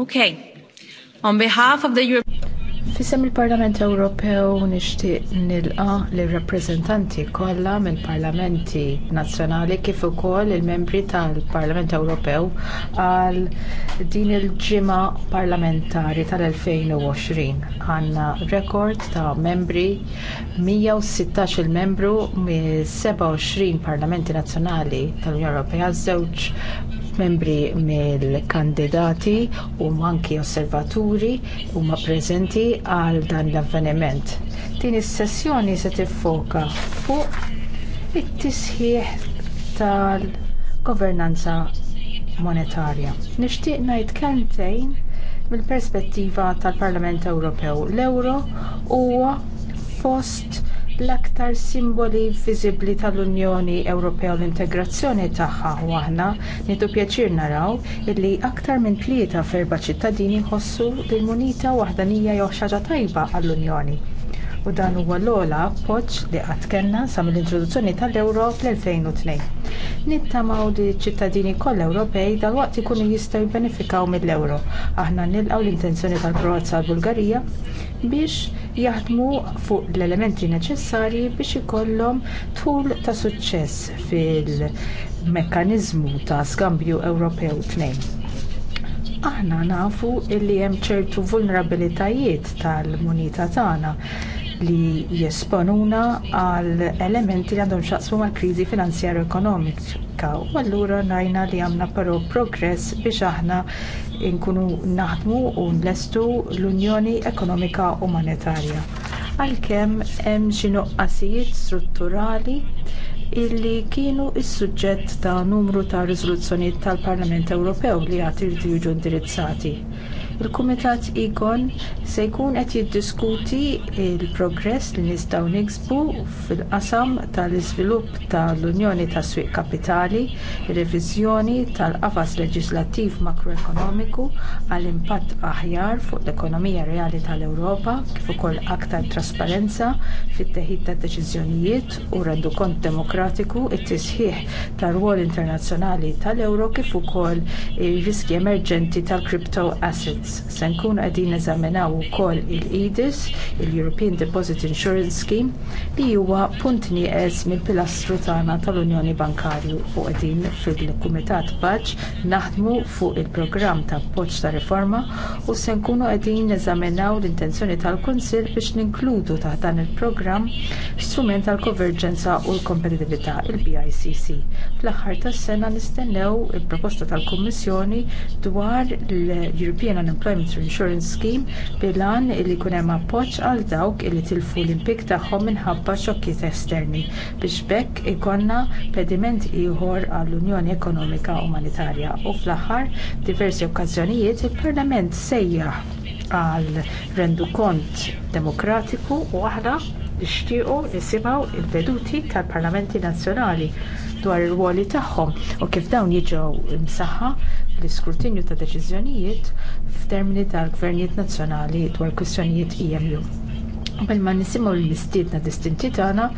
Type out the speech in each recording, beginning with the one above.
Okay. On behalf of the European Fisem il-Parlament Ewropew nixtieq nilqa lir rappreżentanti kollha mill-Parlamenti Nazzjonali kif ukoll il-membri tal-Parlament Ewropew għal din il-ġimgħa parlamentari tal-2020. Għandna rekord ta' membri 116 il-membru minn 27 Parlamenti Nazzjonali tal-Unjoni Ewropea żewġ membri mill-kandidati u manki osservaturi huma preżenti għal dan l-avveniment. Din is-sessjoni se tiffoka fuq it-tisħiħ tal-governanza monetarja. Nixtieq ngħid kemmtejn mill-perspettiva tal-Parlament Ewropew. l ewro huwa fost l-aktar simboli viżibbli tal-Unjoni Ewropea u l-integrazzjoni tagħha u aħna nitu pjaċir naraw illi aktar minn tlieta f'erba' ċittadini jħossu li l-munita waħdanija jew xaġa tajba għall-Unjoni. U dan huwa l-ogħla appoġġ li qatt kellna sa mill-introduzzjoni tal-Ewro fl-2002. Nittamaw li ċittadini kollha Ewropej dalwaqt ikunu jistgħu jibbenefikaw mill-Ewro. Aħna nilqgħu l-intenzjoni tal-Kroazja u l-Bulgarija biex jaħdmu fuq l-elementi neċessarji biex ikollhom tul ta' suċċess fil-mekkaniżmu ta' skambju Ewropew tnejn. Aħna nafu li hemm ċertu vulnerabilitajiet tal-munita tagħna li jesponuna għal elementi li għandhom xaqsmu mal kriżi finanzjarja ekonomika. U allura rajna li għamna però progress biex aħna nkunu naħdmu u nlestu l-Unjoni Ekonomika u Monetarja. Għalkemm hemm xi nuqqasijiet strutturali illi kienu s-suġġett ta' numru ta' riżoluzzjonijiet tal-Parlament Ewropew li għad jiġu indirizzati. Il-Kumitat Ikon se jkun qed jiddiskuti l progress li nistgħu niksbu fil-qasam tal-iżvilupp tal-Unjoni tas-Swieq Kapitali, ir-reviżjoni tal-qafas leġislattiv makroekonomiku għall impatt aħjar fuq l-ekonomija reali tal-Ewropa, kif ukoll aktar trasparenza fit-teħid ta' deċiżjonijiet u rendu demokratiku it-tisħiħ tar rwol internazzjonali tal-Euro kif ukoll ir-riski emerġenti tal-crypto assets. States. Se nkunu qegħdin eżaminaw ukoll il-EDIS, il-European Deposit Insurance Scheme, li huwa punt nieqes mill-pilastru tagħna tal-Unjoni Bankarju u qegħdin fil-Kumitat Baġġ naħdmu fuq il-programm ta' appoġġ ta' riforma u se nkunu qegħdin eżaminaw l-intenzjoni tal-Kunsill biex ninkludu taħt dan il-programm strument tal-konverġenza u l-kompetitività il-BICC. Fl-aħħar tas-sena nistennew il-proposta tal-Kummissjoni dwar l-European Unemployment Insurance Scheme bilan li jkun hemm appoġġ għal dawk li tilfu l-impik tagħhom minħabba xokkiet esterni biex bekk ikonna pediment ieħor għall-Unjoni Ekonomika Umanitarja u fl-aħħar diversi okkażjonijiet il-Parlament sejjaħ għal rendu kont demokratiku u aħna nixtiequ nisimgħu il-veduti tal-Parlamenti Nazzjonali dwar ir-ruoli tagħhom u kif dawn jiġu msaħħa l-iskrutinju ta' deċiżjonijiet f'termini tal-gvernijiet nazzjonali dwar kwistjonijiet EMU. Qabel ma nisimgħu l-mistiedna distinti tagħna,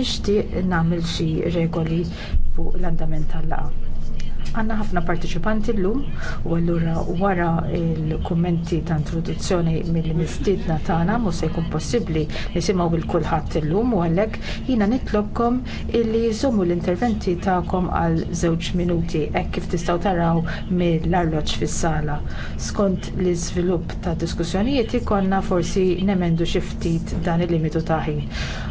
nixtieq nagħmel xi regoli fuq l-andament tal-laqgħa. Għanna ħafna partiċipanti l-lum u għallura wara il-kommenti ta' introduzzjoni mill-mistidna tagħna mhux se jkun possibbli nisimgħu il kulħadd illum u għalhekk jiena nitlobkom illi jżommu l-interventi tagħkom għal żewġ minuti hekk kif tistgħu taraw mill-arloġġ fis-sala. Skont l-iżvilupp ta' diskussjonijiet ikonna forsi nemendu xi ftit dan il-limitu ta' ħin.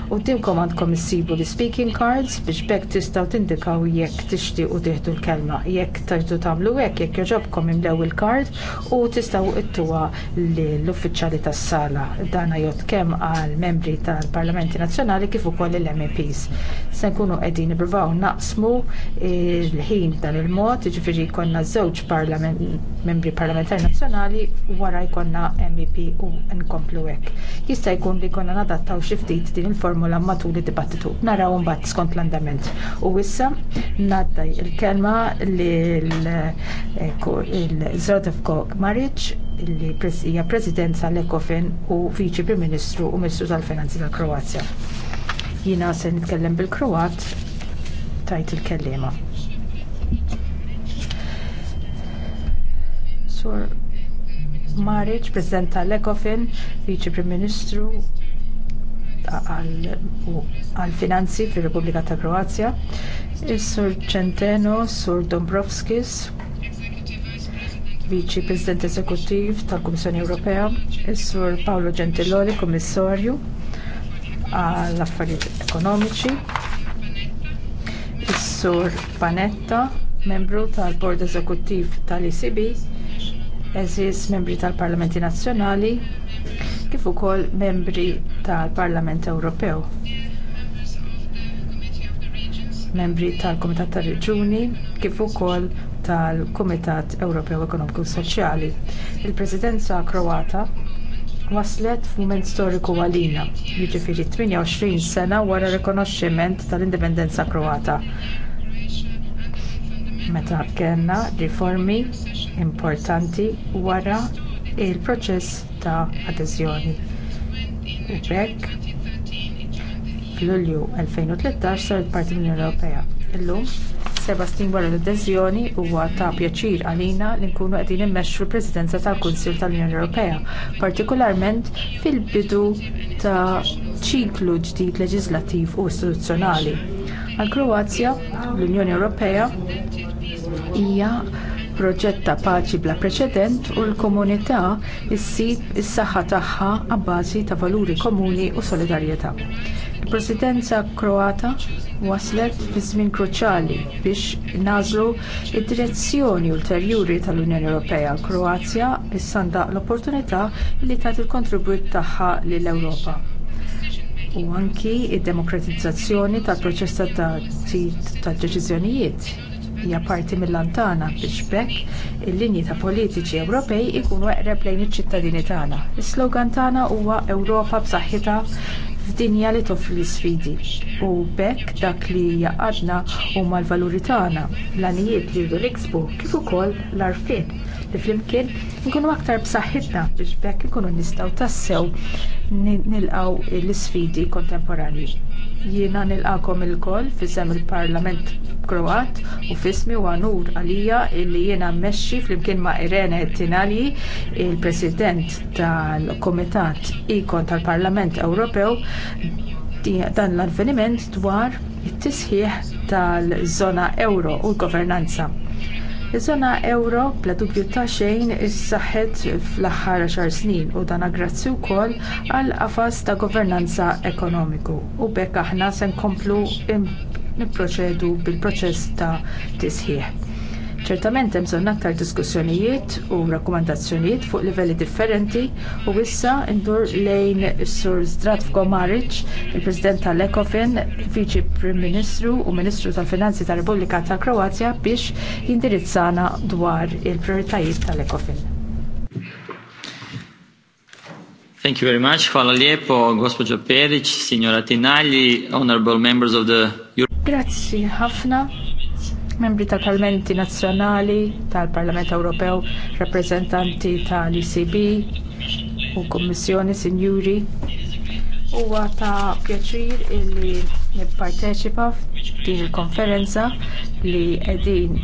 U għandkom issibu l-speaking cards biex bekk tistgħu tindikaw jekk tixtiequ tieħdu l-kelma jekk tajdu tagħmlu hekk jekk joġobkom imlew il-kard u tistgħu ittuwa lill-uffiċjali tas-sala. Dan jgħod kemm għal membri tal-Parlamenti Nazzjonali kif ukoll il-MEPs. Se nkunu qegħdin nippruvaw naqsmu l-ħin dan il-mod, jiġifieri jkollna żewġ parlament membri parlamentari nazzjonali wara jkollna MEP u nkomplu hekk. Jista' jkun li jkollna nadattaw xi ftit din il-formula matul id-dibattitu. Naraw mbagħad skont l-andament. U issa ngħaddi il-kelma lil-Zrodovko Maric li hija President tal-Ekofin u Viċi Prim Ministru u Ministru tal-Finanzi tal-Kroazja. Jiena se nitkellem bil-Kroat tajt il kelliema Sur Maric, President tal-Ekofin, Viċi Prim Ministru għal-Finanzi fir repubblika ta' Kroazja, Sur Centeno, Sur Dombrovskis, Vice President Eżekutiv tal-Kummissjoni Ewropea, Sur Paolo Gentiloli, Kummissarju għall-Affarijiet Ekonomiċi, Sur Panetta, membru tal-Bord Eżekutiv tal-ECB, eżis membri tal-Parlamenti Nazzjonali kif ukoll membri tal-Parlament Ewropew. Membri tal-Kumitat tar-Reġuni kif ukoll tal-Kumitat Ewropew Ekonomiku Soċjali. Il-Presidenza Kroata waslet f'mument storiku għalina, jiġifieri 28 sena wara r rikonoxximent tal-indipendenza Kroata meta kellna riformi importanti wara l proċess ta' adeżjoni. U b'hekk f'Lulju 2013 saret parti mill-Unjoni Ewropea. Illum seba' snin wara l-adeżjoni huwa ta' pjaċir għalina li nkunu qegħdin immexxu l-Presidenza tal-Kunsill tal-Unjoni Ewropea, partikolarment fil-bidu ta' ċiklu ġdid leġislattiv u istituzzjonali. Għal-Kroazja, l-Unjoni Ewropea hija proġetta paċi bla preċedent u l-komunità ssib is-saħħa tagħha għabbażi ta' valuri komuni u solidarjetà. Il-Presidenza Kroata waslet fi żmien kruċjali biex nażlu d direzzjoni ulterjuri tal-Unjoni Ewropea. Kroazja issa l-opportunità li tagħti l-kontribut tagħha lill-Ewropa u anki d demokratizzazzjoni tal-proċess tad-deċiżjonijiet hija parti mill-antana biex bekk il-linji ta' politiċi Ewropej ikunu eqreb lejn iċ-ċittadini tagħna. Is-slogan tagħna huwa Ewropa b'saħħitha f'dinja li toffri sfidi u bekk dak li jaqadna huma l-valuri tagħna, l-anijiet li rridu niksbu kif ukoll l-arfien li flimkien nkunu aktar b'saħħitna biex bekk ikunu nistgħu tassew nilqgħu l-isfidi kontemporani. Jiena nilqakom ilkoll fisem il-Parlament Kroat u fismi u għanur għalija li jiena mmexxi flimkien ma' Irene Tinali, il-President tal-Komitat Ikon tal-Parlament Ewropew, dan l-avveniment dwar it-tisħiħ tal-żona euro u l-governanza. Iż-żona euro bla dubju ta' xejn issaħħet fl-aħħar xar snin u dan grazzi wkoll għal qafas ta' governanza ekonomiku. U bekk aħna se nkomplu nipproċedu bil-proċess ta' tisħiħ. Ċertament hemm bżonn aktar diskussjonijiet u rakkomandazzjonijiet fuq livelli differenti u issa ndur lejn Sur Zdratko Maric, il-President tal-Ekofin, Viċi Prim Ministru u Ministru tal-Finanzi tal-Repubblika ta' Kroazja biex jindirizzana dwar il-prioritajiet tal-Ekofin. Thank you very much. Hvala lijepo, gospođo Perić, signora Tinalji, honorable members of the Grazie, Hafna membri tal-Parlamenti Nazzjonali, tal-Parlament Ewropew, rappreżentanti tal-ICB u Kummissjoni Sinjuri. Huwa ta' pjaċir li nipparteċipa f'din il-konferenza li qegħdin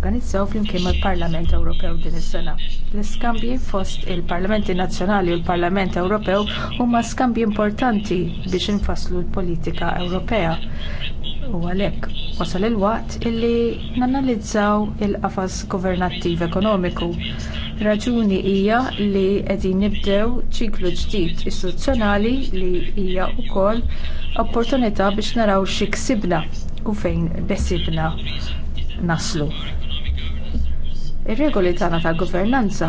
norganizzaw flimkien mal-Parlament Ewropew din is-sena. L-iskambji fost il-Parlamenti Nazzjonali u l-Parlament Ewropew huma skambji importanti biex infasslu l-politika Ewropea. U għalhekk wasal il-waqt illi nanalizzaw il-qafas governattiv ekonomiku. Raġuni hija li qegħdin nibdew ċiklu ġdid istituzzjonali li hija wkoll opportunità biex naraw xi ksibna u fejn besibna naslu. Ir-regoli tagħna tal-governanza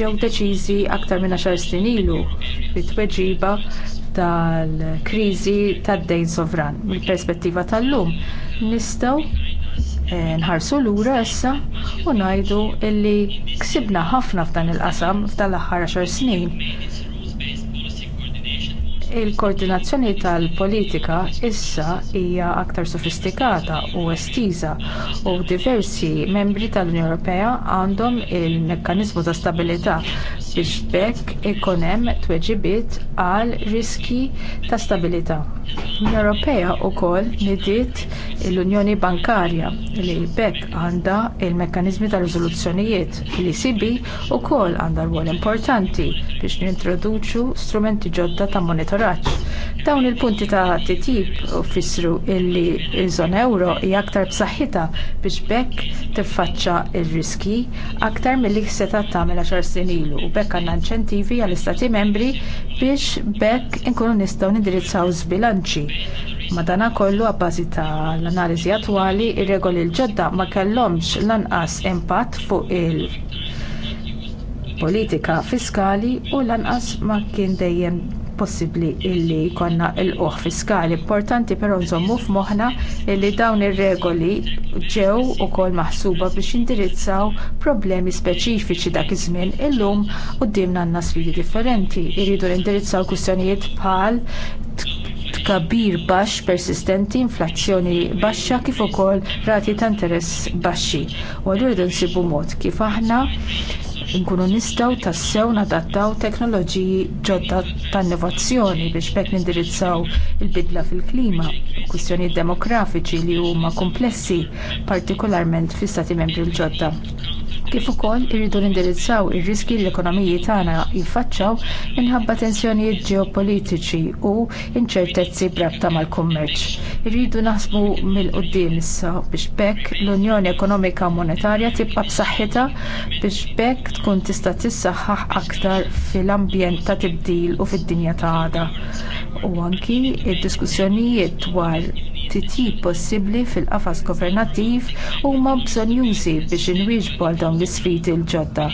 ġew deċiżi aktar minn għaxar snin ilu fit-tweġiba tal-kriżi tad-dejn sovran. Mill-perspettiva tal-lum nistgħu eh, nħarsu lura issa u ngħidu li ksibna ħafna f'dan il-qasam f'dan l-aħħar għaxar snin il-koordinazzjoni tal-politika issa hija aktar sofistikata u estiża u diversi membri tal-Unjoni Ewropea għandhom il-mekkaniżmu ta' stabilità biex bekk ikun hemm tweġibiet għal riski ta' stabilità. L-Unjoni Ewropea wkoll nidiet l-Unjoni Bankarja li bekk għandha il-mekkaniżmi ta' riżoluzzjonijiet li sibi wkoll għandha rwol importanti biex nintroduċu strumenti ġodda ta' monitoraġġ monitoraġġ. Dawn il-punti ta' titjib fissru illi il-żon euro hija aktar b'saħħitha biex bekk tiffaċċa r riski aktar milli seta' tagħmel għaxar snin ilu u bekk għandna inċentivi għall-istati membri biex bekk inkunu nistgħu nindirizzaw zbilanċi. Madana kollu għabbażi ta' l-analiżi attwali, ir-regoli l-ġodda ma kellhomx lanqas impatt fuq il- politika fiskali u lanqas ma kien dejjem possibbli illi jkollna il-qoħ fiskali. Importanti però nżommu f'moħħna illi dawn ir-regoli ġew ukoll maħsuba biex indirizzaw problemi speċifiċi dak iż-żmien illum quddiemna għandna sfidi differenti. Iridu indirizzaw kwistjonijiet bħal tkabbir baxx persistenti, inflazzjoni baxxa kif ukoll rati ta' interess baxxi. U rridu nsibu mod kif aħna nkunu nistgħu tassew nadattaw teknoloġiji ġodda ta' innovazzjoni biex bekk nindirizzaw il-bidla fil-klima, kwistjonijiet demografiċi li huma komplessi partikolarment fi stati membri l-ġodda. Kif ukoll irridu nindirizzaw ir-riski l-ekonomiji tagħna jiffaċċaw minħabba tensjonijiet ġeopolitiċi u inċertezzi brabta mal-kummerċ. Irridu naħsbu mill-qudiem issa biex bekk l-Unjoni Ekonomika Monetarja tibqa' b'saħħitha biex bekk tkun tista' tissaħħaħ aktar fil-ambjent ta' tibdil u fid-dinja ta' għada. U anki d diskussjonijiet dwar titjib possibbli fil-qafas governattiv huma bżonjużi biex inwieġbu għal dawn l-isfidi l-ġodda.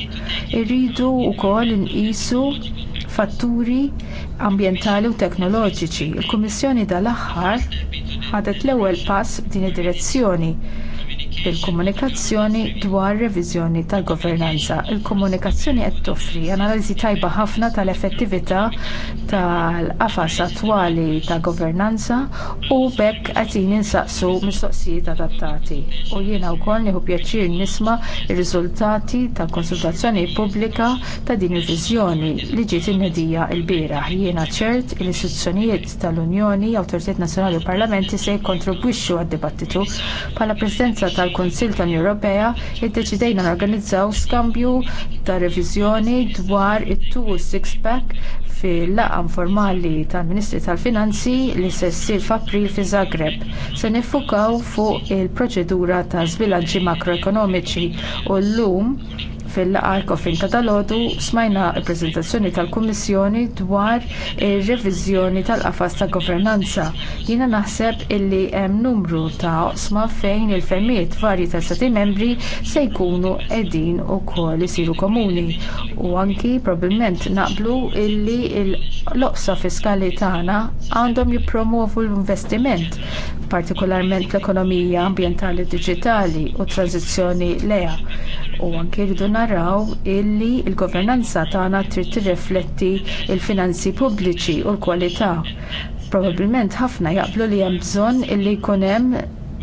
Irridu wkoll inqisu fatturi ambjentali u teknoloġiċi. Il-Kummissjoni dal-aħħar ħadet l-ewwel pass f'din id-direzzjoni il-komunikazzjoni dwar reviżjoni tal-governanza. Il-komunikazzjoni qed toffri analiżi tajba ħafna tal-effettività tal-qafas attwali ta' governanza u bekk qed jinsaqsu mistoqsijiet adattati. U jiena wkoll nieħu pjaċir nisma' ir-riżultati tal-konsultazzjoni pubblika ta' din ir-viżjoni li ġiet innedija l-bieraħ. Jiena ċert il-istituzzjonijiet tal-Unjoni, Awtoritajiet Nazzjonali u Parlamenti se jikkontribwixxu għad-dibattitu bħala Presidenza tal tal-Kunsill tal-Unjoni Ewropea iddeċidejna norganizzaw skambju ta' reviżjoni dwar it-two six pack fil-laqgħa informali tal-Ministri tal-Finanzi li se ssir f'April fi Zagreb. Se niffukaw fuq il-proċedura ta' żbilanċi makroekonomiċi u llum fil-laqgħa kofin ta' dalodu smajna l preżentazzjoni tal-Kummissjoni dwar ir-reviżjoni tal-qafas ta' governanza. Jiena naħseb illi hemm numru ta' oqsma fejn il-femmiet varji ta' stati membri se jkunu qegħdin ukoll isiru komuni u anki probabbilment naqblu illi l-oqsa fiskali tagħna għandhom jippromovu l-investiment partikolarment l-ekonomija ambjentali diġitali u t tranzizzjoni leja u anke rridu naraw illi l il governanza tagħna trid tirrifletti l finanzi pubbliċi u l-kwalità. Probabbilment ħafna jaqblu li hemm bżonn illi jkun hemm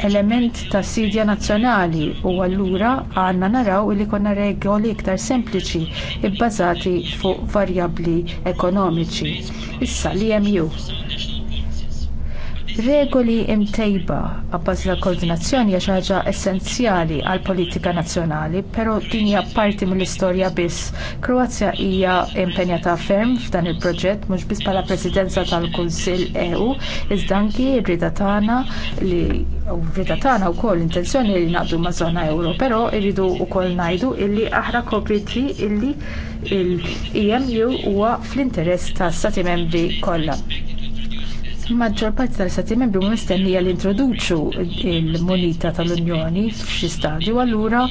element ta' sidja nazzjonali u allura għandna naraw li jkollna regoli iktar sempliċi bbażati fuq varjabbli ekonomiċi. Issa li hemm regoli imtejba għabbażi tal koordinazzjoni hija xi ħaġa essenzjali għall politika nazzjonali, però din hija parti mill-istorja biss. Kroazja hija impenjata ferm f'dan il-proġett mhux biss bħala Presidenza tal-Kunsill EU, iżda anki r tagħna li rrida tagħna wkoll intenzjoni li naqdu ma' żona euro, però rridu wkoll ngħidu illi aħna kopritri illi l il emu huwa fl-interess tas stati membri kollha. Maġġor parti tal-istati membri mistennija li introduċu il-monita tal-Unjoni f'xi stadju, allura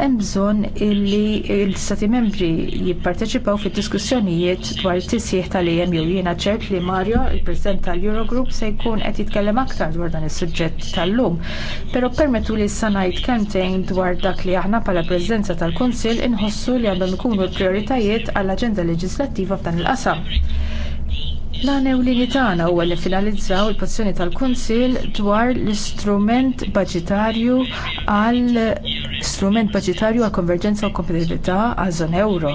hemm bżonn li l-istati membri jipparteċipaw fid-diskussjonijiet dwar it-tisjieħ tal-EM jew jiena ċert li Mario, il-President tal-Eurogroup, se jkun qed jitkellem aktar dwar dan is-suġġett tal-lum. Però permettu li issa ngħid kemmtejn dwar dak li aħna bħala Presidenza tal-Kunsill inħossu li għandhom ikunu l-prijoritajiet għall-aġenda leġislattiva f'dan il-qasam. L-għanew li nitana huwa li finalizzaw il pozzjoni tal-Kunsil dwar l-istrument budgetarju għal strument budgetarju għal konverġenza u kompetitività għal zon euro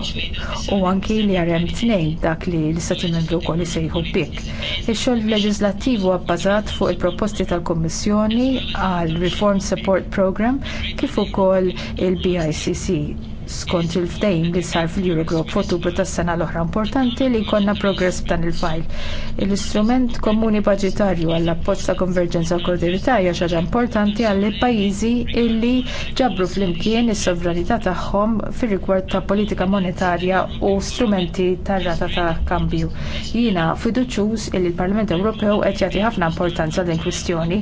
u anki li għarem tnejn dak li l-istati membru kol jisejħu bik. Ix-xogħol leġislattivu għabbażat fuq il-proposti tal-Kommissjoni għal Reform Support Program kif ukoll il-BICC skont il-ftejn li sar fil-Eurogroup f'Ottubru tas-sena l-oħra importanti li jkollna progress b'dan il-fajl. L-istrument komuni budgetarju għall appoġġ ta' konverġenza u koordinità hija ħaġa importanti għall pajjiżi illi ġabru flimkien is-sovranità tagħhom fir-rigward ta' politika monetarja u strumenti tar-rata ta' kambju. Jiena fiduċjuż illi l-Parlament Ewropew qed jagħti ħafna importanza din kwistjoni.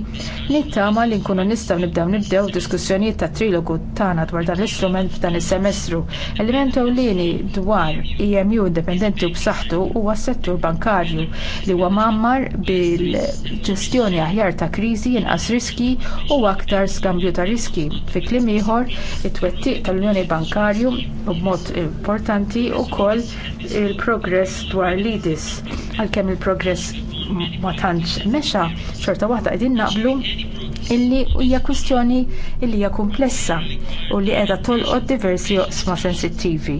Nittama li nkunu nistgħu nibdew nibdew diskussjonijiet ta' trilogu tagħna dwar dan l-istrument f'dan is-semestru Ministru, Element ewlieni dwar EMU indipendenti u b'saħħtu huwa s-settur bankarju li huwa mammar bil-ġestjoni aħjar ta' kriżi inqas riski u aktar skambju ta' riski. Fi kliem ieħor, it-twettiq tal-Unjoni Bankarju u b'mod importanti wkoll il-progress dwar l-IDIS għalkemm il-progress ma tantx mexa xorta waħda qegħdin naqblu illi hija kwistjoni illi hija komplessa u li qiegħda tolqod diversi oqsma sensittivi.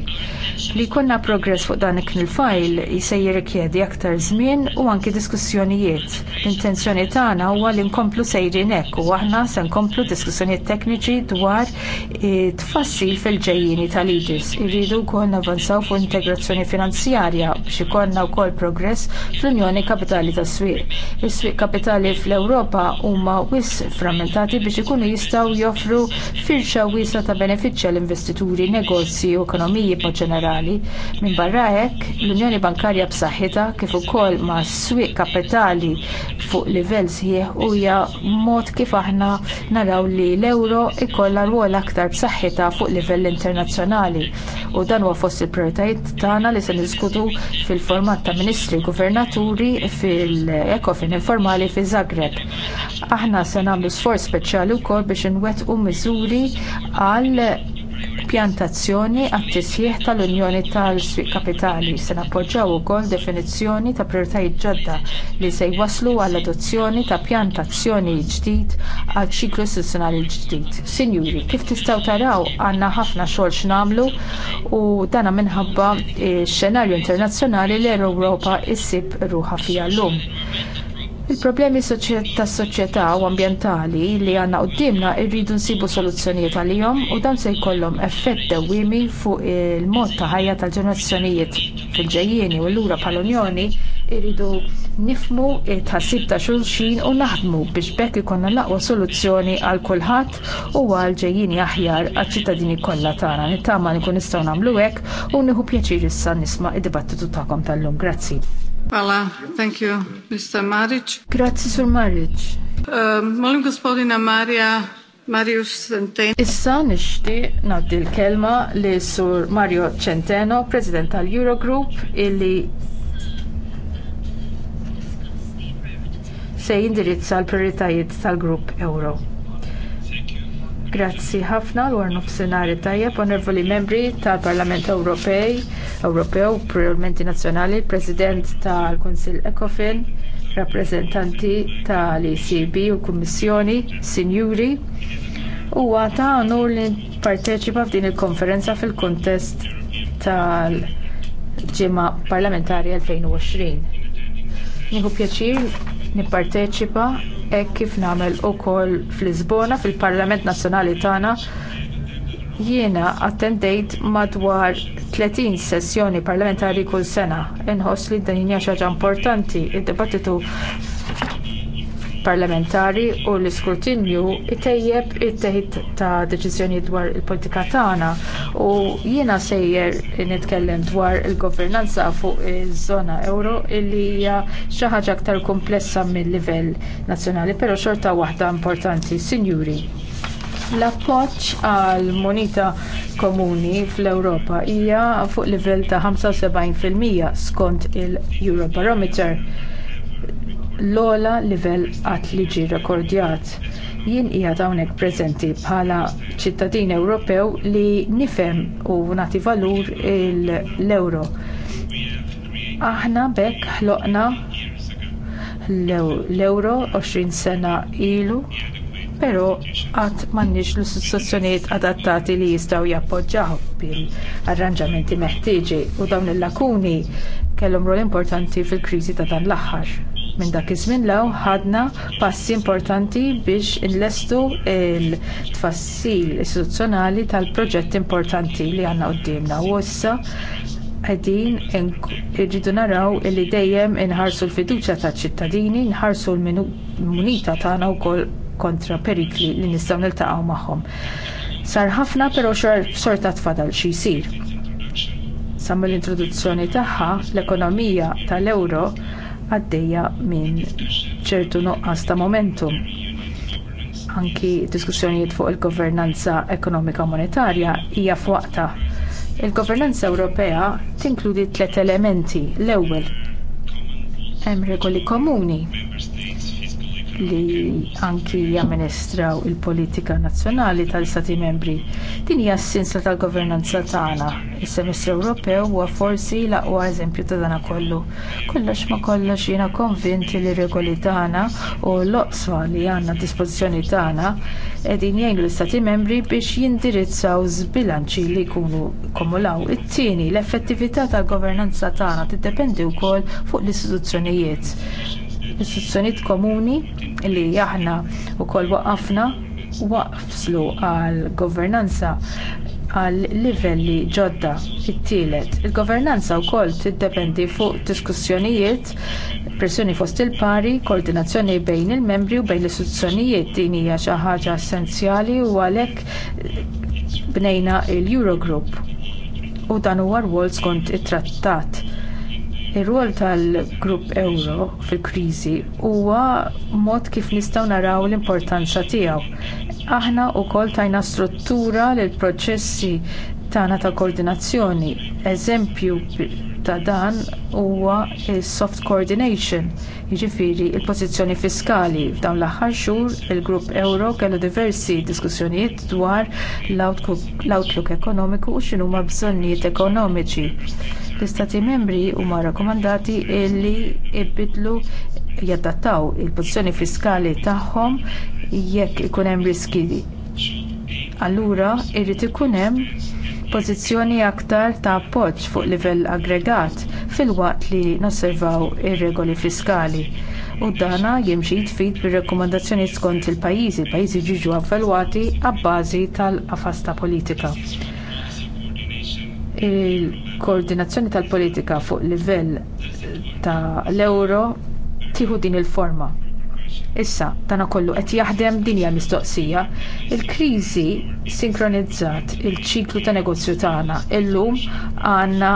Li jkollna progress fuq dan il-fajl se jirrikjedi aktar żmien u anki diskussjonijiet. L-intenzjoni tagħna huwa li nkomplu sejrin hekk u aħna se nkomplu diskussjonijiet tekniċi dwar e, tfassil fil-ġejjini tal-IDIS. Irridu wkoll navanzaw fuq integrazzjoni finanzjarja biex ikollna wkoll progress fl-Unjoni Kapitali tas-Swieq. Is-swieq kapitali fl-Ewropa huma wis frammentati biex ikunu jistgħu joffru firxa wiesa ta' benefiċċja l-investituri, negozji u ekonomiji b'mod ġenerali. Minn barra hekk, l-Unjoni Bankarja b'saħħitha kif ukoll ma' swieq kapitali fuq livell sħiħ huja mod kif aħna naraw li l-euro ikollha rwol aktar b'saħħitha fuq livell internazzjonali u dan huwa fost il-prioritajiet tagħna li se niskutu fil-format ta' ministri governaturi fil-ekofin informali fi Zagreb. Aħna se nagħmlu nagħmlu sforz speċjali wkoll biex inwettqu miżuri għal pjantazzjoni għat-tisjieħ tal-Unjoni tal-Swieq Kapitali se nappoġġjaw ukoll definizzjoni ta' prijoritajiet ġodda li se jwasslu għall adozzjoni ta' pjantazzjoni ġdid għal ċiklu istituzzjonali ġdid. Sinjuri, kif tistgħu taraw għandna ħafna xogħol x'namlu u dana minħabba x-xenarju eh, internazzjonali li l-Ewropa issib ruħa fiha llum. Il-problemi tas-soċjetà u ambjentali li għandna qudiemna rridu nsibu soluzzjonijiet għalihom u dan se jkollhom effett dewwiemi fuq il-mod ta' ħajja tal-ġenerazzjonijiet fil-ġejjieni u llura bħall-Unjoni irridu nifmu t tħassib ta' xulxin u naħdmu biex bekk ikonna l-aqwa soluzzjoni għal kulħadd u għal ġejjieni aħjar għaċ-ċittadini kollha tagħna. Nittama nkun nistgħu nagħmlu hekk u nieħu pjaċir issa nisma' id-dibattitu tagħkom tal-lum. Grazzi. Hvala, thank you, Mr. Maric. Grazie, Sur Marić. Uh, molim gospodina Maria Mario Centeno. Issa nixti naddi l-kelma li sur Mario Centeno, President tal-Eurogroup, illi se indirizza l-prioritajiet tal-Grupp Euro. Grazzi ħafna l warnu f'senari tajjeb, onorvoli membri tal-Parlament Ewropej, Ewropew, Parlamenti Nazzjonali, President tal kunsill Ecofin, rappreżentanti tal-ECB u Kummissjoni, Sinjuri, u għata għanu li parteċipa f'din il-konferenza fil-kontest tal-ġimma parlamentari 2020. Nieħu pjaċir nipparteċipa hekk kif nagħmel ukoll fl-Lisbona fil-Parlament Nazzjonali tagħna jiena attendejt madwar 30 sessjoni parlamentari kull sena. Inħoss li din hija xi ħaġa importanti. Id-dibattitu parlamentari u l-iskrutinju tejjeb it-teħid ta' deċiżjonijiet dwar il-politika tagħna u jiena sejjer nitkellem dwar il-governanza fuq iż-żona il euro illi hija xi ħaġa aktar komplessa mill-livell nazzjonali, però xorta waħda importanti, sinjuri. L-appoġġ għal moneta komuni fl-Ewropa hija fuq livell ta' 75% skont il-Eurobarometer l-ola livell qatt li ġie rrekordjat. Jien qiegħed hawnhekk preżenti bħala ċittadin Ewropew li nifhem u nagħti valur l-euro. Aħna bekk ħloqna l-euro 20 sena ilu pero għad mannix l-istituzzjonijiet adattati li jistgħu jappoġġaw bil-arranġamenti meħtieġi u dawn il-lakuni kellhom rol importanti fil-kriżi ta' dan l-aħħar. Minn dak iż-żmien law ħadna passi importanti biex inlestu l tfassil istituzzjonali tal-proġett importanti li għandna quddiemna u issa qegħdin irridu naraw li dejjem inħarsu l-fiduċja taċ-ċittadini, nħarsu l-munita tagħna wkoll kontra perikli li nistgħu niltaqgħu magħhom. Sar ħafna però xorta tfadal xi jsir. Sa mill-introduzzjoni tagħha l-ekonomija tal-euro għaddejja minn ċertu nuqqas ta' momentum. Anki diskussjonijiet fuq il-governanza ekonomika monetarja hija f'waqta. Il-governanza Ewropea tinkludi tliet elementi. L-ewwel hemm regoli komuni li anki jamministraw il-politika nazzjonali tal-Stati membri. Din hija s sinsa tal-governanza tagħna. Is-semestru Ewropew huwa forsi l-aqwa eżempju ta' dana kollu. Kollox ma kollox jiena konvinti li regoli tagħna u l-oqsma li għandna dispożizzjoni tagħna qegħdin jgħinu l-Istati membri biex jindirizzaw żbilanċi li jkunu komulaw. It-tieni, l-effettività tal-governanza tagħna tiddependi wkoll fuq l-istituzzjonijiet istituzzjonijiet komuni li aħna wkoll waqqafna waqflu għal governanza għal livelli ġodda it-tielet. Il-governanza wkoll tiddependi fuq diskussjonijiet, pressjoni fost il-pari, koordinazzjoni bejn il-membri u bejn l-istituzzjonijiet din hija xi ħaġa essenzjali u għalhekk bnejna l eurogroup U dan huwa rwol skont it-trattat Ir-rol tal-Grupp Ewro fil-kriżi huwa mod kif nistgħu naraw l-importanza tiegħu. Aħna wkoll tajna struttura lill proċessi tagħna ta' koordinazzjoni. Eżempju ta' dan huwa soft coordination, jiġifieri l pożizzjoni fiskali. F'dawn l-aħħar xhur il-Grupp Euro kellu diversi diskussjonijiet dwar l-outlook ekonomiku u x'inhuma bżonnijiet ekonomiċi. L-Istati membri huma rakkomandati li jbidlu jadattaw il-pożizzjoni fiskali tagħhom jekk ikun hemm riski Allura irrid ikun hemm pożizzjoni aktar ta' appoġġ fuq livell aggregat filwaqt li nosservaw ir-regoli fiskali. U dana jimxi jitfid bir-rekomandazzjoni skont il-pajjiżi, pajjiżi ġiġu avvalwati għabbażi tal afasta ta' politika il-koordinazzjoni tal-politika fuq livell ta' l-euro tieħu din il-forma. Issa, dana kollu qed jaħdem dinja mistoqsija. Il-kriżi sinkronizzat il-ċiklu ta' negozju tagħna. Illum għandna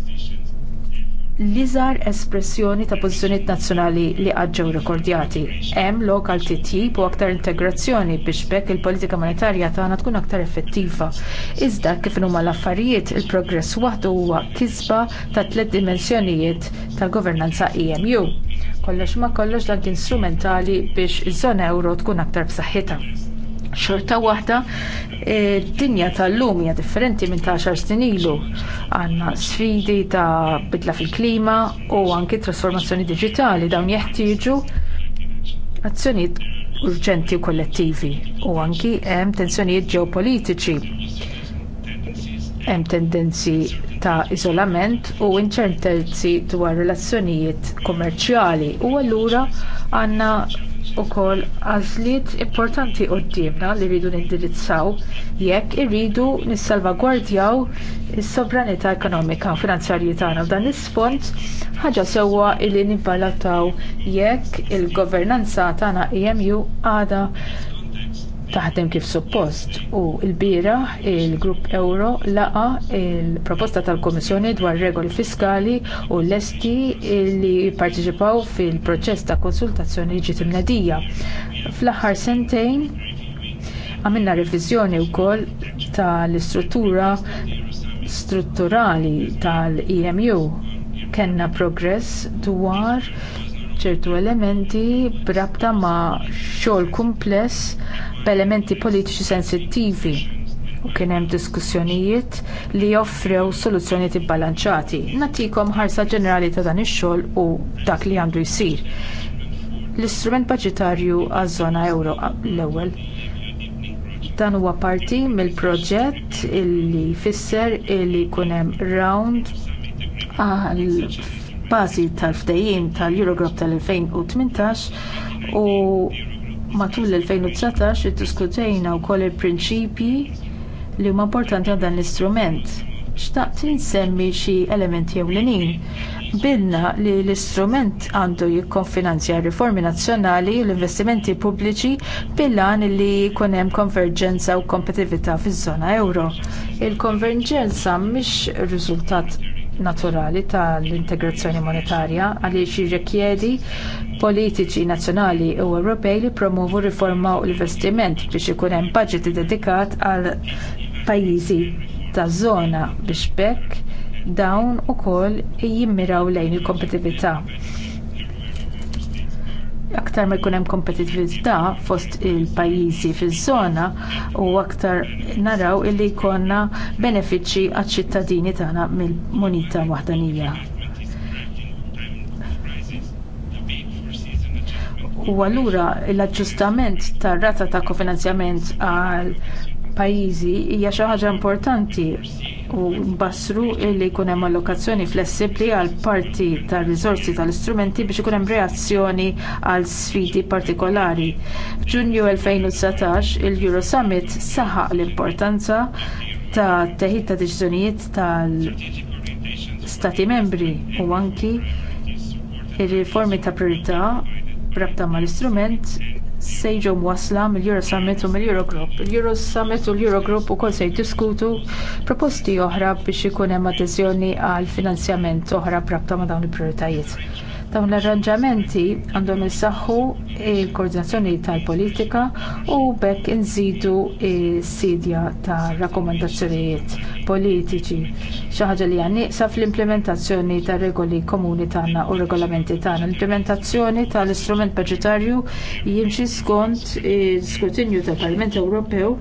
l-iżgħar espressjoni ta' pożizzjonijiet nazzjonali li qatt ġew Hemm lokal titjib u aktar integrazzjoni biex bekk il-politika monetarja tagħna tkun aktar effettiva. Iżda kif huma l-affarijiet, il-progress waħdu huwa kisba ta' tliet dimensjonijiet tal-governanza EMU Kollox ma kollox dak instrumentali biex iż-żona euro tkun aktar b'saħħitha. Xorta waħda, d e, dinja tal-lum hija differenti minn ta' xar snin ilu. Għandna sfidi ta' bidla fil-klima u anki trasformazzjoni diġitali dawn jeħtieġu azzjonijiet urġenti u kollettivi u anki hemm tensjonijiet ġeopolitiċi hemm tendenzi ta' iżolament u inċertezzi dwar relazzjonijiet kummerċjali u allura għandna wkoll għażliet importanti qudiemna li rridu nindirizzaw jekk irridu nissalvagwardjaw is-sovranità ekonomika u finanzjarji tagħna f'dan l-isfond ħaġa sewwa li nibbalataw jekk il-governanza tagħna EMU għadha taħdem kif suppost u l-bira il-Grupp Euro laqa il-proposta tal-Komissjoni dwar regoli fiskali u l-esti li parteċipaw fil-proċess ta' konsultazzjoni ġiet mnedija Fl-aħħar sentejn għamilna reviżjoni wkoll tal-istruttura strutturali tal-EMU kellna progress dwar ċertu elementi brabta ma' xogħol kumpless b'elementi politiċi sensittivi u kien hemm diskussjonijiet li joffrew soluzzjonijiet ibbalanċati. Natikom ħarsa ġenerali ta' dan ix-xogħol u dak li għandu jsir. L-istrument baġitarju għaż-żona euro l-ewwel dan huwa parti mill-proġett illi jfisser illi jkun hemm round għal bażi tal-ftehim tal-Eurogroup tal-2018 u matul l-2019 iddiskutejna wkoll il-prinċipji li huma importanti għal dan l-istrument. Xtaqt nsemmi xi elementi ewlenin. Bilna li l-istrument għandu jikkonfinanzja r riformi nazzjonali u l-investimenti pubbliċi bilan li jkun hemm konverġenza u kompetitività fiż-żona euro. Il-konverġenza mhix riżultat naturali tal-integrazzjoni monetarja għaliex jirrikjedi politiċi nazzjonali u Ewropej li promuvu riforma u l-investiment biex ikun hemm budget dedikat għal pajjiżi taż-żona biex bekk dawn ukoll jimmiraw lejn il-kompetitività aktar ma jkun hemm kompetitività fost il-pajjiżi fiż-żona u aktar naraw illi jkollna benefiċċji għaċ-ċittadini tagħna mill-munita waħdanija. U allura l-aġġustament tar-rata ta' kofinanzjament għal pajjiżi hija xi ħaġa importanti u mbassru li jkun hemm allokazzjoni flessibbli għal parti tar-riżorsi tal-istrumenti biex ikun hemm reazzjoni għal sfidi partikolari. F'Ġunju 2019 il-Euro Summit saħaq l-importanza ta' teħid ta' deċiżjonijiet tal-Stati membri u anki ir-riformi ta' priorità rabta mal-istrument se jiġu mill-Euro Summit u mill-Eurogroup. Il-Euro Summit u l-Eurogroup ukoll se jiddiskutu proposti oħra biex ikun hemm adeżjoni għal finanzjament oħra brabta ma' dawn il-prioritajiet. Dawn l-arranġamenti għandhom isaħħu l koordinazzjoni tal-politika u bekk inżidu s-sidja ta' rakkomandazzjonijiet politiċi. Xi ħaġa li għanniqsa fl-implementazzjoni ta' regoli komuni tagħna u regolamenti tagħna. L-implementazzjoni tal-istrument budgetarju jimxi skont skrutinju tal-Parlament Ewropew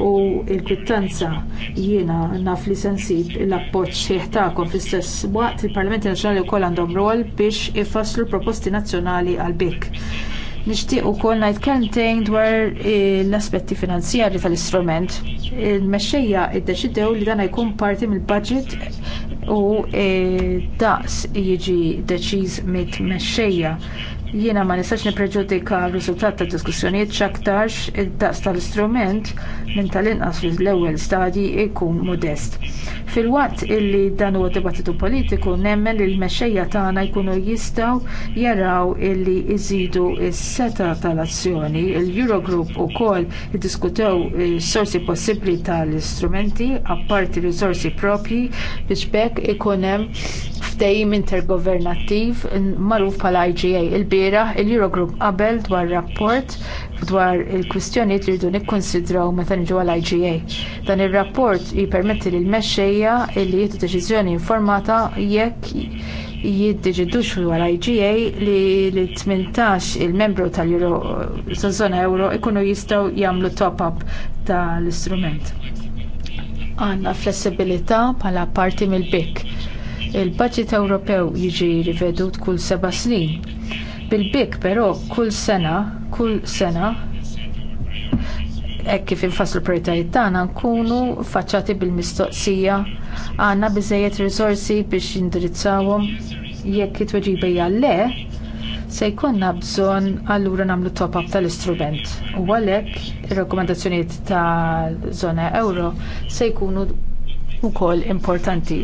u l-kwittanza jiena naf li sensib l-appoġġ sieħ tagħkom fl-istess waqt il-Parlamenti Nazzjonali wkoll għandhom rol biex ifasslu proposti nazzjonali għal bik. Nixtieq ukoll ngħid kelmtejn dwar eh, l-aspetti finanzjarji tal-istrument. Il-mexxejja iddeċidew li dan jkun parti mill-budget u eh, daqs jiġi deċiż mit-mexxejja Jiena ma nistax nipreġudika r-riżultat ta' diskussjonijiet x'aktarx id-daqs tal-istrument minn tal-inqas l-ewwel stadji jkun modest. Fil-waqt illi dan huwa dibattitu politiku nemmen li l-mexxejja tagħna jkunu jistgħu jaraw illi jżidu s-seta tal-azzjoni. Il-Eurogroup ukoll iddiskutew is-sorsi possibbli tal-istrumenti apparti risorsi propji biex bekk ikun hemm ftehim intergovernattiv magħruf bħala IGA il il il-Eurogroup qabel dwar rapport dwar il-kwistjonijiet li rridu nikkonsidraw meta niġu għal IGA. Dan ir-rapport jippermetti lil mexxejja li jieħdu deċiżjoni informata jekk dwar l IGA li l-18 il-membru tal-Euro zona Euro ikunu jistgħu jagħmlu top-up tal-istrument. Għandna flessibilità bħala parti mill bik Il-budget Ewropew jiġi rivedut kull seba' snin Bil-bik però kull sena, kull sena, hekk kif infaslu prioritajiet tagħna nkunu faċċati bil-mistoqsija għandna biżejjed risorsi biex indirizzawhom jekk it-tweġiba hija le, se jkollna bżonn allura nagħmlu top-up tal-istrument. U għalhekk ir-rakkomandazzjonijiet ta' żona euro se jkunu wkoll importanti.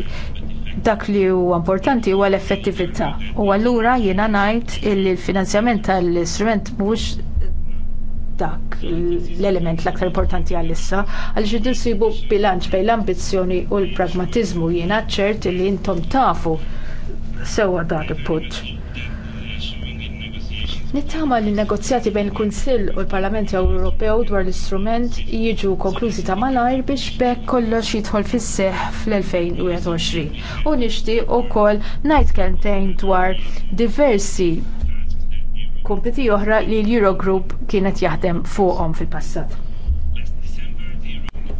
Dak li huwa importanti huwa l-effettività. U allura jiena ngħid li l-finanzjament tal-istrument mhux dak l-element l-aktar importanti għal-issa, għal ġidu sibu bilanċ bejn l-ambizjoni u l-pragmatizmu jiena ċert li intom tafu sewa dak. il-punt. Nittama li negozjati bejn il-Kunsill u l-Parlament Ewropew dwar l-istrument jiġu konklużi ta' malajr biex bekk kollox jidħol fis seħħ fl-2021. U nixtieq ukoll ngħid kelmtejn dwar diversi kompiti oħra li l-Eurogroup kienet jaħdem fuqhom fil-passat.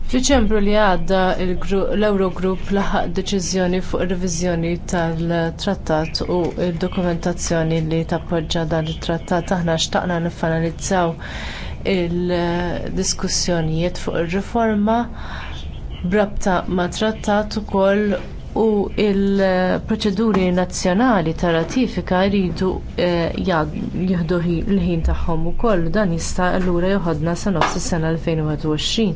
F'Diċembru li għadda l eurogrupp laħaq deċiżjoni fuq ir-reviżjoni tal-trattat u d-dokumentazzjoni li tappoġġa dan it-trattat aħna xtaqna nifanalizzaw il-diskussjonijiet fuq ir-riforma brabta ma' trattat ukoll u il-proċeduri nazzjonali ta' ratifika jridu eh, jieħdu l-ħin tagħhom ukoll dan jista' allura joħodna sa nofs is-sena 2021.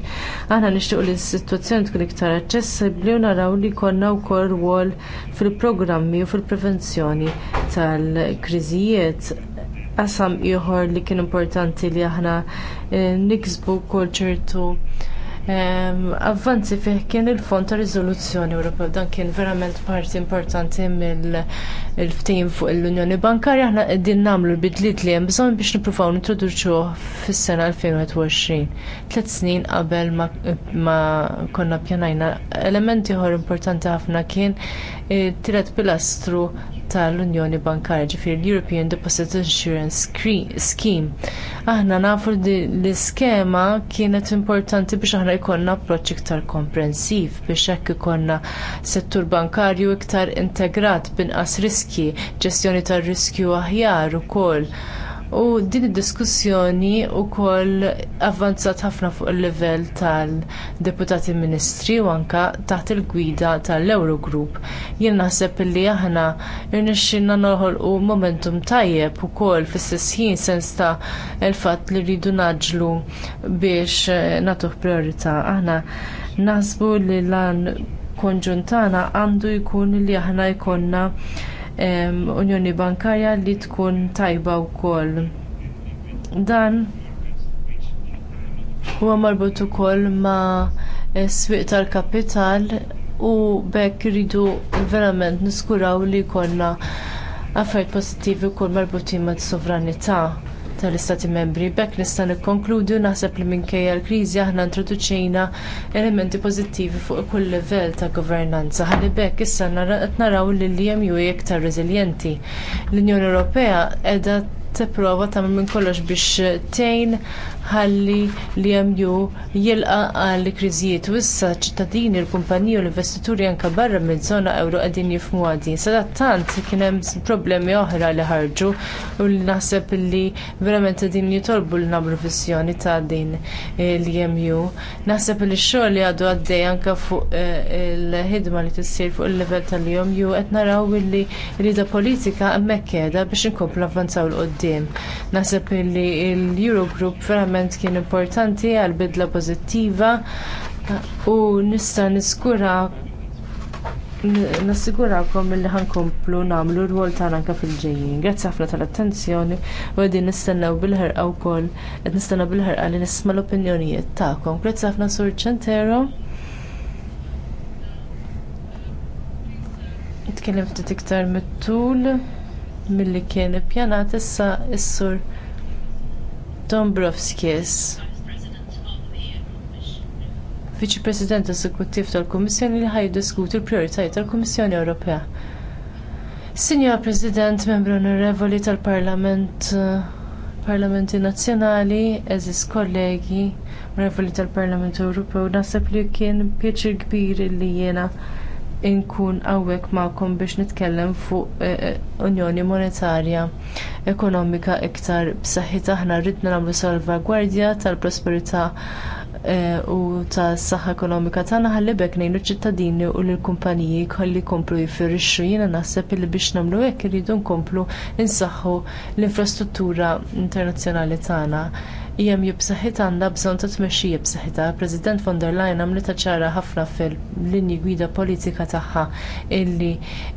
Aħna nixtiequ li s-sitwazzjoni tkun iktar aċċessibbli u naraw li jkollna wkoll rwol fil-programmi u fil-prevenzjoni tal-kriżijiet qasam ieħor li kien importanti li aħna eh, niksbu wkoll ċertu Ehm, avvanzi fih kien il-Fond ta' Riżoluzzjoni Ewropew dan kien verament parti importanti mill- il-ftim fuq l-Unjoni Bankarja aħna qegħdin nagħmlu l-bidliet li hemm bżonn biex nippruvaw nintroduċuh fis-sena 2021. Tliet snin qabel ma konna pjanajna element ieħor importanti ħafna kien it-tielet pilastru tal-Unjoni Bankarja ġifir l-European Deposit Insurance Scheme. Aħna nafu li l-iskema kienet importanti biex aħna jkollna approċċ iktar komprensiv biex hekk ikollna settur bankarju iktar integrat b'inqas riski riski, ġestjoni tar riskju aħjar ukoll. U din id-diskussjoni wkoll avvanzat ħafna fuq il-livell tal-deputati ministri u anke taħt il-gwida tal-Eurogroup. Jien naħseb li aħna irnexxinna noħolqu momentum tajjeb ukoll fis-sess ħin sens ta' il-fatt li rridu naġlu biex eh, nagħtuh priorità. Aħna naħsbu li lan konġuntana għandu jkun li aħna jkollna Unjoni Bankarja li tkun tajba wkoll. Dan huwa marbut ukoll ma' swieq tal-kapital u bekk irridu verament niskuraw li jkollna affarijiet pożittivi wkoll marbutin mas sovranità tal-Istati Membri. Bekk nista' nikkonkludi naħseb li minkejja l-kriżi aħna introduċejna elementi pożittivi fuq kull livell ta' governanza. Ħalli bekk issa qed naraw li l-EMU iktar reżiljenti. L-Unjoni Ewropea qiegħda tipprova tagħmel minn kollox biex tgħin ħalli li jemju jilqa għal kriżijiet u issa ċittadini, l-kumpaniji u l-investituri anke barra minn żona ewro qegħdin jifhmu għadin. tant kien hemm problemi oħra li ħarġu u li naħseb li verament qegħdin jitolbu l nagħmlu vissjoni ta' din l-EMU. Naħseb li x-xogħol li għadu għaddej anke fuq eh, il-ħidma li tissir fuq il-livell tal-EMU qed naraw li rida politika hemmhekk qiegħda biex inkomplu avvanzaw l-qoddim il Naħseb li l-Eurogroup verament kien importanti għal bidla pożittiva u nista' niskura nassigurakom li ħankomplu nagħmlu r-rwol tagħna anke fil-ġejjin. Grazzi ħafna tal-attenzjoni u għedi nistennew bil-ħerqa wkoll qed nistennew bil-ħerqa li nisma' l-opinjonijiet tagħkom. Grazzi ħafna Sur Ċentero. Itkellem ftit iktar mit-tul milli kien ippjanat issa s-sur Dombrovskis. Viċi President Eżekuttiv tal-Kummissjoni li ħaj diskuti l-prijoritajiet tal-Kummissjoni Ewropea. Sinjor President, membru onorevoli tal-Parlament Parlamenti Nazzjonali, eżis kollegi, onorevoli tal-Parlament Ewropew, naħseb li kien pjaċir kbir li jiena inkun hawnhekk magħkom biex nitkellem fuq eh, eh, Unjoni Monetarja Ekonomika iktar b'saħħit aħna rridna nagħmlu salvagwardja tal-prosperità eh, u tas-saħħa ekonomika tagħna ħalli bekk ngħinu ċittadini u lill-kumpaniji kolli jkomplu jifirixxu jiena naħseb li biex nagħmlu hekk irridu nkomplu insaħħu l-infrastruttura internazzjonali tagħna. EM b'saħħitha għandha bżonn ta' tmexxija b'saħħitha. President von der Leyen għamlitha ċara ħafna fil-linji gwida politika tagħha illi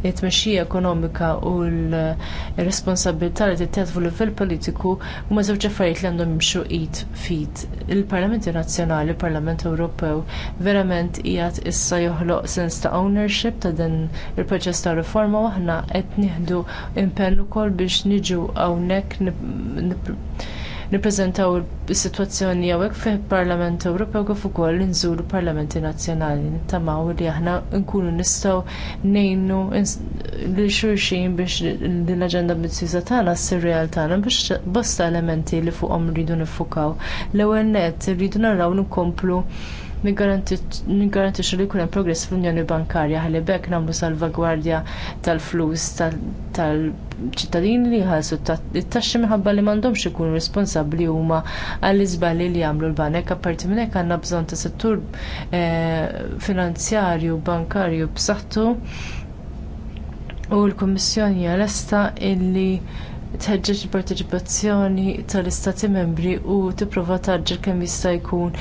t-tmexxija ekonomika u l-responsabilità li tittieħed fuq livell politiku huma żewġ affarijiet li għandhom jimxu id fit. Il-Parlamenti Nazzjonali, il-Parlament Ewropew, verament qiegħed issa joħloq sens ta' ownership ta' din il-proċess ta' riforma u aħna qed nieħdu impenn ukoll biex niġu hawnhekk nippreżentaw is-sitwazzjoni hawnhekk fil-Parlament Ewropew kif ukoll inżuru parlamenti nazzjonali nittamaw li aħna nkunu nistgħu ngħinu lil xulxin biex l-aġenda mizzjuża tagħna ssir realtà biex bosta elementi li fuqhom rridu niffukaw. L-ewwel nett irridu naraw nkomplu niggarantixxu li jkun hemm progress fl-Unjoni Bankarja ħalli bekk nagħmlu salvagwardja tal-flus tal-ċittadini li ħalsu it-taxxi minħabba li m'għandhomx ikunu responsabbli huma għall iżbalji li jagħmlu l-banek apparti minn hekk għandna bżonn ta' settur eh, finanzjarju bankarju b'saħħtu u l-Kummissjoni għalesta illi tħeġġeġ il-parteċipazzjoni tal-istati membri u tipprova taġġel kemm jista' jkun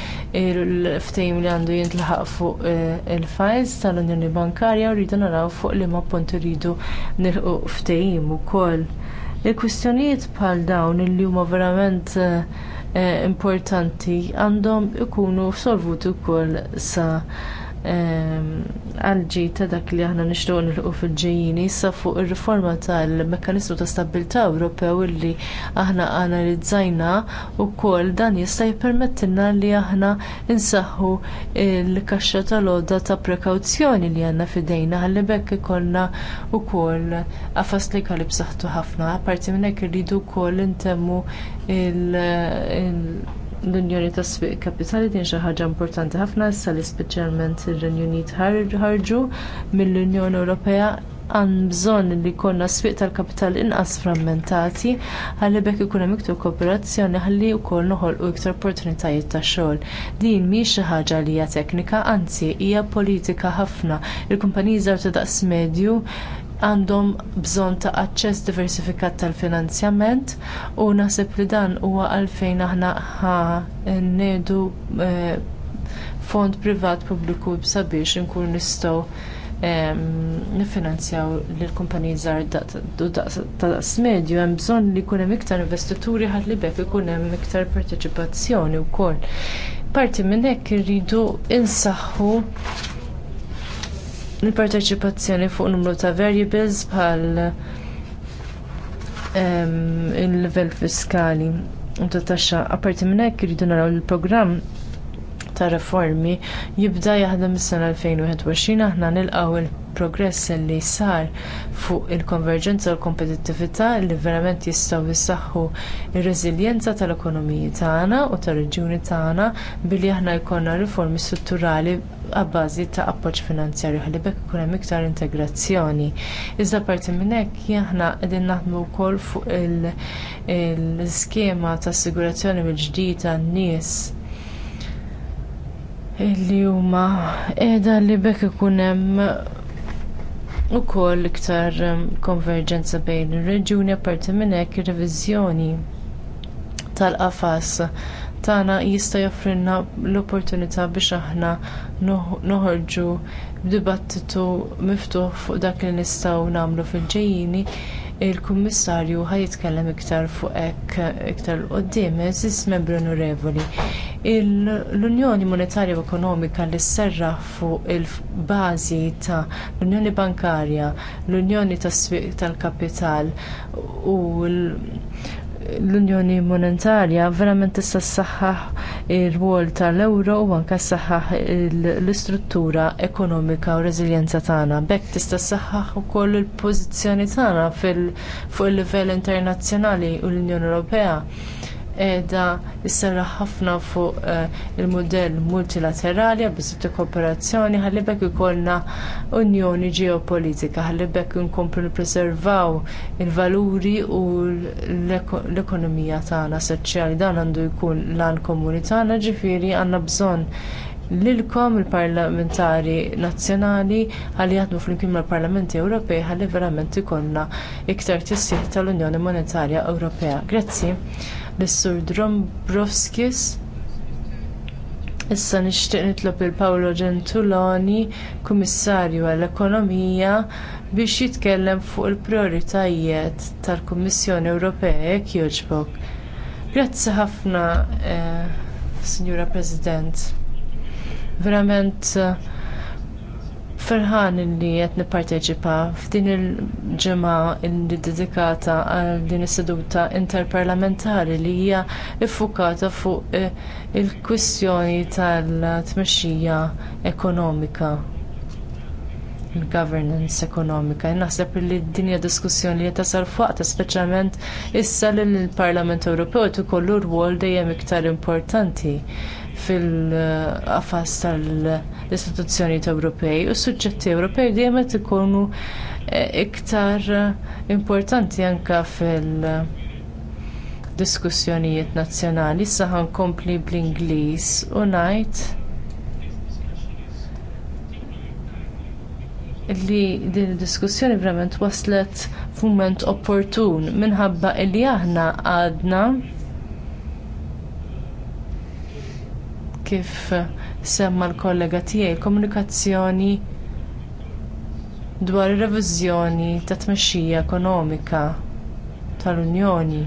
il-ftehim li għandu jintlaħaq fuq eh, il-files tal-Unjoni Bankarja u rridu naraw fuq liema punt iridu nilħu ftehim ukoll. Il-kwistjonijiet bħal dawn li huma verament eh, importanti għandhom ikunu solvuti wkoll sa' Ehm, għalġi ta' dak li aħna nixtiequ nilqu fil-ġejjini issa fuq ir-riforma tal-Mekkaniżmu ta' Stabilità Ewropew illi aħna analizzajna wkoll dan jista' jippermettilna li aħna insaħħu l kaxxa tal-għodda ta' prekawzjoni li għandna fidejna ħalli bekk ikollna wkoll għafas li kalib b'saħħtu ħafna. Apparti minn hekk irridu wkoll intemmu il-, il l-Unjoni ta' Swieq Kapitali din xi ħaġa importanti ħafna issa li speċjalment ir-Renju Unit ħarġu mill-Unjoni Ewropea għan bżonn li jkollna swieq tal-kapital inqas frammentati ħalli ikun hemm iktar kooperazzjoni ħalli wkoll noħolqu iktar opportunitajiet ta' xogħol. Din mhix xi ħaġa li hija teknika, anzi hija politika ħafna. Il-kumpaniji żgħar ta' daqs medju għandhom bżonn ta' aċċess diversifikat tal-finanzjament u naħseb li dan huwa għalfejn aħna ħa eh, fond privat pubbliku sabiex inkunu nistgħu nifinanzjaw l-kumpaniji żgħar ta' smedju hemm bżonn li jkun hemm iktar investituri ħalli bekk ikun hemm iktar parteċipazzjoni wkoll. Parti minn hekk irridu insaħħu il-parteċipazzjoni fuq numru ta' variables bħal ehm, il-level fiskali u ta' taxxa. Apparti minn hekk iridu naraw il-programm ta' riformi jibda jaħdem is-sena 2021 aħna nilqgħu il-progress li sar fuq il-konverġenza u l-kompetittività li verament jistgħu jsaħħu r-reżiljenza tal-ekonomiji tagħna u tar-reġjuni tagħna billi aħna jkollna riformi strutturali għabbażi ta' appoġġ finanzjarju ħalli ikun hemm iktar integrazzjoni. Iżda parti minn hekk aħna qegħdin naħdmu wkoll fuq il-skema ta' assigurazzjoni mill-ġdid tan-nies li huma qiegħda li bekk ikun hemm ukoll iktar um, konverġenza bejn ir-reġjuni apparti minn hekk ir-reviżjoni tal-qafas tagħna jista' joffrilna l-opportunità biex aħna noħorġu b'dibattitu miftuħ fuq dak li nistgħu nagħmlu fil-ġejjieni il-Kummissarju ħajitkellem iktar fuq hekk iktar l-qoddim, eżis membri onorevoli. L-Unjoni Monetarja u Ekonomika li serra fuq il-bażi ta' l-Unjoni Bankarja, l-Unjoni tas-Swieq tal-Kapital u l- l-Unjoni Monetarja verament tista' ssaħħaħ ir-rwol tal-ewro u anke saħħaħ l-istruttura ekonomika u reżiljenza tagħna. B'hekk tista' ssaħħaħ ukoll il-pożizzjoni tagħna fuq il-livell internazzjonali u l-Unjoni Ewropea edha jissarra ħafna fuq eh, il-modell multilaterali ta' kooperazzjoni ħallibek ikollna unjoni ġeopolitika ħallibek nkomplu nippreservaw il-valuri u l-ekonomija tagħna soċjali dan għandu jkun lan komuni tagħna ġifieri għandna bżonn lilkom il-parlamentari nazzjonali ħalli jaħdmu flimkien mal-parlamenti Ewropej ħalli verament ikollna iktar tissieħ tal-Unjoni Monetarja Ewropea. Grazzi lis-Sur Dombrovskis. Issa nixtieq nitlob il Paolo Gentiloni, Kummissarju għall-Ekonomija, biex jitkellem fuq il-prioritajiet tal-Kummissjoni Ewropea jekk jogħġbok. Grazzi ħafna, eh, Signora President. Verament eh, Ferħan li qed nipparteċipa f'din il-ġimgħa li dedikata għal din is-seduta interparlamentari li hija ffukata fuq eh, il-kwistjoni tal-tmexxija ekonomika il-governance ekonomika. Naħseb li d-dinja diskussjoni li tasal faqta speċjalment issa li l-Parlament Ewropew ikollu rwol dejjem iktar importanti fil-qafas tal-istituzzjonijiet Ewropej u s-suġġetti Ewropej dejjem qed ikunu eh, iktar importanti anke fil- diskussjonijiet nazzjonali saħan kompli bl-Ingliż u ngħid li din id diskussjoni verament waslet f'mument opportun minħabba li aħna għadna kif semma l-kollega tiegħi komunikazzjoni dwar ir-reviżjoni ta' tmexxija ekonomika tal-Unjoni.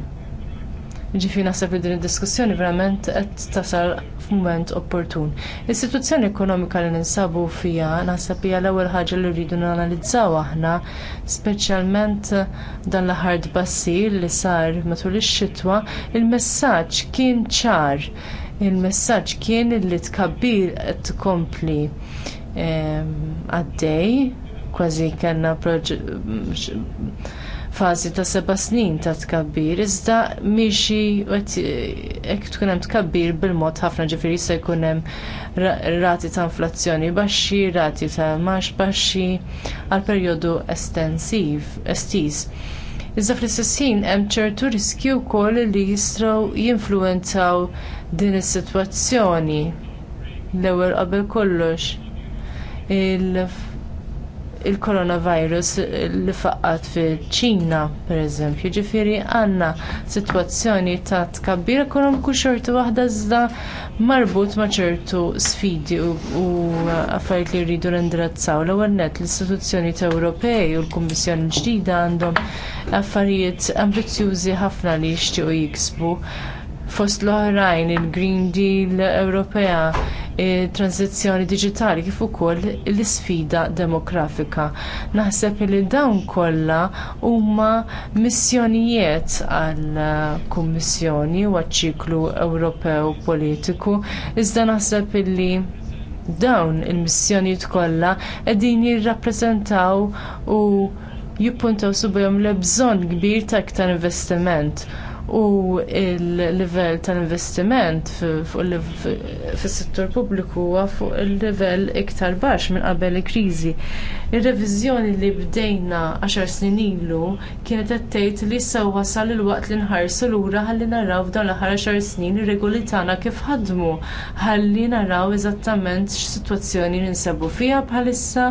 Ġifi naħseb li din id-diskussjoni verament qed tasal f'mument opportun. Is-sitwazzjoni ekonomika li ninsabu fija naħseb hija l-ewwel ħaġa li rridu nanalizzaw aħna, speċjalment dan l-aħħar tbassir li sar matul ix-xitwa, il-messaġġ kien ċar. Il-messaġġ kien li tkabbir qed tkompli ehm, għaddej, kważi kellna fażi ta' seba' snin ta' tkabbir, iżda miexi hekk eh, tkun hemm tkabbir bil-mod ħafna ġifieri se jkun hemm rati ta' inflazzjoni baxxi, rati ta' max baxxi għal perjodu estensiv, estiż. Iżda fl-istess ħin hemm ċertu riskju wkoll li jistgħu jinfluwenzaw din is-sitwazzjoni l-ewwel qabel kollox il-coronavirus li faqqat fiċ ċina pereżempju, ġifieri għandna sitwazzjoni ta' tkabbir ekonomiku xorta waħda iżda marbut ma' ċertu sfidi u affarijiet li rridu nindirizzaw. L-ewwel nett l-istituzzjonijiet Ewropej u l-Kummissjoni ġdida għandhom affarijiet ambizzjużi ħafna li jixtiequ jiksbu. Fost l-oħrajn il-Green Deal Ewropea transizzjoni diġitali kif ukoll l-isfida demografika. Naħseb li dawn kollha huma missjonijiet għall kummissjoni u għaċ-ċiklu Ewropew politiku, iżda naħseb li dawn il-missjonijiet kollha qegħdin jirrappreżentaw u jippuntaw subhom l bżonn kbir ta' iktar investiment u il-livell tal-investiment fis-settur pubbliku huwa fuq il-livell iktar baxx minn qabel il-kriżi. Ir-reviżjoni li bdejna 10 snin ilu kienet qed tgħid li issa wasal il-waqt li nħarsu lura ħalli naraw f'dan l-aħħar 10 snin ir-regoli tagħna kif ħadmu ħalli naraw eżattament x'sitwazzjoni ninsabu fiha bħalissa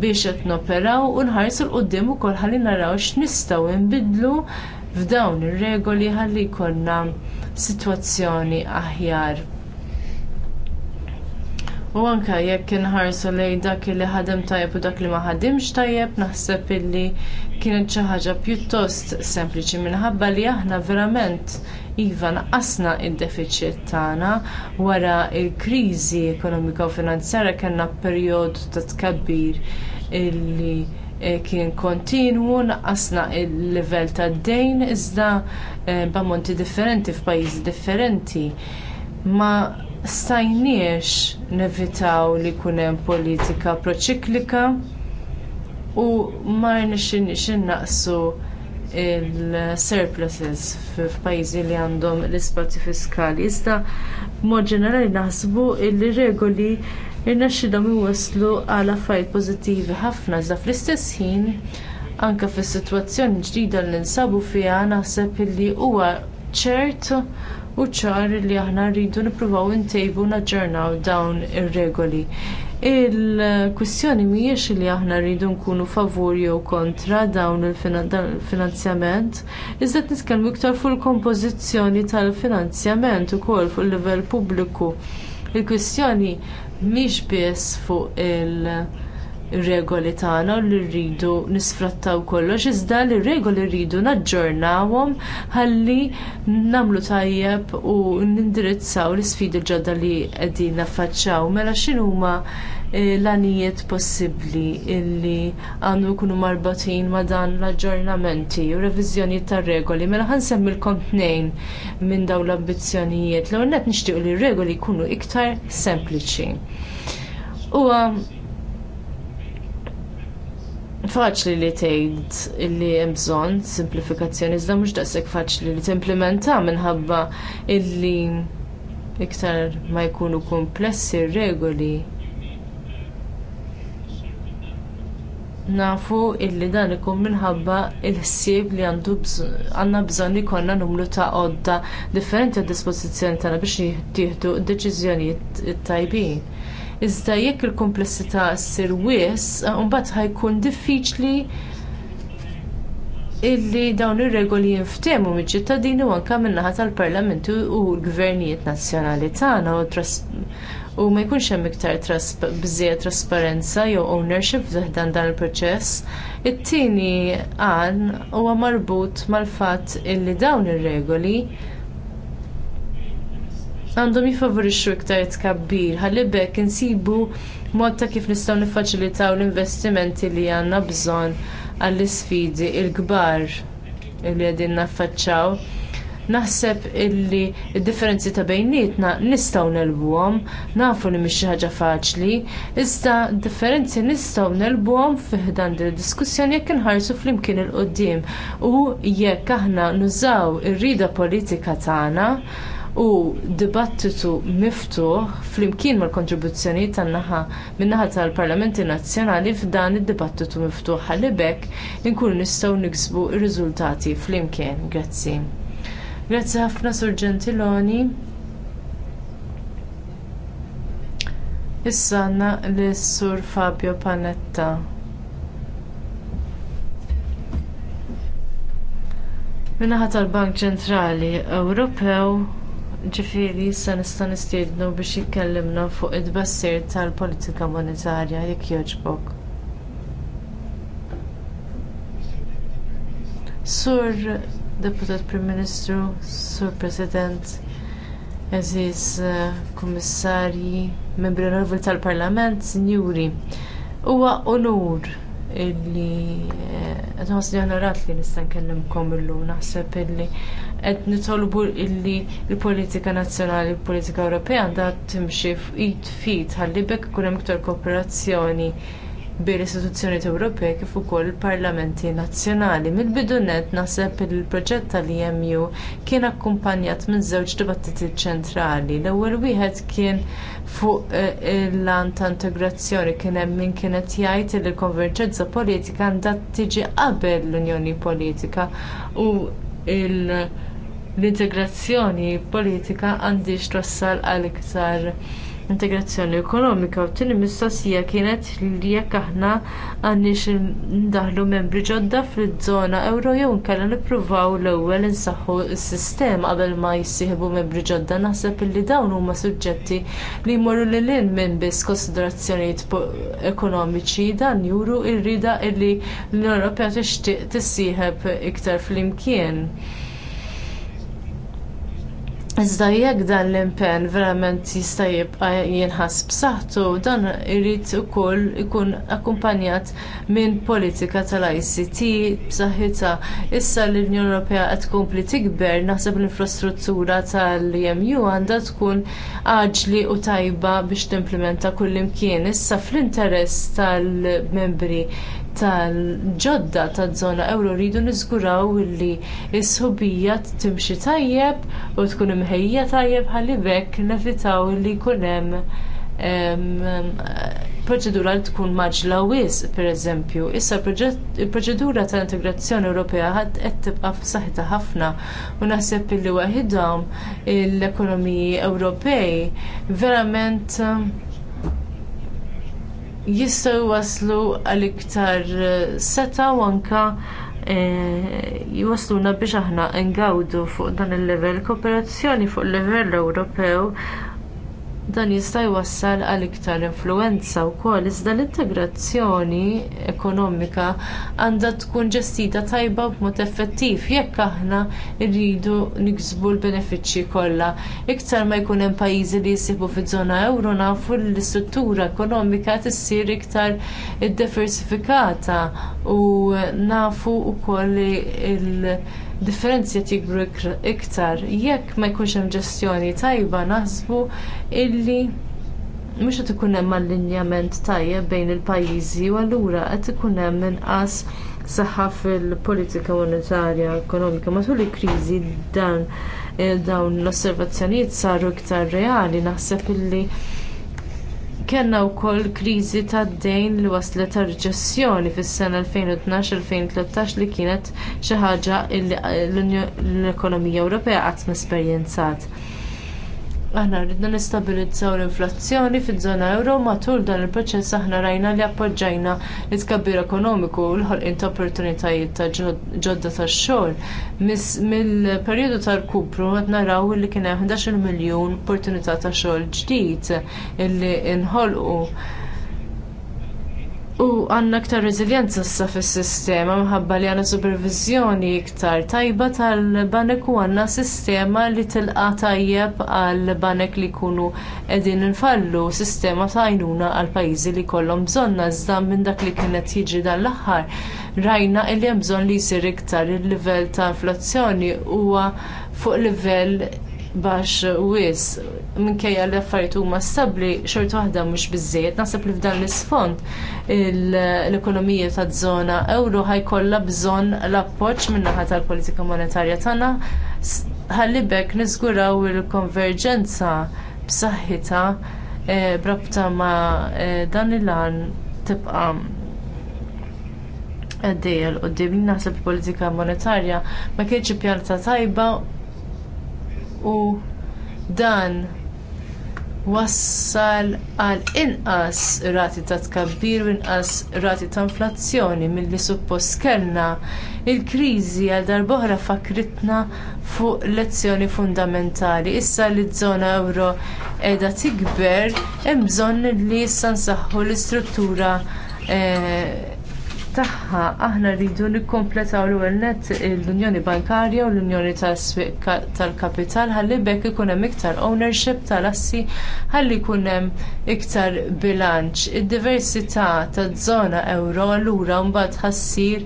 biex qed noperaw u nħarsu l-qudiem ukoll ħalli naraw x'nistgħu nbiddlu f'dawn ir-regoli ħalli jkollna sitwazzjoni aħjar. U anke jekk inħarsu lejn dak li ħadem tajjeb u dak li ma ħadimx tajjeb, naħseb illi kienet xi ħaġa pjuttost sempliċi minħabba li aħna verament iva naqqasna d deficit tagħna wara l kriżi ekonomika u finanzjarja kellna perjodu ta' tkabbir illi Eh, kien kontinwu, naqqasna l livell tad dejn iżda eh, b'ammonti differenti f'pajjiżi differenti. Ma stajniex nevitaw li jkun hemm politika proċiklika u ma rnexxinniex innaqsu il-surpluses f'pajjiżi li għandhom l-ispazju fiskali. Iżda b'mod ġenerali naħsbu li regoli irnexxilhom iwasslu għal affarijiet pożittivi ħafna iżda fl-istess ħin anke fis-sitwazzjoni ġdida li nsabu fiha naħseb li huwa ċert u ċar li aħna rridu nippruvaw intejbu naġġornaw dawn ir-regoli. Il-kwistjoni mhijiex li aħna rridu nkunu favur jew kontra dawn il-finanzjament, iżda nitkellmu iktar fuq il-kompożizzjoni tal-finanzjament ukoll fuq il livell pubbliku. Il-kwistjoni mhix biss fuq il-regoli tagħna li rridu nisfrattaw kollox, iżda li regoli rridu naġġornawhom ħalli nagħmlu tajjeb u nindirizzaw l-isfidi ġodda li qegħdin naffaċċjaw mela x'inhuma Eh, l-anijiet possibbli illi għandu jkunu marbatin ma dan l-aġġornamenti u reviżjonijiet tar regoli. Mela ħan semmilkom tnejn minn dawn l-ambizzjonijiet. L-għu net nixtiequ li r regoli jkunu iktar sempliċi. Huwa faċli li tgħid li hemm bżonn simplifikazzjoni iżda mhux daqshekk faċli li timplementa minħabba illi iktar ma jkunu komplessi r regoli nafu illi dan ikun minħabba il-ħsieb li għandu għandna bżonn li jkollna numru ta' għodda differenti għad dispożizzjoni tagħna biex jittieħdu deċiżjonijiet tajbin. Iżda jekk il-komplessità ssir wis mbagħad ħajkun diffiċli illi dawn ir-regoli jinftehmu miċ-ċittadini u anke min-naħa tal-parlamenti u l-gvernijiet nazzjonali tagħna u u ma jkunx hemm iktar trasp bżejjed trasparenza jew ownership f'dan dan il-proċess. It-tieni għan huwa marbut mal-fatt illi dawn ir-regoli għandhom jifavorixxu iktar tkabbir ħalli bekk insibu mod ta' kif nistgħu niffaċilitaw l-investimenti li għandna bżonn għall isfidi l kbar li qegħdin naffaċċaw. Naħseb illi d differenzi ta' bejnietna nistgħu nelbuhom, nafu li mhix xi ħaġa faċli, iżda differenzi nistgħu nelbuhom fiħdan din id-diskussjoni jekk inħarsu flimkien il-qudiem u jekk aħna nużaw ir-rida politika tagħna u dibattitu miftuħ flimkien mal kontribuzzjoni tan-naħa min-naħa tal-Parlamenti Nazzjonali f'dan id-dibattitu miftuħ ħalli bekk inkunu nistgħu niksbu r-riżultati flimkien. Grazzi. Grazzi ħafna Sur Gentiloni. Issa għandna lis sur Fabio Panetta. Minnaħa tal-Bank Ċentrali Ewropew ġifiri sa nista' nistiednu biex jitkellimna fuq id-bassir tal-politika monetarja jekk jogħġbok. Sur Deputat Prim Ministru, Sur President, Eżiz uh, Kummissarji, Membri Onorevoli tal-Parlament, Sinjuri, huwa onur illi uh, għadħas li għanorat li nistan kellimkom illum naħseb illi qed nitolbu illi l-politika nazzjonali, l-politika Ewropea għandha timxi f'id fit ħalli bekk ikun hemm iktar kooperazzjoni bil l Ewropej kif ukoll il-parlamenti nazzjonali. Mill-bidu net naħseb il-proġett tal-EMU kien akkumpanjat minn żewġ dibattiti ċentrali. L-ewwel wieħed kien fuq eh, il-lan ta' integrazzjoni kien hemm min kienet jgħid li l-konverġenza politika għandha tiġi qabel l-Unjoni Politika u l-integrazzjoni politika għandix trassal għal iktar integrazzjoni ekonomika u tieni mistoqsija kienet li jekk aħna għandniex ndaħlu membri ġodda fiż-żona ewro jew inkella nippruvaw l-ewwel insaħħu s-sistema qabel ma jissieħbu membri ġodda naħseb li dawn huma suġġetti li jmorru lil hinn minn biss konsiderazzjonijiet ekonomiċi dan juru rrida li l-Ewropea tixtieq tissieħeb iktar flimkien. Iżda jekk dan l-impenn verament jista' jibqa' jinħass b'saħħtu, dan irid ukoll ikun akkumpanjat minn politika tal-ICT b'saħħitha. Issa l-Unjoni Ewropea qed tkompli tikber, naħseb l-infrastruttura tal-EMU għandha tkun aġli u tajba biex timplementa kull imkien. Issa fl-interess tal-membri tal-ġodda taż-żona ewro rridu niżguraw li s-sħubija timxi tajjeb u tkun imħejja tajjeb ħalli bekk nevitaw li jkun hemm proċedura li tkun maġla wisq pereżempju. Issa il-proċedura ta' integrazzjoni Ewropea ħadd qed tibqa' f'saħħitha ħafna u naħseb illi waħidhom l-ekonomiji Ewropej verament jistgħu waslu għal iktar eh, seta u anke eh, jwasluna biex aħna ngawdu fuq dan il-level kooperazzjoni fuq il-level Ewropew dan jista' jwassal għal iktar influwenza wkoll iżda l-integrazzjoni ekonomika għandha tkun ġestita tajba b'mod effettiv jekk aħna rridu niksbu l-benefiċċji kollha. Iktar ma jkun hemm pajjiżi li jsibu fiż-żona euro nafu li l-istruttura ekonomika tissir iktar iddiversifikata u nafu wkoll il- differenzi qed iktar. Jekk ma jkunx hemm ġestjoni tajba naħsbu illi mhux qed ikun hemm allinjament tajjeb bejn il-pajjiżi u allura qed ikun hemm inqas saħħa fil-politika monetarja ekonomika matul il-kriżi dan dawn l-osservazzjonijiet saru iktar reali naħseb illi Kellna wkoll kriżi tad-dejn li waslet għar riċessjoni fis-sena 2012-2013 li kienet xi ħaġa li l-ekonomija Ewropea qatt ma esperjenzat. Aħna rridna nistabilizzaw l-inflazzjoni fiż-żona euro matul dan il-proċess aħna rajna li appoġġajna l-iskabbir ekonomiku u l-ħolqien ta' opportunitajiet ta' ġodda tax-xogħol. Mill-perjodu tal-kupru qed naraw li kien hemm 11 miljun opportunità ta' xogħol ġdid illi nħolqu U għandna aktar reżiljenza issa fis-sistema minħabba li għandna superviżjoni iktar tajba tal-banek u għandna sistema li tilqa tajjeb għall banek li jkunu qegħdin infallu, sistema ta' għajnuna għal pajjiżi li jkollhom bżonna iżda minn dak li kienet jiġi dan l-aħħar rajna li hemm bżonn li jsir iktar il-livell ta' inflazzjoni huwa fuq livell bax wis minkejja li affarijiet huma stabbli xorta waħda mhux biżżejjed naħseb li f'dan l-isfond l-ekonomija taż-żona ewro ħajkollha bżonn l-appoġġ min-naħa tal-politika monetarja tagħna ħalli bekk niżguraw il-konverġenza b'saħħitha eh, brabta ma eh, dan il-għan tibqa għaddejja l-qoddim naħseb politika monetarja ma kienx pjanta tajba u dan wassal għal inqas rati ta' tkabbir u inqas rati ta' inflazzjoni milli suppost kellna il-kriżi għal darb'oħra fakritna fuq lezzjoni fundamentali. Issa li ż-żona euro qiegħda tikber hemm bżonn li issa nsaħħu l-istruttura eh, tagħha aħna rridu nikkompletaw l-ewwel nett l-Unjoni Bankarja u l-Unjoni tas-Swieq tal-Kapital ħalli bekk ikun hemm iktar ownership tal-assi ħalli jkun hemm iktar bilanċ. Id-diversità taż-żona ewro allura mbagħad ħassir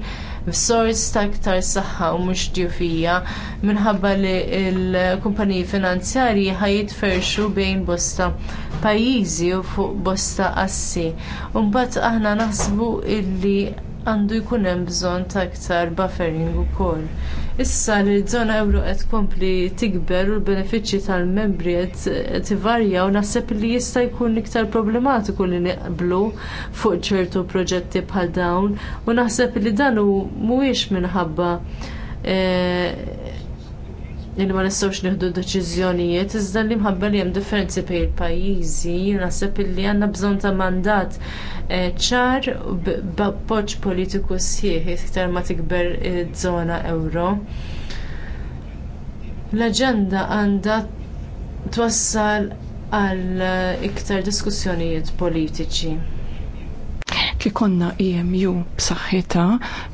sors ta' iktar saħħa u mhux djufija minħabba li l-kumpaniji finanzjarji ħajitferxu bejn bosta pajjiżi u fuq bosta assi. Mbagħad aħna naħsbu illi għandu jkun hemm bżonn ta' iktar buffering ukoll. Issa li żona euro qed tkompli tikber u l-benefiċċji tal-membri qed tivarja u naħseb li jista' jkun iktar problematiku li niqblu fuq ċertu proġetti bħal dawn u naħseb li dan mhuwiex minħabba eh, li ma nistgħux nieħdu deċiżjonijiet iżda li mħabba li hemm differenzi bejn il-pajjiżi, naħseb li għandna bżonn ta' mandat eh, ċar b'appoġġ politiku sħiħ iktar ma tikber iż-żona ewro. L-aġenda għandha twassal għal iktar diskussjonijiet politiċi konna EMU b'saħħitha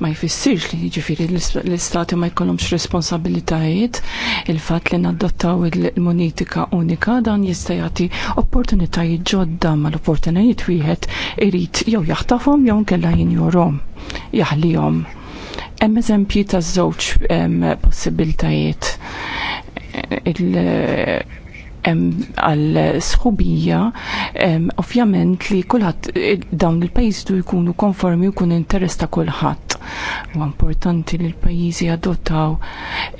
ma jfissirx li jiġifieri l-istati ma jkollhomx responsabilitajiet il-fatt li nadottaw il-monitika unika dan jista' jagħti opportunitajiet ġodda mal-opportunitajiet wieħed irid jew jaħtafhom jew nkella jinjorhom jaħlihom. Hemm eżempji taż żewġ possibiltajiet għal sħubija, ovvjament li kulħadd dawn il-pajjiż du jkunu konformi u kun interess ta' kulħadd. U importanti li l-pajjiżi adottaw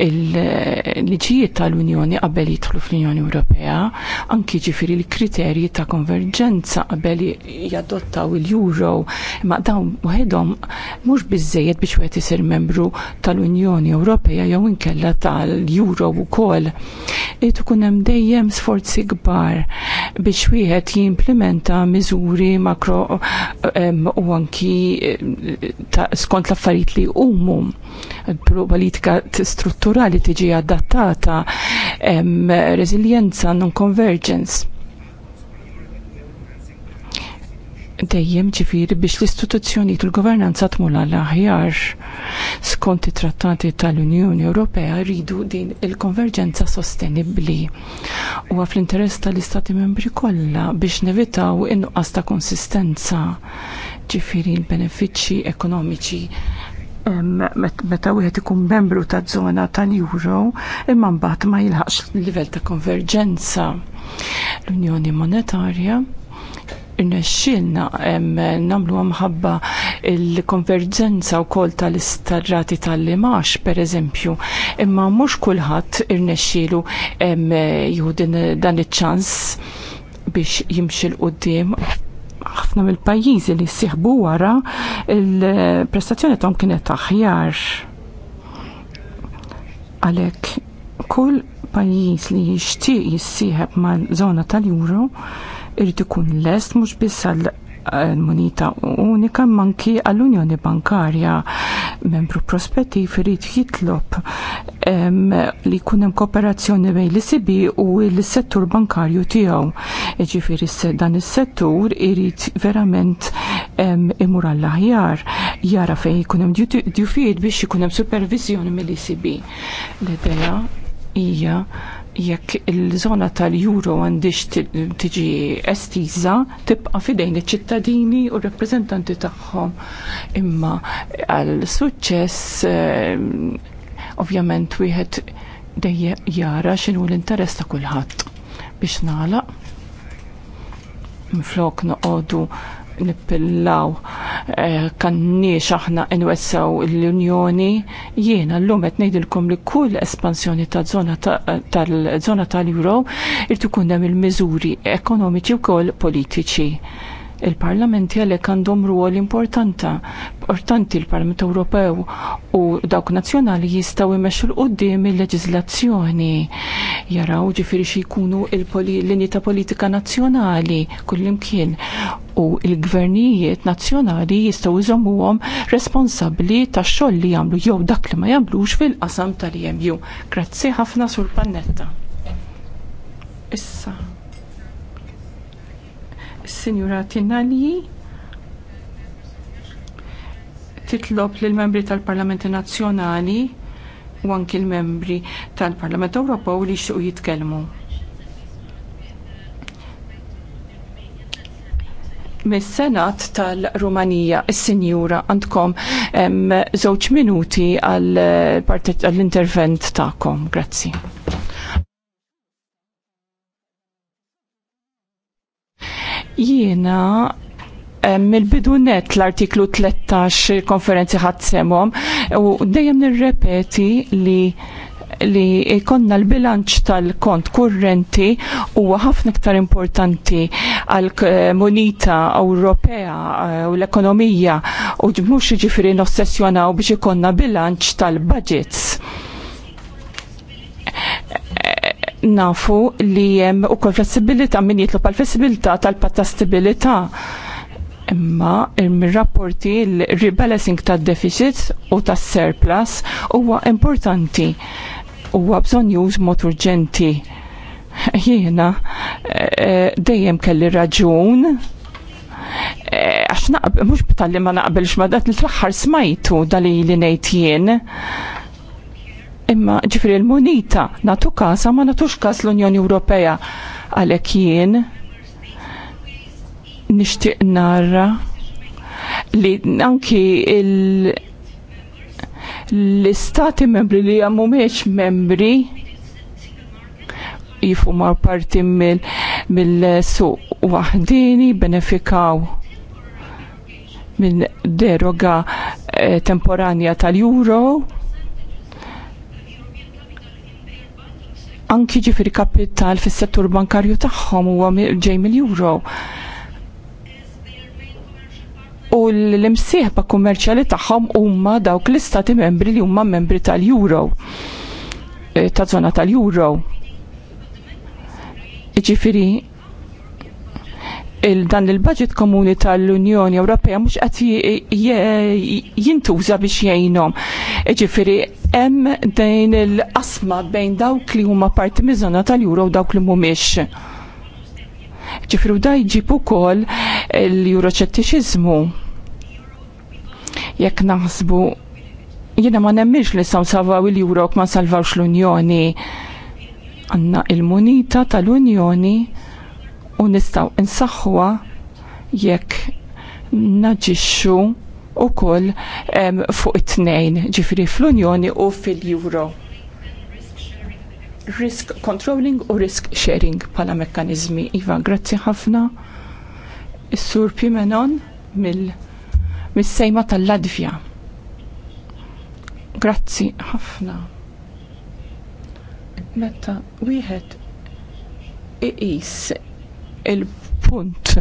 il-liġijiet tal-Unjoni qabel jidħlu fl-Unjoni Ewropea, anki ġifiri l-kriterji ta' konverġenza qabel jadottaw il-Euro, ma dawn waħedhom mhux biżejjed biex wieħed isir membru tal-Unjoni Ewropea jew inkella tal-Euro wkoll. Irid ikun hemm dejjem hemm sforzi kbar biex wieħed jimplementa miżuri makro u anki skont l-affarijiet li huma politika strutturali tiġi adattata resilienza non-convergence dejjem ġifiri biex l istituzzjoni tul governanza tmur għall aħjar skont it-trattati tal-Unjoni Ewropea rridu din il-konverġenza sostenibbli. U fl interess tal-Istati membri kollha biex nevitaw in ta' konsistenza ġifiri l-benefiċċji ekonomiċi meta wieħed ikun membru ta' żona tal-Euro imma mbagħad ma jilħaqx livell ta' konverġenza. L-Unjoni Monetarja irnexxielna nagħmlu mħabba il-konverġenza wkoll tal-istarrati tal-limax pereżempju, imma mhux kulħadd irnexxielu jieħu dan iċ-ċans biex jimxi l-qoddim ħafna mill-pajjiżi li ssieħbu wara il-prestazzjoni tagħhom kienet aħjar. Għalhekk kull pajjiż li jixtieq jissieħeb mal-żona tal juru Irid ikun lest mhux biss għal eh, munita unika manki għall-Unjoni Bankarja membru prospettiv irid jitlob li jkun hemm kooperazzjoni bejn l-ICB u l-settur bankarju tiegħu. Ġifieri dan is-settur irid verament imur għall-aħjar jara fejn jkun hemm djufijiet biex ikun hemm supervizjoni mill-ICB. L-idea hija jekk il-żona tal juro għandix tiġi estiża tibqa' fidejn iċ-ċittadini u r-rappreżentanti tagħhom. Imma għal suċċess eh, ovvjament wieħed dejje jara x'inhu l-interess ta' kulħadd biex nagħlaq minflok noqogħdu nippillaw Eh, kanniex aħna inwessaw l-Unjoni, jiena l-lum qed ngħidilkom li kull espansjoni ta' zona tal-żona tal-Euro irtu hemm il-miżuri ekonomiċi wkoll politiċi. Il-parlamenti għalhekk għandhom ruol importanta, importanti il parlament Ewropew u dawk nazzjonali jistgħu jmexxu l qudiem il leġizlazzjoni Jaraw ġifiri xi jkunu l-linji ta' politika nazzjonali kullimkien u il-gvernijiet nazzjonali jistgħu jżommuhom responsabbli tax-xogħol li jagħmlu jew dak li ma jagħmlux fil-qasam tal jemju Grazzi ħafna sur Pannetta. Issa. Sinjura Tinalji titlob lil membri tal-Parlamenti Nazzjonali u anki l-membri tal-Parlament Ewropew li xtuq jitkellmu. Mis-Senat tal-Rumanija, is-Sinjura għandkom żewġ minuti għall-intervent tagħkom. Grazzi. Jiena eh, mill-bidunet l-artiklu 13 konferenzi ħadsemhom u dejjem nirrepeti li li ikonna l-bilanċ tal-kont kurrenti huwa ħafna iktar importanti għal eh, munita Ewropea eh, u l-ekonomija u mhux jiġifieri nossessjonaw biex ikonna bilanċ tal-budgets nafu li jem u kol flessibilita min jitlu pal flessibilita tal-patta stabilita imma il-rapporti il-rebalancing ta' deficit u ta' surplus huwa importanti huwa bżon już mod urġenti jiena eh, eh, dejjem kelli raġun eh, għax naqbel mhux b'talli ma naqbilx ma l-aħħar smajtu dali li ngħid jien imma ġifri l-munita natu kasa ma natux kas l-Unjoni Ewropea għalek jien nishtiq narra li anki l-istati membri li jammu meċ membri jifu mar parti mill su wahdini benefikaw minn deroga eh, temporanja tal-euro anki ġifiri kapital fis-settur bankarju tagħhom huwa ġej mill-euro. U l-imsieħba kummerċjali tagħhom huma dawk l-istati membri li huma membri tal-euro eh, ta' zona tal-euro. Ġifiri, il dan il-budget komuni tal-Unjoni Ewropea mhux qed jintuża biex jgħinhom. Ġifieri hemm dejn il-qasma bejn dawk li huma parti miżona tal-Euro u dawk li mhumiex. Ġifieri da jġib ukoll l juroċettiċiżmu Jekk naħsbu jiena ma nemmix li nistgħu salvaw il-Euro ma salvawx l-Unjoni. Għanna il-munita tal-Unjoni u nistaw insaxħuha jekk naġixxu wkoll fuq it-tnejn, ġifri fl-Unjoni u fil-Euro. Risk controlling u risk sharing pala mekkanizmi. Iva, grazzi ħafna. Is-Sur Pimenon mill-sejma mil tal-Ladvja. Grazzi ħafna. Meta wieħed iqis il-punt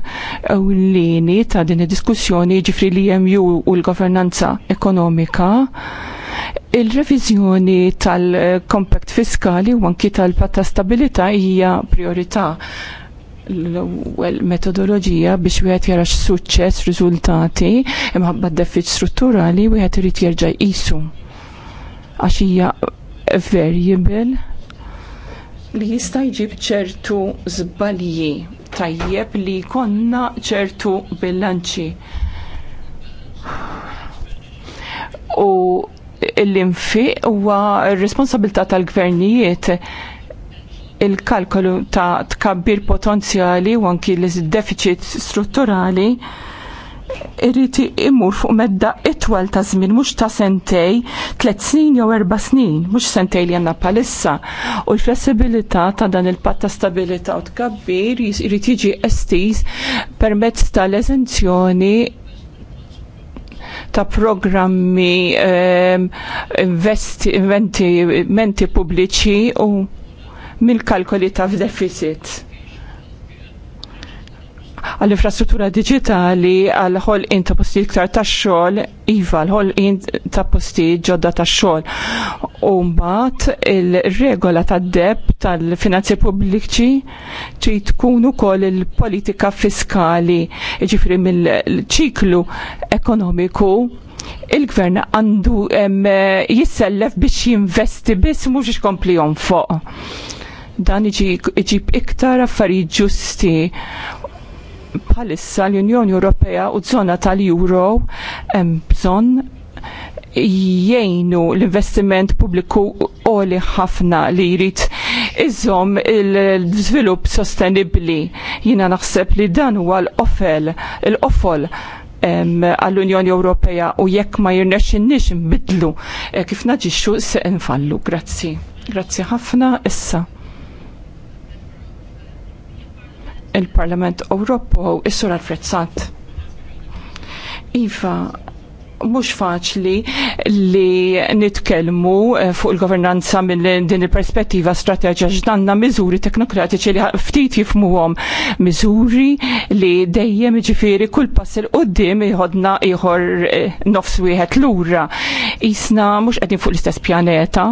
ewlieni ta' din id-diskussjoni ġifri li EMU u l-governanza ekonomika Il-revizjoni tal-kompakt fiskali u anki tal ta' stabilita hija priorità l-ewwel metodoloġija biex wieħed jara x'suċċess riżultati imħabba d-defiċ strutturali wieħed irid jerġa' jqisu għax hija variable li jista' jġib ċertu żbalji tajjeb li konna ċertu bilanċi. U l-infi huwa r-responsabilità tal-gvernijiet il-kalkolu ta' tkabbir potenzjali u anki l-deficit strutturali irriti imur fuq medda itwal ta' żmien mhux ta' sentej, tliet snin jew erba' snin, mhux sentej li għandna palissa. U l-flessibilità ta' dan il-patt ta' stabilità u tkabbir jrid jiġi estiż permezz tal-eżenzjoni ta' programmi ehm, investimenti pubbliċi u mill-kalkoli ta' deficit għall-infrastruttura digitali għall ħol in ta' posti iktar ta' xol, iva l-ħol in ta' posti ġodda ta' xol. Umbat il-regola ta' deb tal-finanzi pubbliċi trid tkun ukoll il-politika fiskali, ġifri mill-ċiklu ekonomiku il-gvern għandu jissellef biex jinvesti biss mhux ixkompli fuq. Dan iġib iktar affarijiet ġusti bħalissa l-Unjoni Ewropea u żona tal-Euro hemm bżonn jgħinu l-investiment pubbliku oli ħafna li jrid iżom il-żvilupp sostenibbli. Jiena naħseb li dan huwa l-ofel, l-ofol għall-Unjoni Ewropea u jekk ma nix nbidlu eh, kif naġixxu se nfallu. Grazzi. Grazzi ħafna issa. il-Parlament Ewropew is-Sur Alfred Sant. Iva, mhux faċli li nitkellmu eh, fuq il-governanza minn din il-perspettiva strateġa ġdanna miżuri teknokratiċi li ftit jifmuhom miżuri li dejjem ġifieri kull pass il qudiem iħodna ieħor eh, nofs wieħed lura. Isna mhux qegħdin fuq l-istess pjaneta,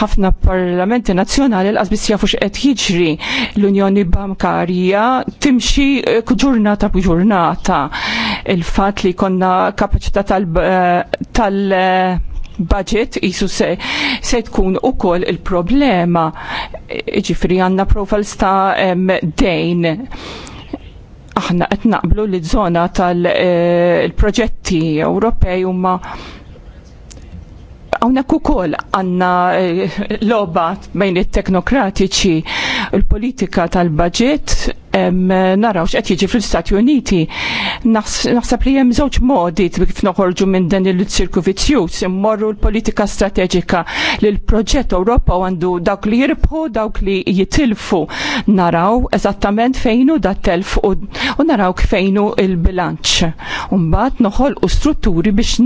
ħafna parlamenti nazzjonali l-qasbis jafu x'qed jiġri l-Unjoni Bankarja timxi eh, ġurnata b'ġurnata il-fatt li konna kapaċità tal Eh, tal-budget jisu se, se tkun u koll il-problema. Ġifri għanna profiles ta' dejn. Aħna qed naqblu li żona tal-proġetti eh, Ewropej huma għawnek ukoll għanna l eh, loba bejn it teknokratiċi il-politika tal-budget naraw x'qed jiġi fl-Istati Uniti. Naħseb li hemm żewġ modi kif noħorġu minn dan il-ċirku vizzjuż, immorru l-politika strateġika li l-proġett Ewropa għandu dawk li jirbħu, dawk li jitilfu. Naraw eżattament fejnu da telf u naraw kfejnu il-bilanċ. Umbat noħolqu strutturi biex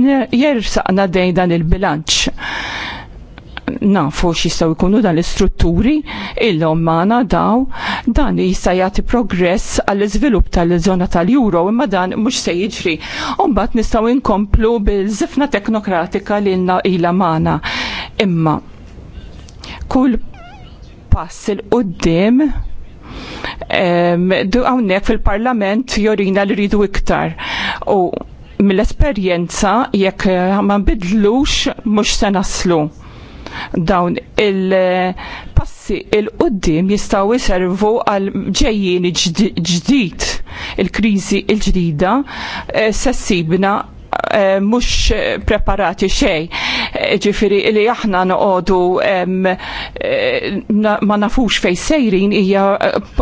jersaqna dejn dan il-bilanċ nafu x'jistgħu jkunu dan l-istrutturi illhom magħna daw dan jista' jagħti progress għall iżvilupp tal-żona tal juro imma dan mhux se jiġri. U mbagħad nistgħu inkomplu bil zifna teknokratika li ila magħna. Imma kull pass il-qoddim għawnek fil-parlament jorina li rridu iktar. U mill-esperienza jekk ma nbidlux mhux se naslu dawn il-passi il-qoddim jistaw jiservu għal ġejjien ġdid il-krizi il-ġdida eh, sessibna eh, mux preparati xej. Eh, ġifiri li aħna noqodu ma nafux fej sejrin hija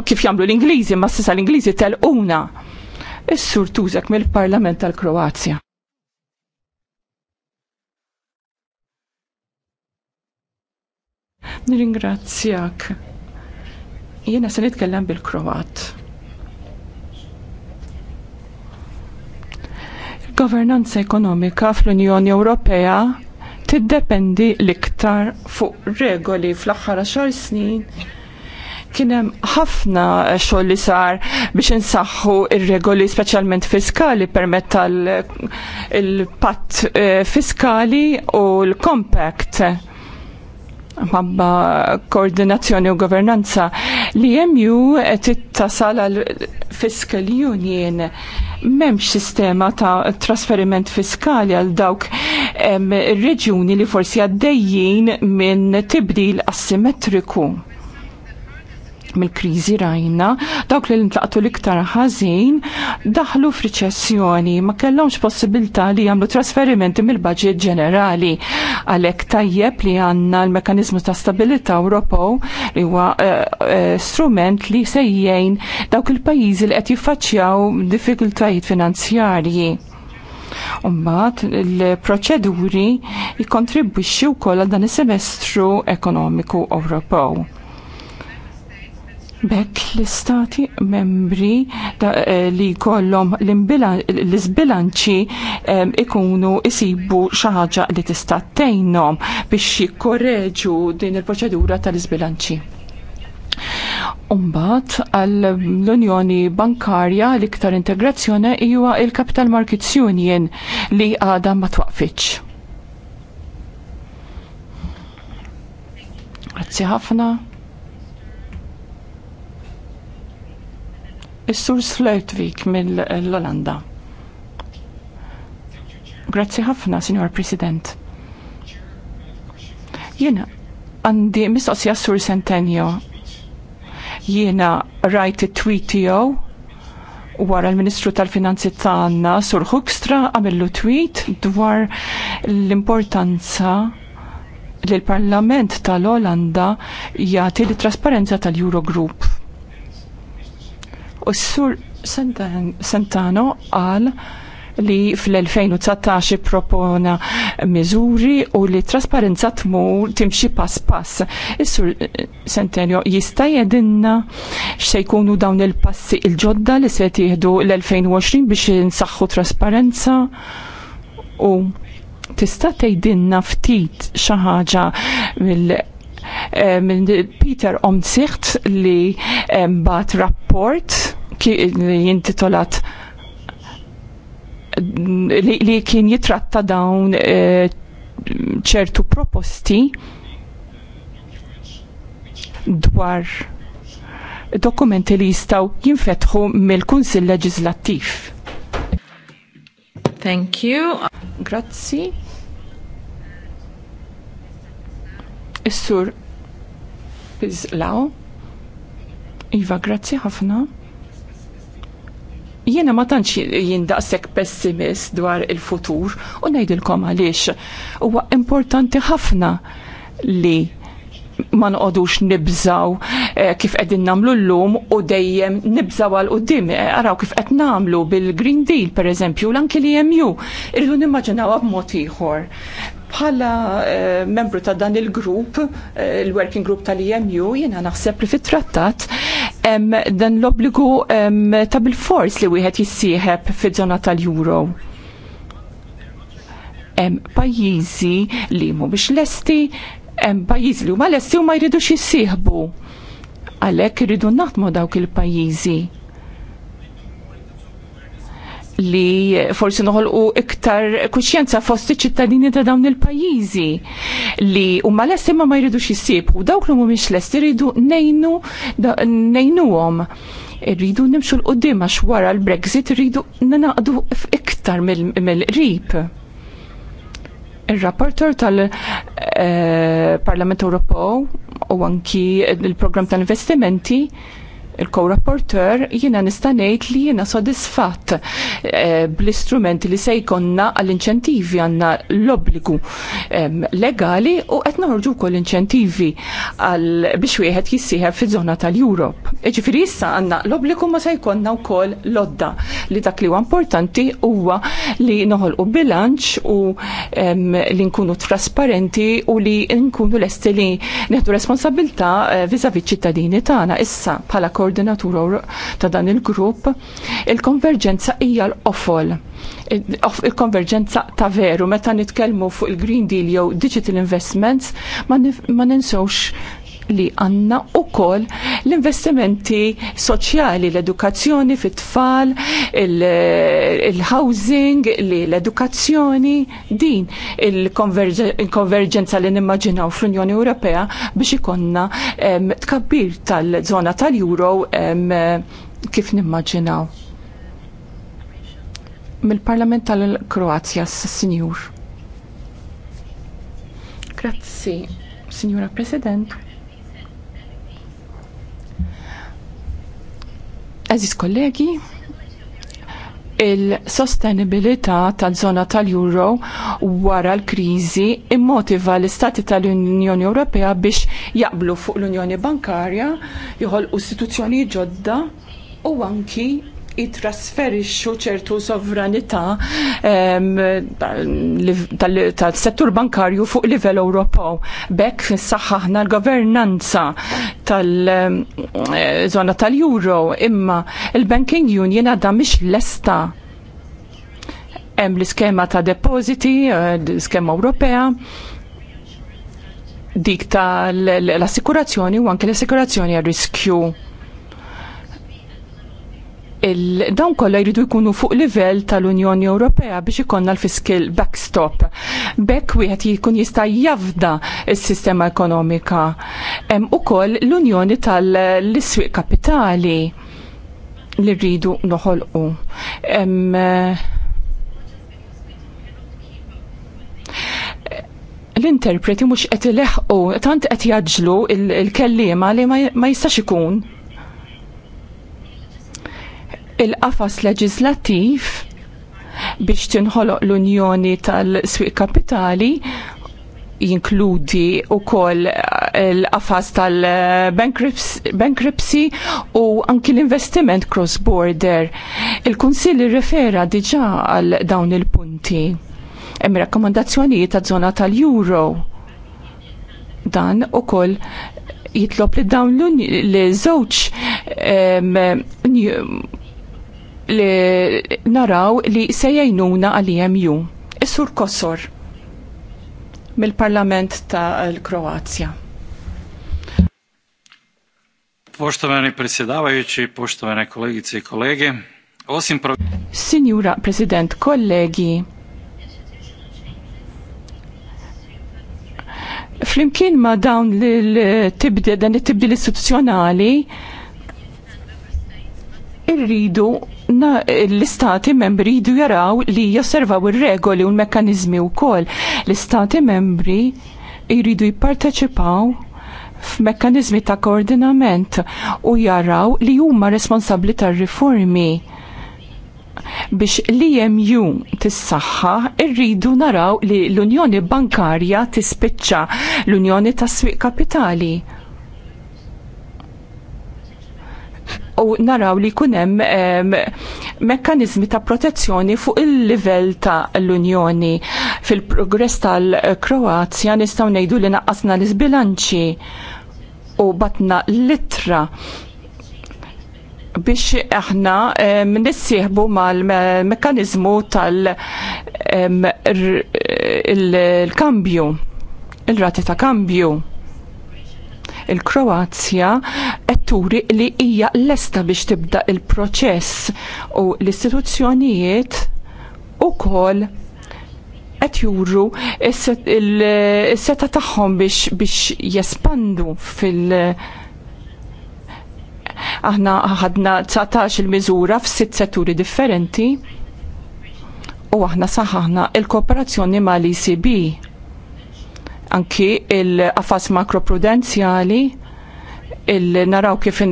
kif jagħmlu l-Ingliżi, ma sisa l-Ingliżi telquna. Is-sur tużek mill-Parlament tal-Kroazja. Nirringrazzjak. Jiena se nitkellem bil-Kroat. Governanza ekonomika fl-Unjoni Ewropea tiddependi l-iktar fuq regoli fl-axħar xar snin Kien hemm ħafna xogħol li sar biex insaħħu r regoli speċjalment fiskali permezz tal-patt eh, fiskali u l-compact mabba koordinazzjoni u governanza li jemju tittasal għal fiscal union memx sistema ta' trasferiment fiskali għal dawk reġjuni li forsi għaddejjin minn tibdil asimetriku mill-kriżi rajna, dawk li ntlaqtu l-iktar ħażin daħlu f'riċessjoni, ma kellhomx possibilità li jagħmlu trasferimenti mill baġit ġenerali. Għalhekk tajjeb li għandna l-mekanizmu ta' stabilità Ewropew li huwa eh, eh, strument li sejjejn dawk il-pajjiżi li qed jiffaċċjaw diffikultajiet finanzjarji. Umbat il-proċeduri jikontribwixxi wkoll għal dan is-semestru ekonomiku Ewropew Bekk l-istati membri eh, li kollom l-izbilanċi eh, ikunu isibu xaħġa li tista' istattejnom biex jikkorreġu din il-proċedura tal-izbilanċi. Umbat għall unjoni Bankarja l-iktar integrazzjoni huwa il-Capital Markets Union li għada ma twaqfitx. Grazzi ħafna. Is-Sur Flirtvik mill-Olanda. Grazzi ħafna, Signor President. Jiena għandi mistoqsija Sur Centennio. Jiena rajt it-tweet tiegħu wara l-Ministru tal-Finanzi tagħna Sur Hukstra għamillu tweet dwar l-importanza li l-Parlament tal-Olanda jagħti l-trasparenza tal-Eurogroup. U s-sur Santano għal li fl-2019 propona miżuri u li trasparenza tmur timxi pass pass. Is-sur Centenio jista' jedinna x'se jkunu dawn il-passi il-ġodda li se tieħdu l-2020 biex insaħħu trasparenza u tista' tgħidilna ftit xi ħaġa mill minn Peter Omzicht li bat rapport li jintitolat li, kien jitratta dawn e, ċertu proposti dwar dokumenti li jistaw jinfetħu mill-Kunsill Leġislattiv. Thank you. Grazzi. Is-sur jispiżlaw. Iva, grazzi ħafna. Jiena ma tantx jindaqsek pessimist dwar il-futur u ngħidilkom għaliex huwa importanti ħafna li ma noqogħdux nibżaw eh, kif qegħdin nagħmlu llum u dejjem nibżaw għal quddiem eh, araw kif qed nagħmlu bil-Green Deal pereżempju l anki li EMU irridu nimmaġinawha b'mod ieħor. Bħala eh, membru ta' dan il-grupp, eh, il-working group tal-IMU, jiena naħseb li fit-trattat dan l-obbligu ta' bil-fors li wieħed jissieħeb fiż-żona tal-Euro hemm pajjiżi li mhumiex lesti, hemm pajjiżi li huma lesti u ma jridux jissieħbu. Għalhekk irridu naħdmu dawk il-pajjiżi li forsi noħolqu iktar kuxjenza fost iċ-ċittadini ta' dawn il-pajjiżi li huma lesti imma ma jridux u dawk li mhumiex lest iridu nejnu nejnuhom. Irridu nimxu l qudiem għax wara l-Brexit irridu nanaqdu iktar mill-qrib. Il-rapporter tal-Parlament eh, Ewropew u anki il-programm tal-investimenti il co rapporteur jina nistanejt li jiena sodisfatt eh, bl-istrumenti li se jkonna għall-inċentivi għanna l-obbligu ehm, legali u qed noħorġu wkoll inċentivi għal biex wieħed jissieħeb fi żona tal-Europe. Ġifieri issa għandna l-obbligu ma se jkollna wkoll lodda li dak li huwa importanti huwa li noħolqu bilanċ u ehm, li nkunu trasparenti u li nkunu lesti li neħdu responsabilta eh, vis-à-vis ċittadini tagħna issa bħala il-koordinatur ta' dan il-grupp, il-konverġenza hija l-offol. Il-konverġenza ta' veru, meta nitkellmu fuq il-Green Deal jew Digital Investments, ma ninsewx li għanna u kol l-investimenti soċjali, l-edukazzjoni fit tfal il-housing, l-edukazzjoni, din il-konverġenza li nimmaġinaw fl-Unjoni Ewropea biex ikonna tkabbir tal-zona tal-Euro kif nimmaġinaw. Mill-Parlament tal-Kroazja, s-Sinjur. Grazzi, Signora President Aziz kollegi, il-sostenibilità tal-zona tal-euro wara l-kriżi immotiva l-istati tal-Unjoni Ewropea biex jaqblu fuq l-Unjoni Bankarja, joħolqu istituzzjoni ġodda u anki jitrasferixxu ċertu sovranità tal-settur bankarju fuq livell Ewropew. Bekk saħħaħna l-governanza tal-żona eh, tal-euro imma il-banking union għadha mhix lesta hemm l-iskema ta' depositi, eh, l-iskema Ewropea, dik tal-assikurazzjoni u anke l-assikurazzjoni għal riskju dawn kollha jridu jkunu fuq livell tal-Unjoni Ewropea biex ikonna l-fiskil backstop. Bekk wieħed jkun jista' jafda s-sistema ekonomika. Hemm ukoll l-Unjoni tal-iswiq kapitali li rridu noħolqu. Eh, l-interpreti mhux qed ileħqu tant qed jaġlu il-kellima li ma jistax ikun il-qafas leġislattiv biex tinħoloq l-Unjoni tal-Swiq Kapitali jinkludi u koll eh, il qafas tal-bankruptcy u anki l-investiment cross-border. Il-Kunsill rifera diġa għal dawn il-punti. Hemm rakkomandazzjonijiet ta' zona tal-Euro. Dan u koll jitlob li dawn l-żewġ li naraw li se jgħinuna għal-EMU. Is-sur Kossor mill-Parlament ta' l kroazja Poštovani predsjedavajući, poštovane kolegice i kolege, osim... pro... Signora prezident, kolegi, flimkien ma dawn l tibdi dan l-tibdi l-istituzjonali, irridu l-istati membri jidu jaraw li josservaw ir-regoli u l u wkoll. L-istati membri jridu jipparteċipaw f-mekanizmi ta' koordinament u jaraw li huma responsabbli tar-riformi biex li jemju tis tissaħħa irridu naraw li l-Unjoni Bankarja tispiċċa l-Unjoni tas-Swieq Kapitali u naraw li kunem um, mekkanizmi ta' protezzjoni fuq il level ta' l-Unjoni. Fil-progress tal-Kroazja nistaw nejdu li naqqasna l-izbilanċi u batna litra biex aħna nissieħbu mal-mekkanizmu tal-kambju, il-rati ta' kambju il-Kroazja qed turi li hija lesta biex tibda il-proċess u l-istituzzjonijiet ukoll qed juru is-seta tagħhom biex biex jespandu fil- aħna ħadna 19 il-miżura f'sitt setturi differenti u aħna saħħaħna il-kooperazzjoni mal-ECB anki il-qafas makroprudenzjali il-naraw kif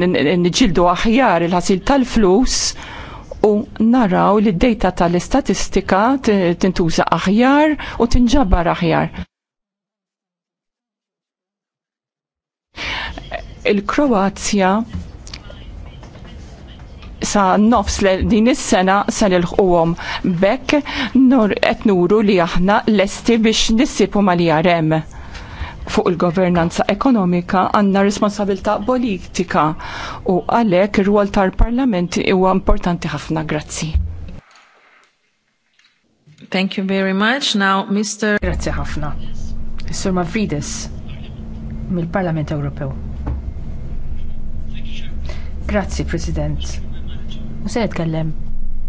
nġildu aħjar il-ħasil tal-flus u naraw li d-data tal-istatistika tintuża aħjar u tinġabbar aħjar. Il-Kroazja sa nofs din is-sena se nilħquhom bekk nur qed nuru li aħna lesti biex nissibu mal hemm fuq il-governanza ekonomika għandna responsabilità politika u għalhekk ir-rwol tal-Parlament huwa importanti ħafna. Grazzi. Thank you very much. Now, Mr. Grazzi ħafna. Sur Mavridis mill-Parlament Ewropew. Grazzi, President u se nitkellem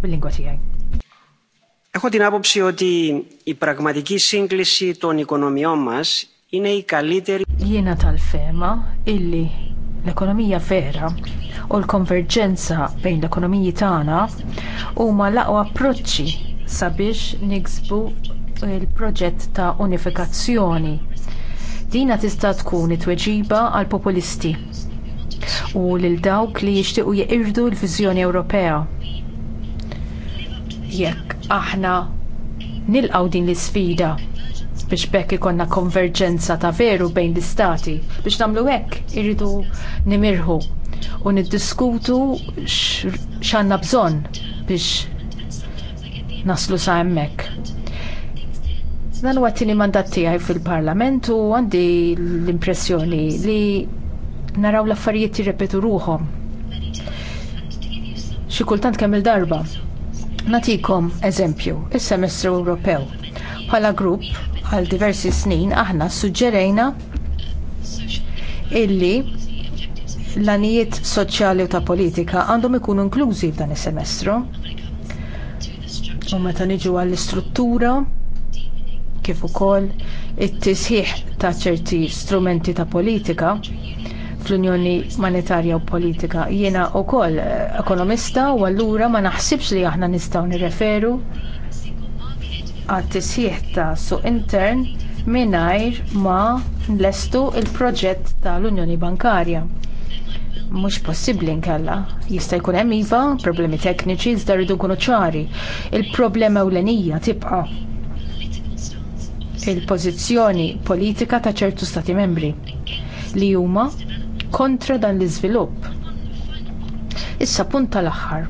bil-lingwa tiegħi. Έχω την άποψη ότι i pragmatiki σύγκληση ton ekonomi μας είναι η Jiena tal-fema illi l-ekonomija vera u l-konverġenza bejn l-ekonomiji tagħna huma laqgħu approċċi sabiex niksbu il-proġett ta' unifikazzjoni. Dina tista' tkun it-tweġiba għall populisti u lil dawk li jixtiequ jirdu l-viżjoni Ewropea. Jekk aħna nilqgħu din l-isfida biex bekk ikonna konverġenza ta' veru bejn l-istati. Biex nagħmlu hekk irridu nimirħu u niddiskutu x'għandna bżonn biex naslu sa' hemmhekk. Dan huwa t-tieni mandat tiegħi fil-Parlament u għandi l-impressjoni li naraw l-affarijiet jirrepetu ruhom. Xi kultant kemm il-darba. Natikom eżempju, is-semestru Ewropew. Bħala grupp għal diversi snin aħna suġġerejna illi l-anijiet soċjali u ta' politika għandhom ikunu inklużi f'dan is-semestru. U meta niġu għall-istruttura kif ukoll it-tisħiħ ta' ċerti strumenti ta' politika fl-Unjoni Monetarja u Politika. Jiena wkoll ekonomista u allura ma naħsibx li aħna nistgħu nirreferu għat-tisjieħ ta' suq intern mingħajr ma nlestu l proġett tal-Unjoni Bankarja. Mhux possibbli nkella. Jista' jkun hemm iva, problemi tekniċi, iżda rridu nkunu ċari. Il-problema ewlenija tibqa' il-pożizzjoni politika ta' ċertu stati membri li huma kontra dan l-iżvilupp. Issa punt tal-aħħar.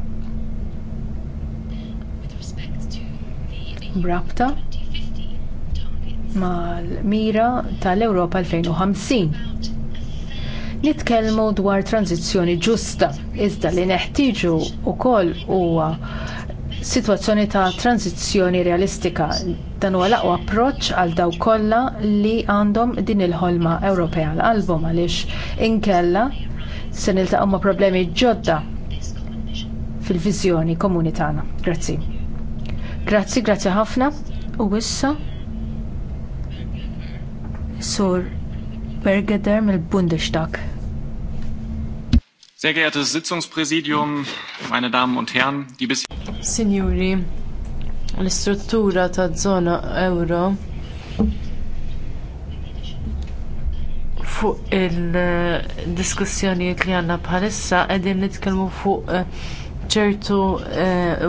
Brabta mal-mira tal-Ewropa 2050 nitkellmu dwar tranzizzjoni ġusta, iżda li neħtieġu wkoll huwa situazzjoni ta' transizzjoni realistika. Dan huwa l-aqwa approċċ għal daw kollha li għandhom din il-ħolma Ewropea l-qalbhom għaliex inkella se niltaqgħu ma' problemi ġodda fil-viżjoni komuni tagħna. Grazzi. Grazzi, grazzi ħafna. U issa Sur Bergeder mill-Bundestag. Sehr geehrtes Sitzungspräsidium, meine Damen und Herren, die bis... Signori, l-istruttura ta' zona euro fuq il diskussjoni li għanna bħalissa qegħdin nitkellmu fuq eh, ċertu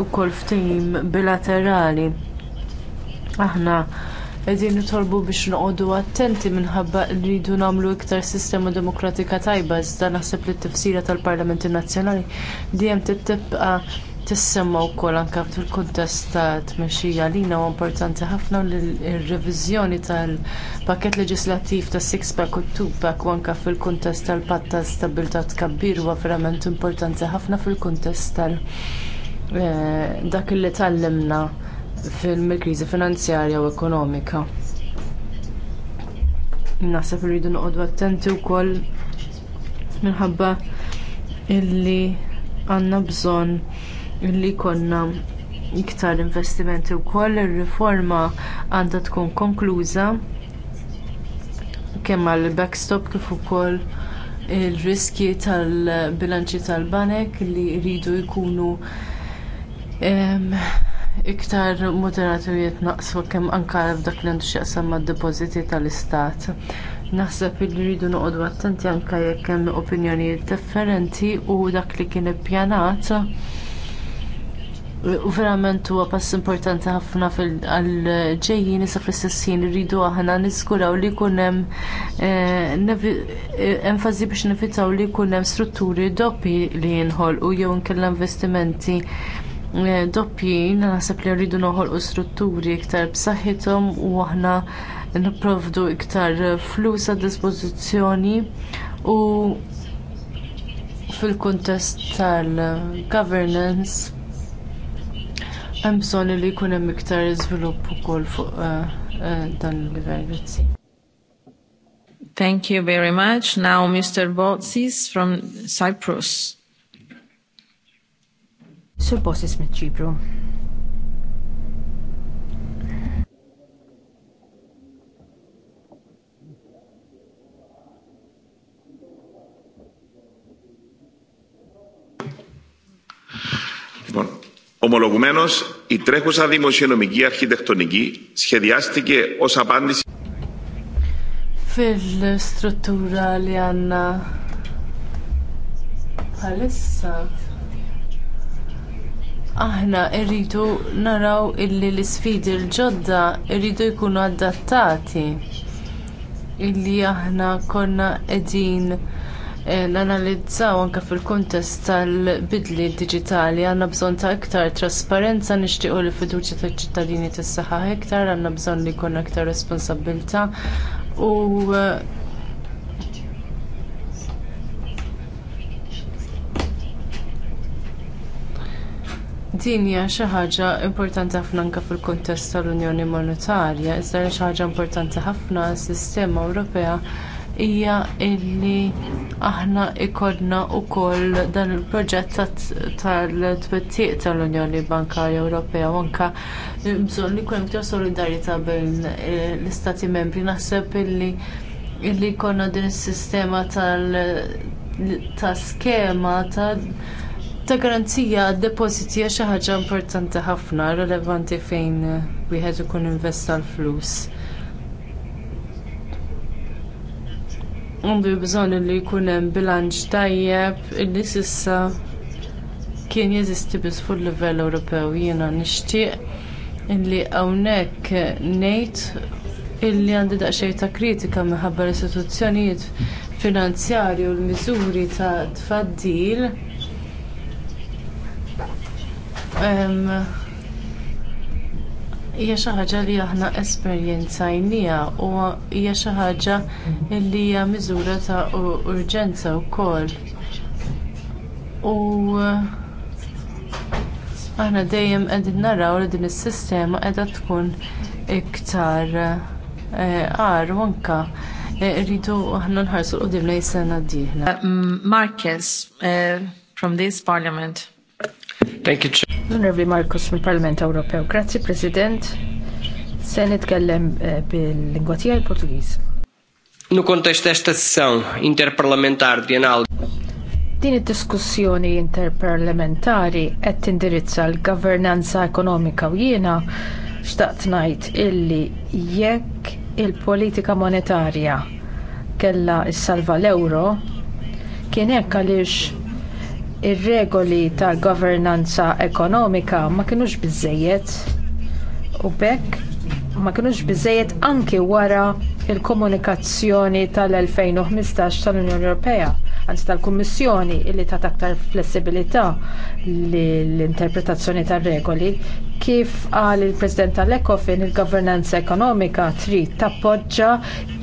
wkoll eh, ftim bilaterali. Aħna qegħdin nitolbu biex noqogħdu attenti minħabba li rridu nagħmlu iktar sistema demokratika tajba iżda naħseb li t-tifsira tal-Parlamenti Nazzjonali dejjem tittibqa' tissemma wkoll anke fil-kuntest ta' tmexxija lina huwa importanti ħafna li r reviżjoni tal-pakket leġislattiv ta' six pack u two pack u anke fil-kuntest tal-patt ta' stabilità tkabbir huwa verament importanti ħafna fil-kuntest tal- eh, dak li tallimna fil-kriżi finanzjarja u ekonomika. Naħseb irridu noqogħdu attenti wkoll minħabba illi għandna bżonn illi jkollna iktar investimenti wkoll ir-riforma għandha tkun konkluża kemm għall backstop kif ukoll ir-riski tal-bilanċi tal-banek li jridu jkunu iktar moderati u jitnaqsu kemm anka f'dak li għandu x'jaqsam mad-depożiti tal-istat. Naħseb li rridu noqogħdu attenti anke jekk hemm opinjonijiet differenti u dak li kien ippjanat U verament huwa pass importanti ħafna għal-ġejjin issa fl-istessin rridu aħna niskuraw li jkun hemm eh, eh, enfasi biex nifitaw li jkun hemm strutturi doppi li jinħolqu jew inkella investimenti Eh, doppji naħseb li rridu noħolqu strutturi iktar b'saħħithom u aħna nipprovdu iktar flus għad dispożizzjoni u fil-kuntest tal-governance hemm bżonn li jkun hemm iktar iżvilupp ukoll fuq eh, eh, dan il-livell. Grazzi. Thank you very much. Now Mr. Botsis from Cyprus. Sur Bossis mit-ċipru. Ομολογουμένως, η τρέχουσα δημοσιονομική αρχιτεκτονική σχεδιάστηκε ως απάντηση Φίλε, struttura Λιάννα... Παλέσσα aħna rridu naraw illi l isfidi l-ġodda rridu jkunu adattati illi aħna konna qegħdin eh, nanalizzaw anke fil-kuntest tal-bidli digitali għandna bżonn ta' iktar trasparenza nixtiequ li fiduċja taċ ċittadini tas-saħħa iktar għandna bżonn li jkollna iktar responsabbiltà u eh, Din hija xi ħaġa importanti ħafna anke fil-kuntest tal-Unjoni Monetarja, iżda xi ħaġa importanti ħafna s-sistema Ewropea hija li aħna ikollna wkoll dan il-proġett tal-twettiq tal-Unjoni Bankarja Ewropea u anke bżonn li kemm iktar solidarjetà bejn eh, l-istati membri naħseb illi jkollna din is-sistema tal ta' skema ta' ta' garanzija għad-depositi hija xi ħaġa importanti ħafna, relevanti fejn wieħed ikun investa l-flus. Għandu bżonn li jkun hemm bilanċ tajjeb li sissa kien jeżisti biss fuq livell Ewropew jiena nixtieq illi hawnhekk ngħid illi għandi daqsxejn ta' kritika minħabba l-istituzzjonijiet finanzjarji u l-miżuri ta' tfaddil hija xi ħaġa li aħna esperjenzajnija u hija xi ħaġa li hija miżura ta' urġenza wkoll. U aħna dejjem qegħdin naraw li din is-sistema qiegħda tkun iktar eh, għar u eh, rridu aħna nħarsu u qudiem sena d-dieħla. Uh, eh, from this parliament. Thank you, Honorable Marcos mill-Parlament Ewropew. Grazzi, President. Se nitkellem eh, bil-lingwa tiegħi portugiż No kontest desta sessão interparlamentar bienal. Din id-diskussjoni interparlamentari qed tindirizza l-governanza ekonomika u jiena xtaqt ngħid illi jekk il-politika monetarja kella s-salva l-euro kien hekk għaliex ir-regoli tal-governanza ekonomika ma kinux biżżejjed u bekk ma kinux biżżejjed anki wara l komunikazzjoni tal-2015 tal-Unjoni Ewropea anzi tal-Kummissjoni li ta' aktar flessibilità l-interpretazzjoni tar regoli Kif qal il-President tal-Ekofin il-Governanza Ekonomika trid tappoġġa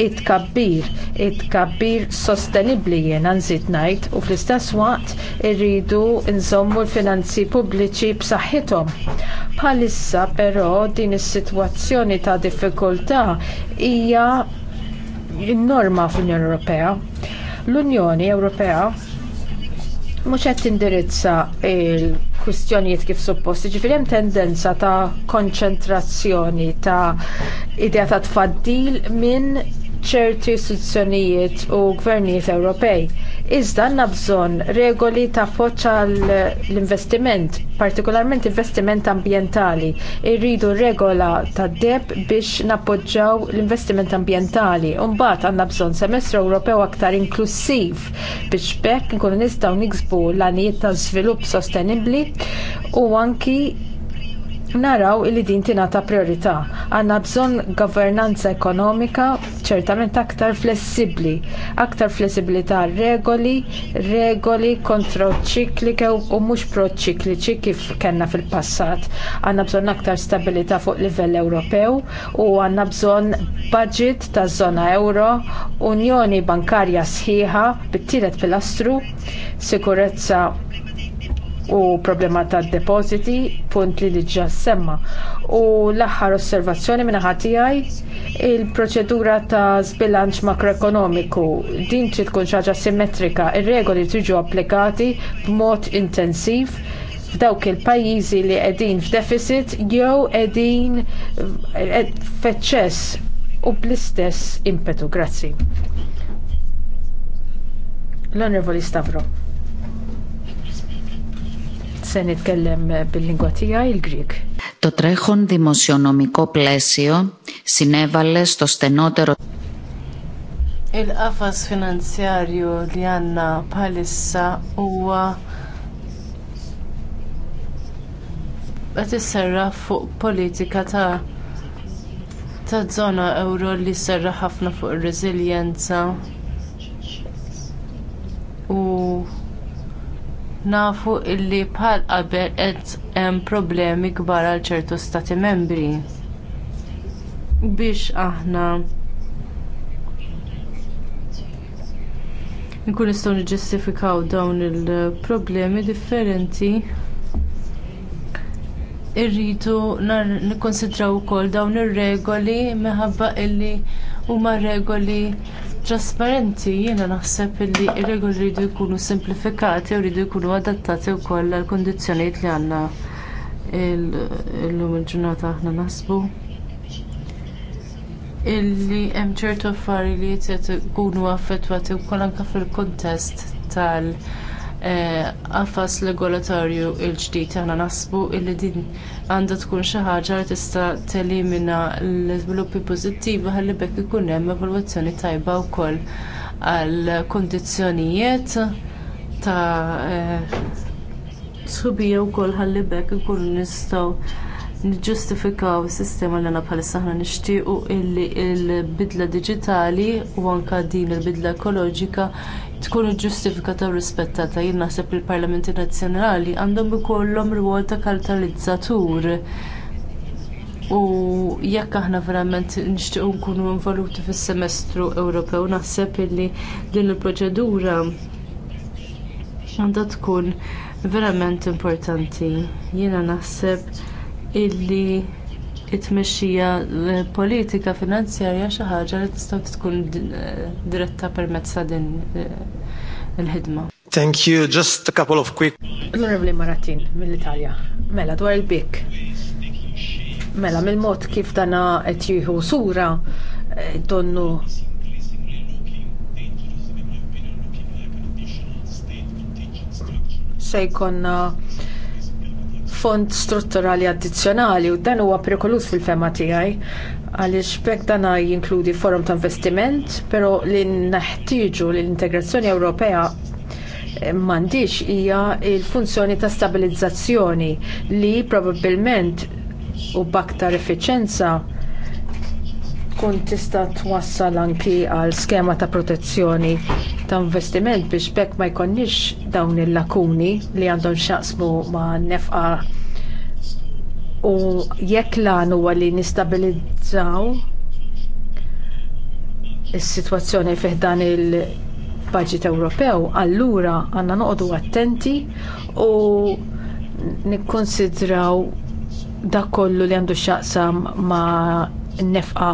it-kabbir, it-kabbir sostenibbli jiena nżid ngħid u fl-istess waqt irridu nżommu l-finanzi pubbliċi b'saħħithom. Bħalissa però din is-sitwazzjoni ta' diffikultà hija norma fl-Unjoni Ewropea. L-Unjoni Ewropea mhux qed tindirizza il- kwistjonijiet kif suppost. Ġifieri hemm tendenza ta' konċentrazzjoni ta' idea ta' tfaddil minn ċerti istituzzjonijiet u gvernijiet Ewropej Iżda għandna bżonn regoli ta' appoġġ l-investiment, partikolarment investiment ambjentali. Irridu regola ta' deb biex nappoġġaw l-investiment ambjentali. U mbagħad għandna bżonn semestru Ewropew aktar inklusiv biex bekk nkunu nistgħu niksbu l-għanijiet ta' żvilupp sostenibbli u anki naraw li din tingħata priorità. Għandna bżonn governanza ekonomika ċertament aktar flessibbli, aktar flessibilità regoli, regoli kontroċiklike u mhux proċikliċi kif kellna fil-passat. Għandna bżonn aktar stabilità fuq livell Ewropew u għandna bżonn budget taż żona euro, unjoni bankarja sħiħa bit-tielet pilastru, sikurezza u problema ta' depositi, punt li diġa semma. U l-aħħar osservazzjoni minn għaj, il-proċedura ta' sbilanċ makroekonomiku, din trid tkun xaġa simmetrika, ir-regoli tiġu applikati b'mod intensiv f'dawk il-pajjiżi li qegħdin f'deficit jew qegħdin f'eċċess u bl-istess impetu. Grazzi. L-Onorevoli Stavro se nitkellem bil-lingwa tiegħi il-Grik. Το τρέχον δημοσιονομικό πλαίσιο συνέβαλε στο στενότερο Il-qafas finanzjarju li għanna bħalissa huwa qed isserra fuq politika ta' ta' żona euro li serra ħafna fuq ir-reżiljenza u nafu illi bħal qabel qed hemm problemi kbar għal ċertu stati membri. Biex aħna nkun nistgħu niġġustifikaw dawn il-problemi differenti irridu nikkonsidraw ukoll dawn ir-regoli minħabba illi huma regoli trasparenti jiena naħseb li ir regoli rridu jkunu simplifikati u rridu jkunu adattati wkoll għall kundizzjonijiet li għandna illum il-ġurnata aħna naħsbu. Illi hemm ċertu affarijiet qed ikunu affettwati wkoll anke fil-kuntest tal- eh, qafas regolatorju l ġdid aħna naħsbu illi din għandha tkun xi ħaġa li tista' telimina l-iżviluppi pożittivi ħalli bekk ikun hemm evalwazzjoni tajba wkoll għal kundizzjonijiet ta' eh, subija wkoll ħalli bekk ikunu nistgħu niġġustifikaw is-sistema li na bħalissa aħna nixtiequ illi l-bidla digitali u anke din il-bidla ekoloġika tkun ġustifikata u rispettata. Jien naħseb li l-Parlamenti Nazzjonali għandhom ikollhom rwol ta' katalizzatur U jekk aħna verament nixtiequ nkunu involuti fis-semestru Ewropew, naħseb illi din il-proċedura għandha tkun verament importanti. Jiena naħseb illi it-tmexxija politika finanzjarja xi ħaġa li tistgħu tkun diretta permezz ta' din eh, il-ħidma. Thank you. Just a couple of quick. L-Onorevoli Maratin mill-Italja. Mela dwar il-bik. Mela mill-mod kif dana qed jieħu sura eh, donnu se jkollna uh, fond strutturali addizzjonali u dan huwa perikolus fil-fema tiegħi għaliex bekk dan jinkludi forum ta' investiment, però li neħtieġu li l-integrazzjoni Ewropea eh, m'għandix hija l-funzjoni ta' stabilizzazzjoni li probabbilment u b'aktar effiċenza tkun tista' twassal anki għal skema ta' protezzjoni ta' investiment biex bekk ma jkonniex dawn il-lakuni li għandhom xaqsmu ma' nefqa u jekk lan huwa li nistabilizzaw is-sitwazzjoni fih dan il-budget Ewropew, allura għandna noqogħdu attenti u nikkonsidraw dak kollu li għandu x'jaqsam ma' nefqa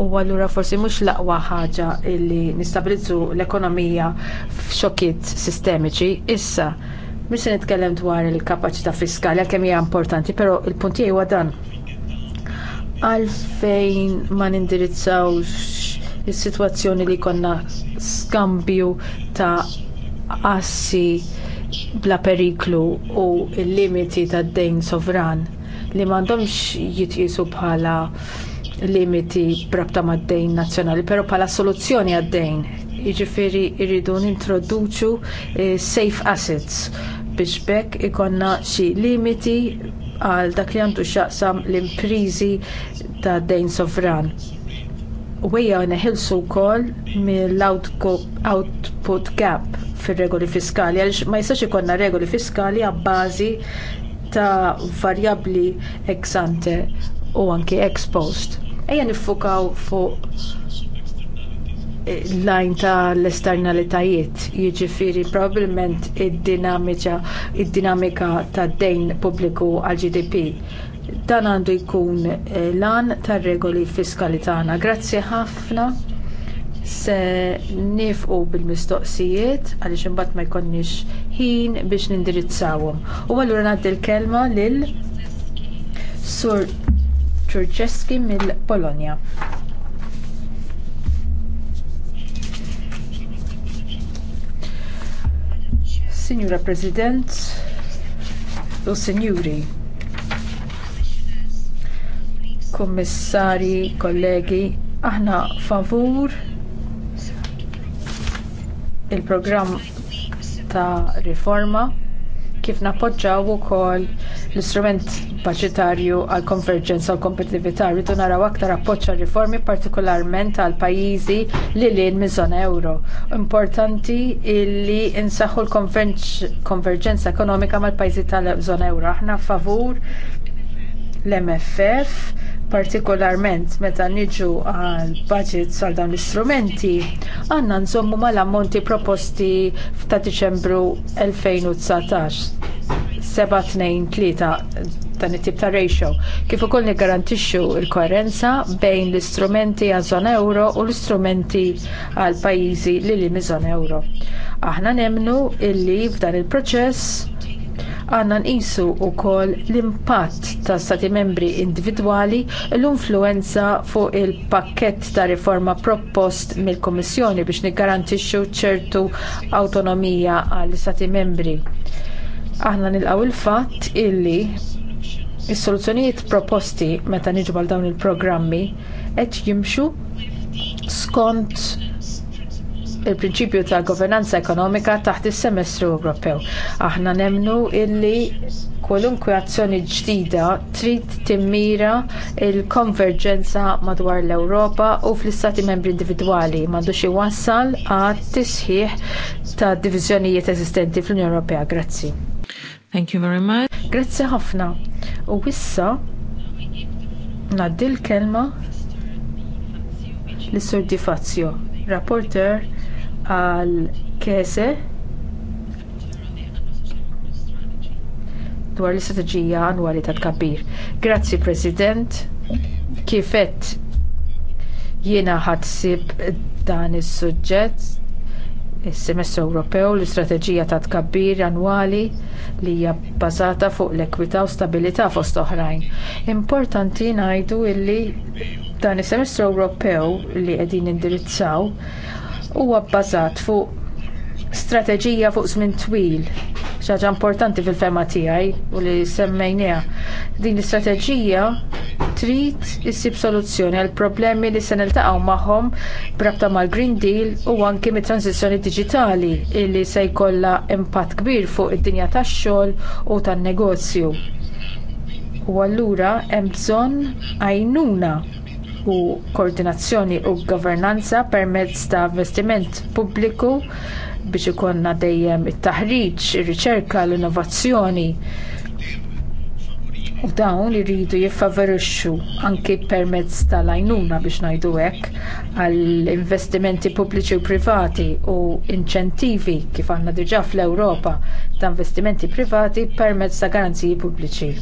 U allura forsi mhux l-aqwa ħaġa li nistabilizzu l-ekonomija f'xokkiet sistemiċi. Issa, mhux se nitkellem dwar il-kapaċità fiskali għalkemm hija importanti, però il-punt tiegħi huwa dan. Għalfejn ma nindirizzawx is-sitwazzjoni li konna skambju ta' assi bla periklu u l-limiti tad dejn sovran li m'għandhomx jitqiesu bħala limiti brabta mad-dejn nazzjonali, pero pala soluzzjoni għad-dejn. Jiġifieri irridu nintroduċu eh, safe assets biex bekk ikonna xi limiti għal dak li għandu xaqsam l impriżi ta' dejn sovran. Wejja neħilsu wkoll mill-output gap fir regoli fiskali, għaliex ma jistax ikonna regoli fiskali għabbażi ta' varjabbli ex ante u anki ex post. Ejja nifukaw fuq eh, lajn ta' l-esternalitajiet, jiġifieri probabbilment id-dinamika tad dejn pubbliku għall GDP. Dan għandu jkun eh, lan tar regoli fiskali tagħna. Grazzi ħafna se nifqu bil-mistoqsijiet għaliex imbagħad ma jkollniex ħin biex nindirizzawhom. U allura ngħaddi l-kelma lil Sur Czurczewski mill-Polonja. Signora President u Sinjuri, Kummissarji, kollegi, aħna favur il-programm ta' riforma kif napoġġaw ukoll l-istrument kapaċitarju għal konverġenza u kompetitività rridu naraw aktar appoġġ għal riformi partikolarment għal pajjiżi li lin miż-żona euro. Importanti li insaħħu l-konverġenza ekonomika mal-pajjiżi tal-żona euro. Aħna favur l-MFF partikolarment meta niġu għal budget għal dawn l-istrumenti, għandna nżommu mal-ammonti proposti ta' Diċembru 2019. 2 dan it-tip ta' ratio. Kif ukoll niggarantixxu l-koerenza bejn l-istrumenti għal żona euro u l-istrumenti għal pajjiżi li li miżon euro. Aħna nemnu illi f'dan il-proċess Għandna nqisu wkoll l-impatt ta' stati membri individwali l-influenza fuq il-pakkett ta' riforma propost mill-Kummissjoni biex niggarantixxu ċertu awtonomija għall istati membri. Aħna nilqgħu il-fatt illi s soluzzjonijiet proposti meta niġbal dawn il-programmi qed jimxu skont il-prinċipju ta' governanza ekonomika taħt is-semestru Ewropew. Aħna nemnu illi kwalunkwe azzjoni ġdida trid timmira l konverġenza madwar l-Ewropa u fl-istati membri individwali m'għandux iwassal għat tisħiħ ta' diviżjonijiet eżistenti fl-Unjoni Ewropea. Grazzi. Thank you very much. Grazzi ħafna. U issa ngħaddi l-kelma l-Sur Di Fazio, rapporter għal kese dwar l-istrateġija annwali ta' tkabbir. Grazzi President, kifet jiena ħadsib dan is-suġġett is-semestru Ewropew l-istrateġija ta' tkabbir annwali li hija bbażata fuq l-ekwità u stabilità fost oħrajn. Importanti ngħidu illi dan is-semestru Ewropew li qegħdin indirizzaw huwa bbażat fuq strateġija fuq żmien twil ċaġa importanti fil-fema tiegħi u li semmejniha. Din l-istrateġija trid issib soluzzjoni għal problemi li se niltaqgħu magħhom brabta mal-Green Deal u anki mit-transizzjoni diġitali illi se jkollha impatt kbir fuq id-dinja tax-xogħol u tan-negozju. U allura hemm bżonn għajnuna u koordinazzjoni u governanza permezz ta' investiment pubbliku biex ikonna dejjem it-taħriġ, ir-riċerka, l-innovazzjoni. U dawn iridu jiffavorixxu anki permezz tal-għajnuna biex ngħidu hekk għall investimenti pubbliċi u privati u inċentivi kif għandna diġà fl-Ewropa ta' investimenti privati permezz ta' garanziji pubbliċi.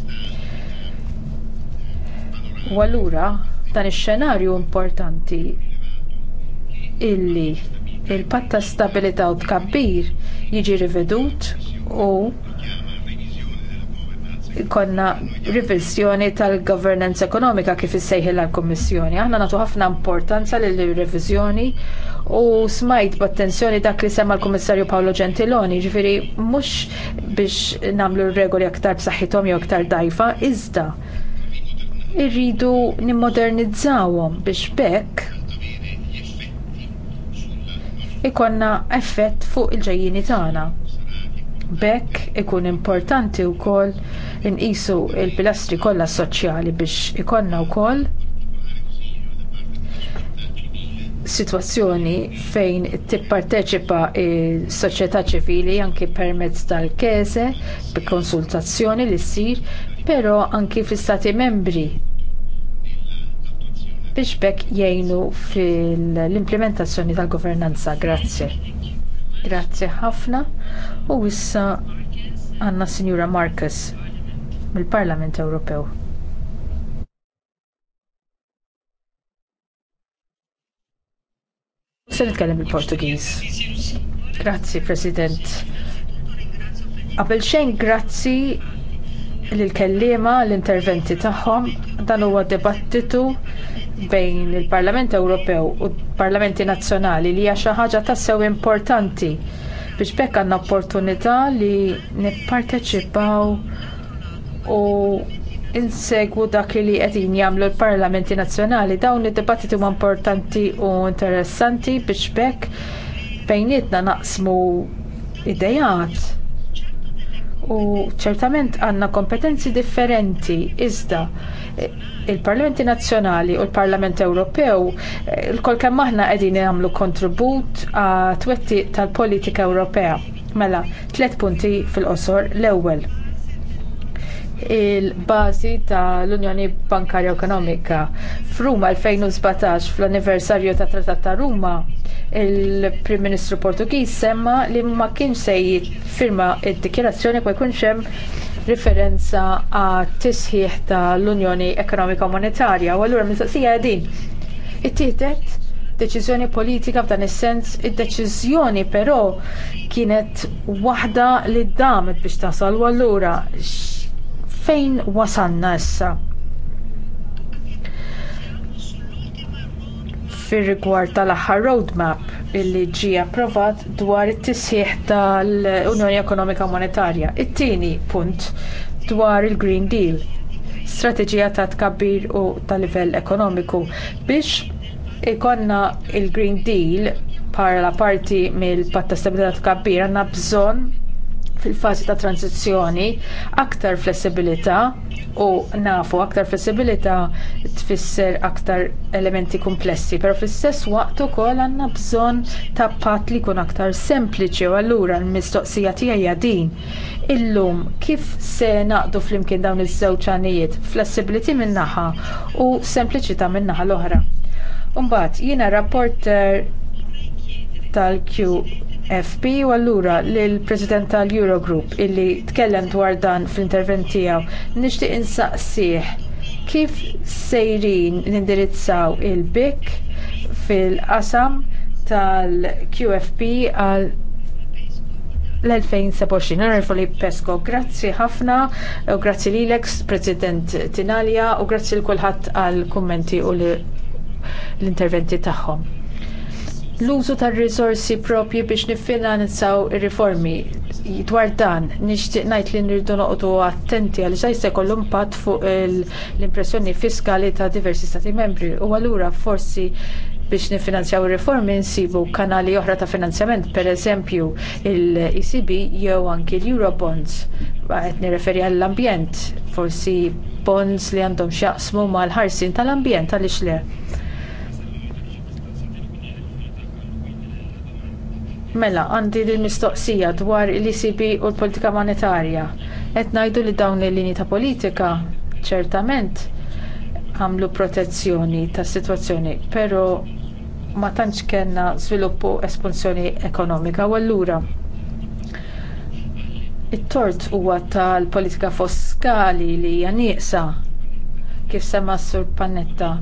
U allura dan ix-xenarju importanti illi l patt ta' stabilità u tkabbir jiġi rivedut u konna revizjoni tal-governance ekonomika kif issejħilha l-Kummissjoni. Aħna nagħtu ħafna importanza lil revizjoni u smajt b'attenzjoni dak li semma l-Kummissarju Paolo Gentiloni, ġifieri mhux biex nagħmlu r regoli aktar b'saħħithom jew aktar dajfa, iżda irridu nimmodernizzawhom biex bekk ikonna effett fuq il-ġejjini tagħna. B'hekk ikun importanti wkoll inqisu l pilastri kollha soċjali biex ikonna wkoll sitwazzjoni fejn tipparteċipa s soċjetà ċivili anke permezz tal-kese bi konsultazzjoni li ssir però anki fl-Istati membri biex bekk jgħinu fil-implementazzjoni tal-governanza. Grazzi. Grazzi ħafna. U issa għanna Signora Marcus mill-Parlament Ewropew. Se nitkellem il portugiż Grazzi, President. Qabel xejn grazzi l-kellima l-interventi tagħhom dan huwa dibattitu bejn il-Parlament Ewropew u l-Parlamenti Nazzjonali li hija xi ħaġa tassew importanti biex bekk għandna opportunità li nipparteċipaw u insegwu dak li qegħdin jagħmlu l-Parlamenti Nazzjonali dawn id-dibattiti huma importanti u interessanti biex bekk bejnietna naqsmu idejat u ċertament għandna kompetenzi differenti iżda il-Parlamenti Nazzjonali u l-Parlament Ewropew il-kol kemm aħna qegħdin jagħmlu kontribut għat-twetti tal-politika Ewropea. Mela, tliet punti fil-qosor l-ewwel il bażi tal unjoni Bankarja Ekonomika. F'Ruma 2017 fl-anniversarju tat Trattat ta' Ruma il-Prim Ministru Portugiż semma li ma kienx se jiffirma id dikjarazzjoni kwa jkunx hemm riferenza għat tisħiħ tal-Unjoni Ekonomika Monetarja. U allura mistaqsija din. Ittieħdet deċiżjoni politika f'dan is-sens, id-deċiżjoni però kienet waħda li damet biex tasal u allura fejn wasanna issa? fir-rigward tal-aħħar roadmap illi ġie approvat dwar it tisħiħ tal-Unjoni Ekonomika Monetarja. It-tieni punt dwar il-Green Deal, strateġija ta' tkabbir u ta' livell ekonomiku biex ikonna il-Green Deal bħala parti mill-patta stabilità tkabbir għandna bżonn fil-fazi ta' tranzizjoni aktar flessibilità u nafu aktar flessibilità tfisser aktar elementi komplessi, pero fl-istess waqt ukoll għandna bżonn ta' patt li jkun aktar sempliċi u allura l-mistoqsija tiegħi hija din. Illum kif se naqdu flimkien dawn iż-żewġ għanijiet, flessibility minn naħa u sempliċità minn naħa l-oħra. Umbagħad jiena rapporter tal-Q FP u allura lill-President tal-Eurogroup illi tkellem dwar dan fl-intervent tiegħu nixtieq insaqsih kif sejrin nindirizzaw il-BIK fil-qasam tal-QFP għal l-2027. Nerfoli Pesco, grazzi ħafna, u grazzi li l-ex President Tinalja, u grazzi l-kulħat għal-kommenti u l-interventi taħħom l-użu tar-risorsi proprji biex niffinanzaw ir-riformi. Dwar dan, nixtieq ngħid li nirdu noqogħdu attenti għal se jkollu impatt fuq l-impressjoni fiskali ta' diversi stati membri u allura forsi biex nifinanzjaw riformi nsibu kanali oħra ta' finanzjament, pereżempju l ecb jew anki l-Eurobonds. Qed nirreferi għall-ambjent, forsi bonds li għandhom x'jaqsmu mal ħarsien tal-ambjent għaliex le. Mela, għandi l-mistoqsija dwar l-ECB u l-politika monetarja. Qed ngħidu li dawn il-linji ta' politika ċertament għamlu protezzjoni tas sitwazzjoni, però ma tantx kellna żviluppu espansjoni ekonomika u allura it-tort huwa tal-politika foskali li hija nieqsa kif sema s-sur Panetta.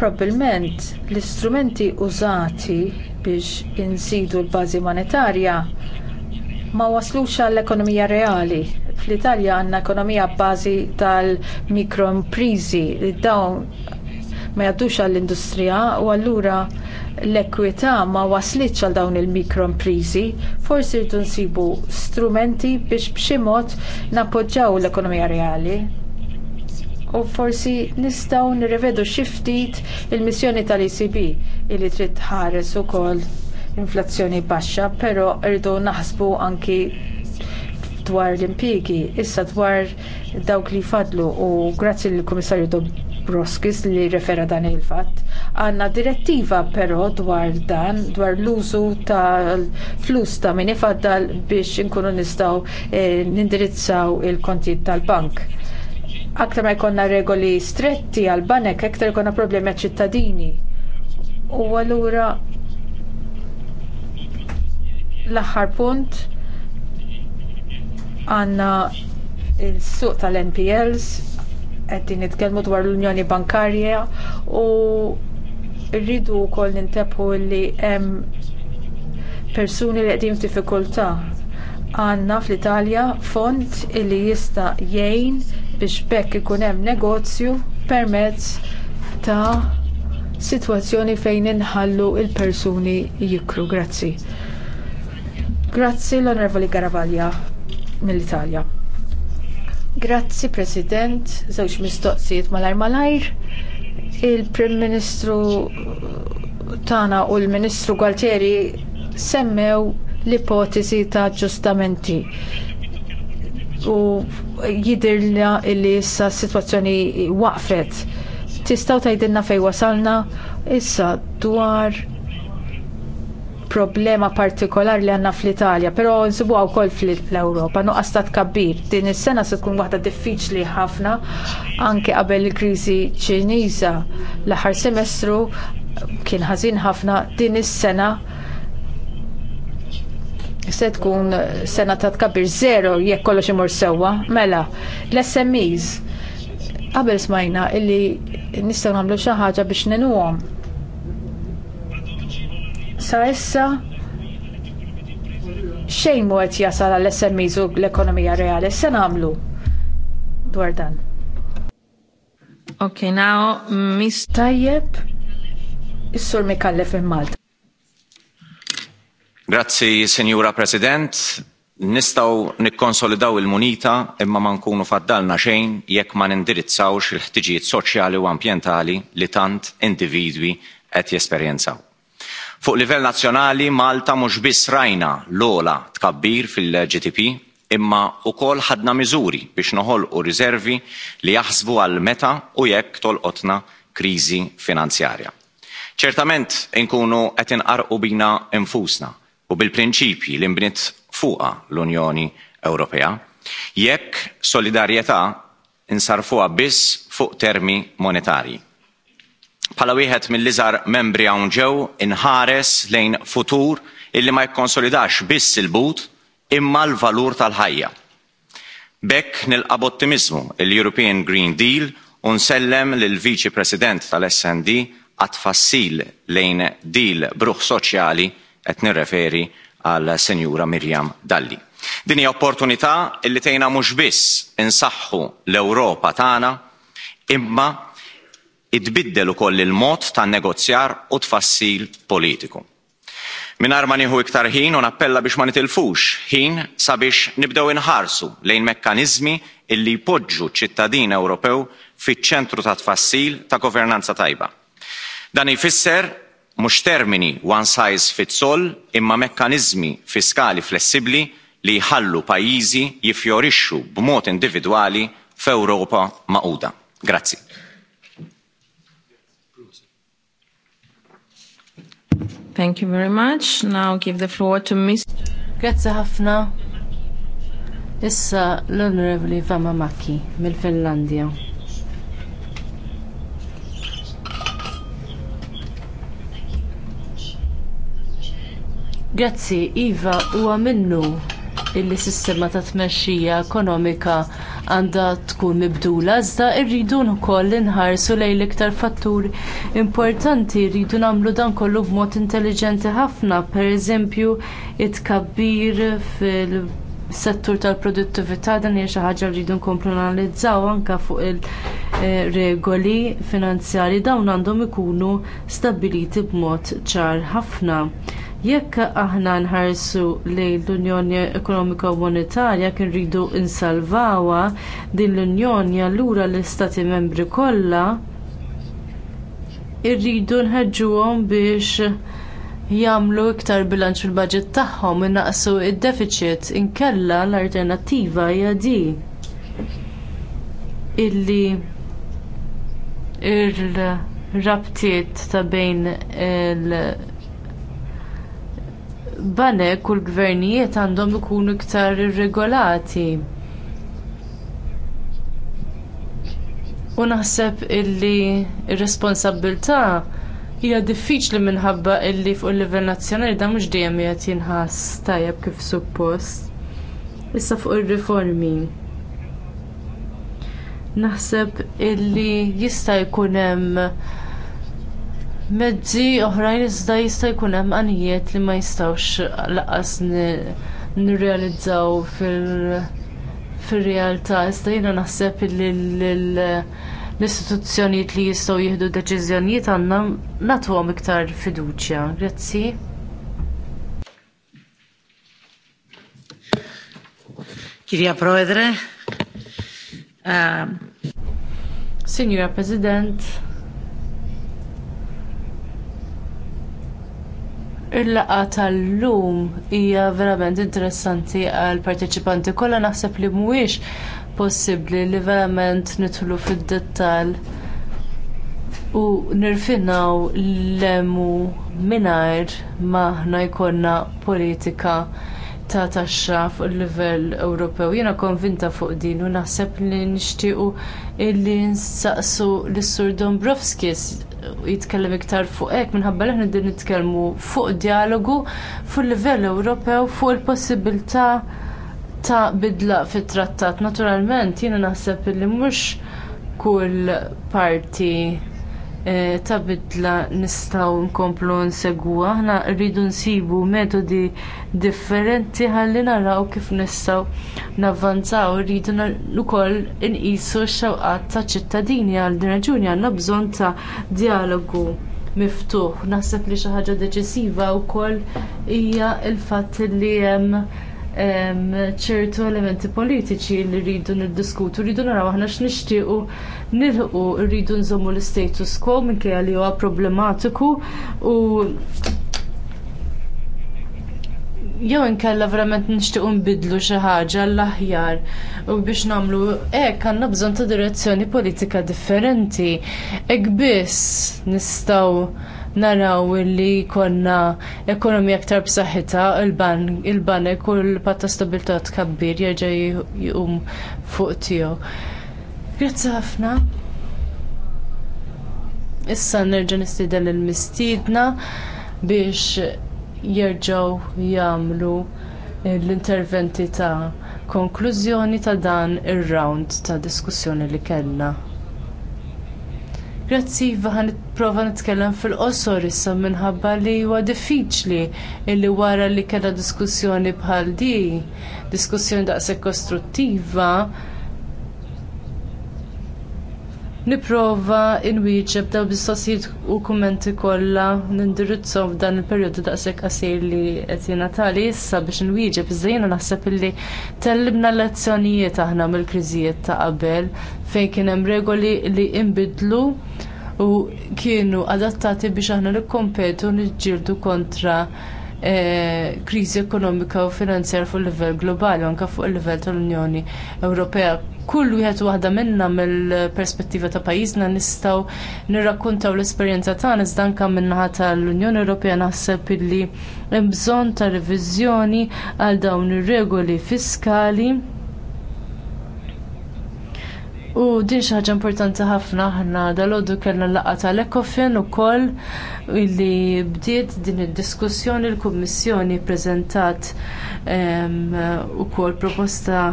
Probabilment l-istrumenti użati biex insidu l-bażi monetarja ma waslux għall-ekonomija reali. Fl-Italja għandna ekonomija bbażi tal-mikroimprizi, dawn ma jaddux għall-industrija u allura l-ekwità ma waslitx għal dawn il-mikroimprizi, forsi rridu nsibu strumenti biex b'xi mod nappoġġjaw l-ekonomija reali u forsi nistgħu nirrevedu xi ftit il-missjoni tal-ECB illi trid tħares ukoll inflazzjoni baxxa, però rridu naħsbu anki dwar l-impjiegi, issa dwar dawk li fadlu u grazzi lill kummissarju Broskis li refera dan il fatt Għanna direttiva però dwar dan, dwar l-użu tal-flus ta' min ifaddal biex inkunu nistgħu eh, nindirizzaw il-kontijiet tal-bank aktar ma jkollna regoli stretti għal banek, aktar jkollna problemi għal ċittadini. U allura l-aħħar punt għandna l suq tal-NPLs qegħdin nitkellmu dwar l-Unjoni Bankarja u rridu wkoll nintepu li hemm persuni li qegħdin f'diffikultà għandna fl-Italja fond li jista' jgħin biex bekk ikun hemm negozju permezz ta' sitwazzjoni fejn inħallu l persuni jikru. Grazzi. Grazzi l-Onorevoli Garavaglia mill-Italja. Grazzi President, żewġ mistoqsijiet malajr malajr. Il-Prim Ministru tagħna u l-Ministru Gualtieri semmew l-ipotezi ta' ġustamenti u jidirna illi issa s-sitwazzjoni waqfet. Tistaw tajdilna fej wasalna issa dwar problema partikolar li għanna fl-Italja, pero nsibu għaw kol fl-Europa, nuqqas ta' tkabbir. Din is-sena se tkun waħda diffiċli ħafna anke qabel il-kriżi ċiniża. L-aħħar semestru kien ħażin ħafna din is-sena se tkun sena ta' tkabbir zero jekk kollox imur sewwa, mela, l-SMEs qabel smajna illi nistgħu nagħmlu xi ħaġa biex nenuhom. Sa issa xejn mu qed jasal għall smes u l-ekonomija reali, se nagħmlu dwar dan. Ok, now, mis... Tajjeb, is-sur mikallef il-Malta. Grazzi, Senjura President. Nistaw nikkonsolidaw il-munita imma ma nkunu faddalna xejn jekk ma nindirizzawx il-ħtiġijiet soċjali u ambjentali li tant individwi qed jesperjenzaw. Fuq livell nazzjonali Malta mhux biss rajna l-ola tkabbir fil-GDP imma wkoll ħadna miżuri biex noħolqu riservi li jaħsbu għal meta u jekk tolqotna kriżi finanzjarja. Ċertament inkunu qed inqarqu bina infusna u bil-prinċipji li nbniet fuqha l-Unjoni Ewropea jekk solidarjetà nsarfuha biss fuq termi monetarji. Bħala wieħed mill-iżgħar membri hawn ġew inħares lejn futur illi ma jikkonsolidax biss il-but imma l-valur tal-ħajja. Bekk nilqab ottimizmu il-European Green Deal u nsellem lil viċi President tal-SND għat fassil lejn deal bruħ soċjali qed nirreferi għal Senjura Mirjam Dalli. Din hija opportunità li tejna mhux biss insaħħu l-Ewropa tagħna imma itbiddel ukoll il-mod tan-negozjar u tfassil politiku. Minar ma nieħu iktar ħin u nappella biex ma nitilfux ħin sabiex nibdew inħarsu lejn mekkaniżmi illi jpoġġu ċ-ċittadin Ewropew fiċ-ċentru ta' tfassil ta' governanza tajba. Dan ifisser mhux termini one size fits all imma mekkaniżmi fiskali flessibbli li jħallu pajjiżi jifjorixxu b'mod individwali f'Ewropa magħquda. Grazzi. Thank you very much. Now give the floor to Ms. Grazie ħafna. Issa l-Onorevoli Vama Maki mill-Finlandja. Grazzi, Iva, huwa minnu s sistema ta' tmexxija ekonomika għandha tkun mibdula, iżda rridu wkoll inħarsu lejn l-iktar fattur importanti rridu nagħmlu dan kollu b'mod intelligenti ħafna, pereżempju it-kabbir fil-settur tal-produttività dan hija xi ħaġa rridu nkomplu analizzaw anke fuq il-regoli finanzjarji dawn għandhom ikunu stabbiliti b'mod ċar ħafna. Jekk aħna nħarsu lejn l-Unjoni Ekonomika u Monetarja kien rridu insalvawa din l-Unjoni allura l-Istati Membri kollha irridu nħeġġuhom biex jagħmlu iktar bilanċ fil baġit tagħhom innaqsu d deficit inkella l-alternattiva hija di illi il-rabtiet ta' bejn il- il-banek u l-gvernijiet għandhom ikunu iktar irregolati. U naħseb illi r responsabilità hija diffiċli minħabba illi fuq il-livell nazzjonali dan mhux dejjem qed jinħass tajjeb kif suppost. Issa fuq ir-riformi. Naħseb illi jista' jkun hemm mezzi oħrajn iżda jista' jkun hemm għanijiet li ma jistgħux laqas nirrealizzaw fil-realtà. Iżda jiena naħseb li l-istituzzjonijiet li jistgħu jieħdu deċiżjonijiet għandna nagħtuhom iktar fiduċja. Grazzi. Kirja Proedre. Signora President, il laqgħa tal-lum hija verament interessanti għall parteċipanti kollha naħseb li mhuwiex possibbli li verament nidħlu fid-dettall u nirfinaw l-lemu mingħajr ma aħna jkollna politika ta' taxxa fuq il-livell Ewropew. Jiena konvinta fuq din u naħseb li nixtiequ illi nsaqsu lis-Sur Dombrovskis jitkellem iktar fuq hekk minħabba li din nitkellmu fuq dialogu fuq il livell Ewropew fuq il-possibilità ta' bidla fit-trattat. Naturalment jiena naħseb li mhux kull parti Eh, ta' bidla nistgħu nkomplu nsegwu. Aħna rridu nsibu metodi differenti ħalli naraw kif nistgħu navvanzaw rridu wkoll inqisu x-xewqat ta' ċittadini għal din raġuni għandna bżonn ta' dijalogu miftuħ. Naħseb li xi ħaġa deċisiva wkoll hija l fatt li hemm ċertu elementi politiċi li rridu niddiskutu, rridu naraw aħna x'nixtiequ nilħqu rridu nżommu l-status quo minkejja li huwa problematiku u jew inkella verament nixtiequ nbidlu xi ħaġa l-aħjar u biex nagħmlu hekk għandna bżonn ta' direzzjoni politika differenti. Hekk biss nistgħu naraw li konna ekonomija aktar b'saħħitha il-banek u l-patta stabilità tkabbir jerġa' jqum fuq tiegħu. Grazzi ħafna. Issa nerġa' nistidel il-mistiedna biex jerġgħu jagħmlu l-interventi ta' konklużjoni ta' dan ir-round ta' diskussjoni li kellna. Grazzi, vaħan prova nitkellem fil-qosor issa minħabba li huwa diffiċli illi wara li kellha diskussjoni bħal di, diskussjoni daqshekk kostruttiva, niprova inwieġeb daw bis-sossijiet u kummenti kollha nindirizzhom f'dan il-perjodu daqshekk għasir li qed jingħatali issa biex inwieġeb iżda naħseb illi tellibna lezzjonijiet aħna mill-kriżijiet ta' qabel fejn kien hemm regoli li inbidlu u kienu adattati biex aħna nikkompetu niġġieldu kontra Eh, kriżi ekonomika u finanzjar fuq livell globali, anke fuq il-livell tal-Unjoni Ewropea. Kull wieħed waħda minnha mill-perspettiva ta' pajjiżna nistgħu nirrakkuntaw l-esperjenza tagħna iżda anke min-naħa tal-Unjoni Ewropea naħseb illi hemm bżonn ta' riviżjoni għal dawn ir-regoli fiskali U din xi ħaġa importanti ħafna aħna Dalgħodu kellna laqgħa tal-Ekofin ukoll illi bdiet din id-diskussjoni l-Kummissjoni ppreżentat ehm, ukoll proposta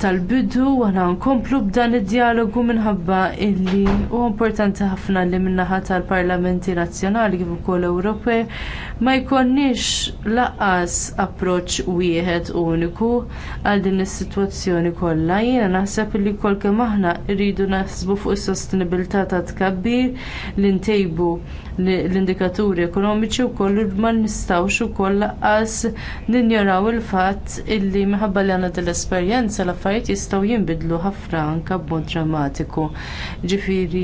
tal-bidu aħna nkomplu b'dan id-dialogu minħabba illi huwa importanti ħafna li min-naħa tal-Parlamenti Nazzjonali kif ukoll Ewropej ma jkollniex lanqas approċċ wieħed uniku għal din is-sitwazzjoni kollha. Jiena naħseb illi wkoll aħna rridu naħsbu fuq is-sostenibilità ta' tkabbir li ntejbu l-indikaturi ekonomiċi wkoll ma nistgħux ukoll lanqas ninjoraw il-fatt illi minħabba li għandna dil-esperjenza l-affarijiet affarijiet jistgħu jinbidlu ħafna anke b'mod drammatiku. Ġifieri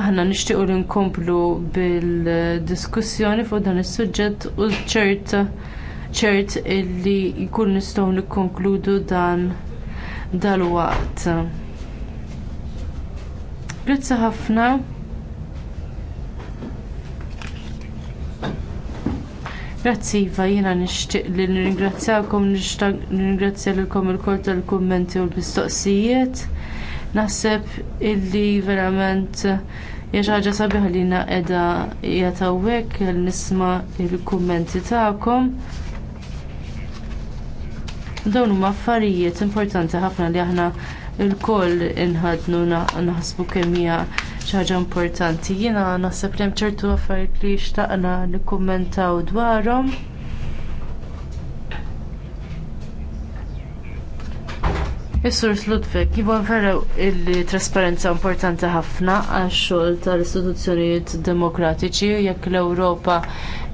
aħna nixtiequ li nkomplu bil-diskussjoni fuq dan is-suġġett u ċert ċert illi jkun nistgħu nikkonkludu dan dal-waqt. ħafna. Grazzi Iva, jiena nixtieq li nirringrazzjawkom, nirringrazzja lilkom il-kol tal-kummenti u l-mistoqsijiet. Naħseb illi verament jiex ħaġa sabiħ li naqeda jatawek nisma' il-kummenti tagħkom. Dawn huma affarijiet importanti ħafna li aħna il-koll inħadnu naħsbu kemm hija xi ħaġa importanti. Jiena naħseb li hemm ċertu affarijiet li xtaqna nikkummentaw dwarhom. Is-Sur Ludwig, jibon vera il-trasparenza importanti ħafna għax-xogħol tal-istituzzjonijiet demokratiċi jekk l-Ewropa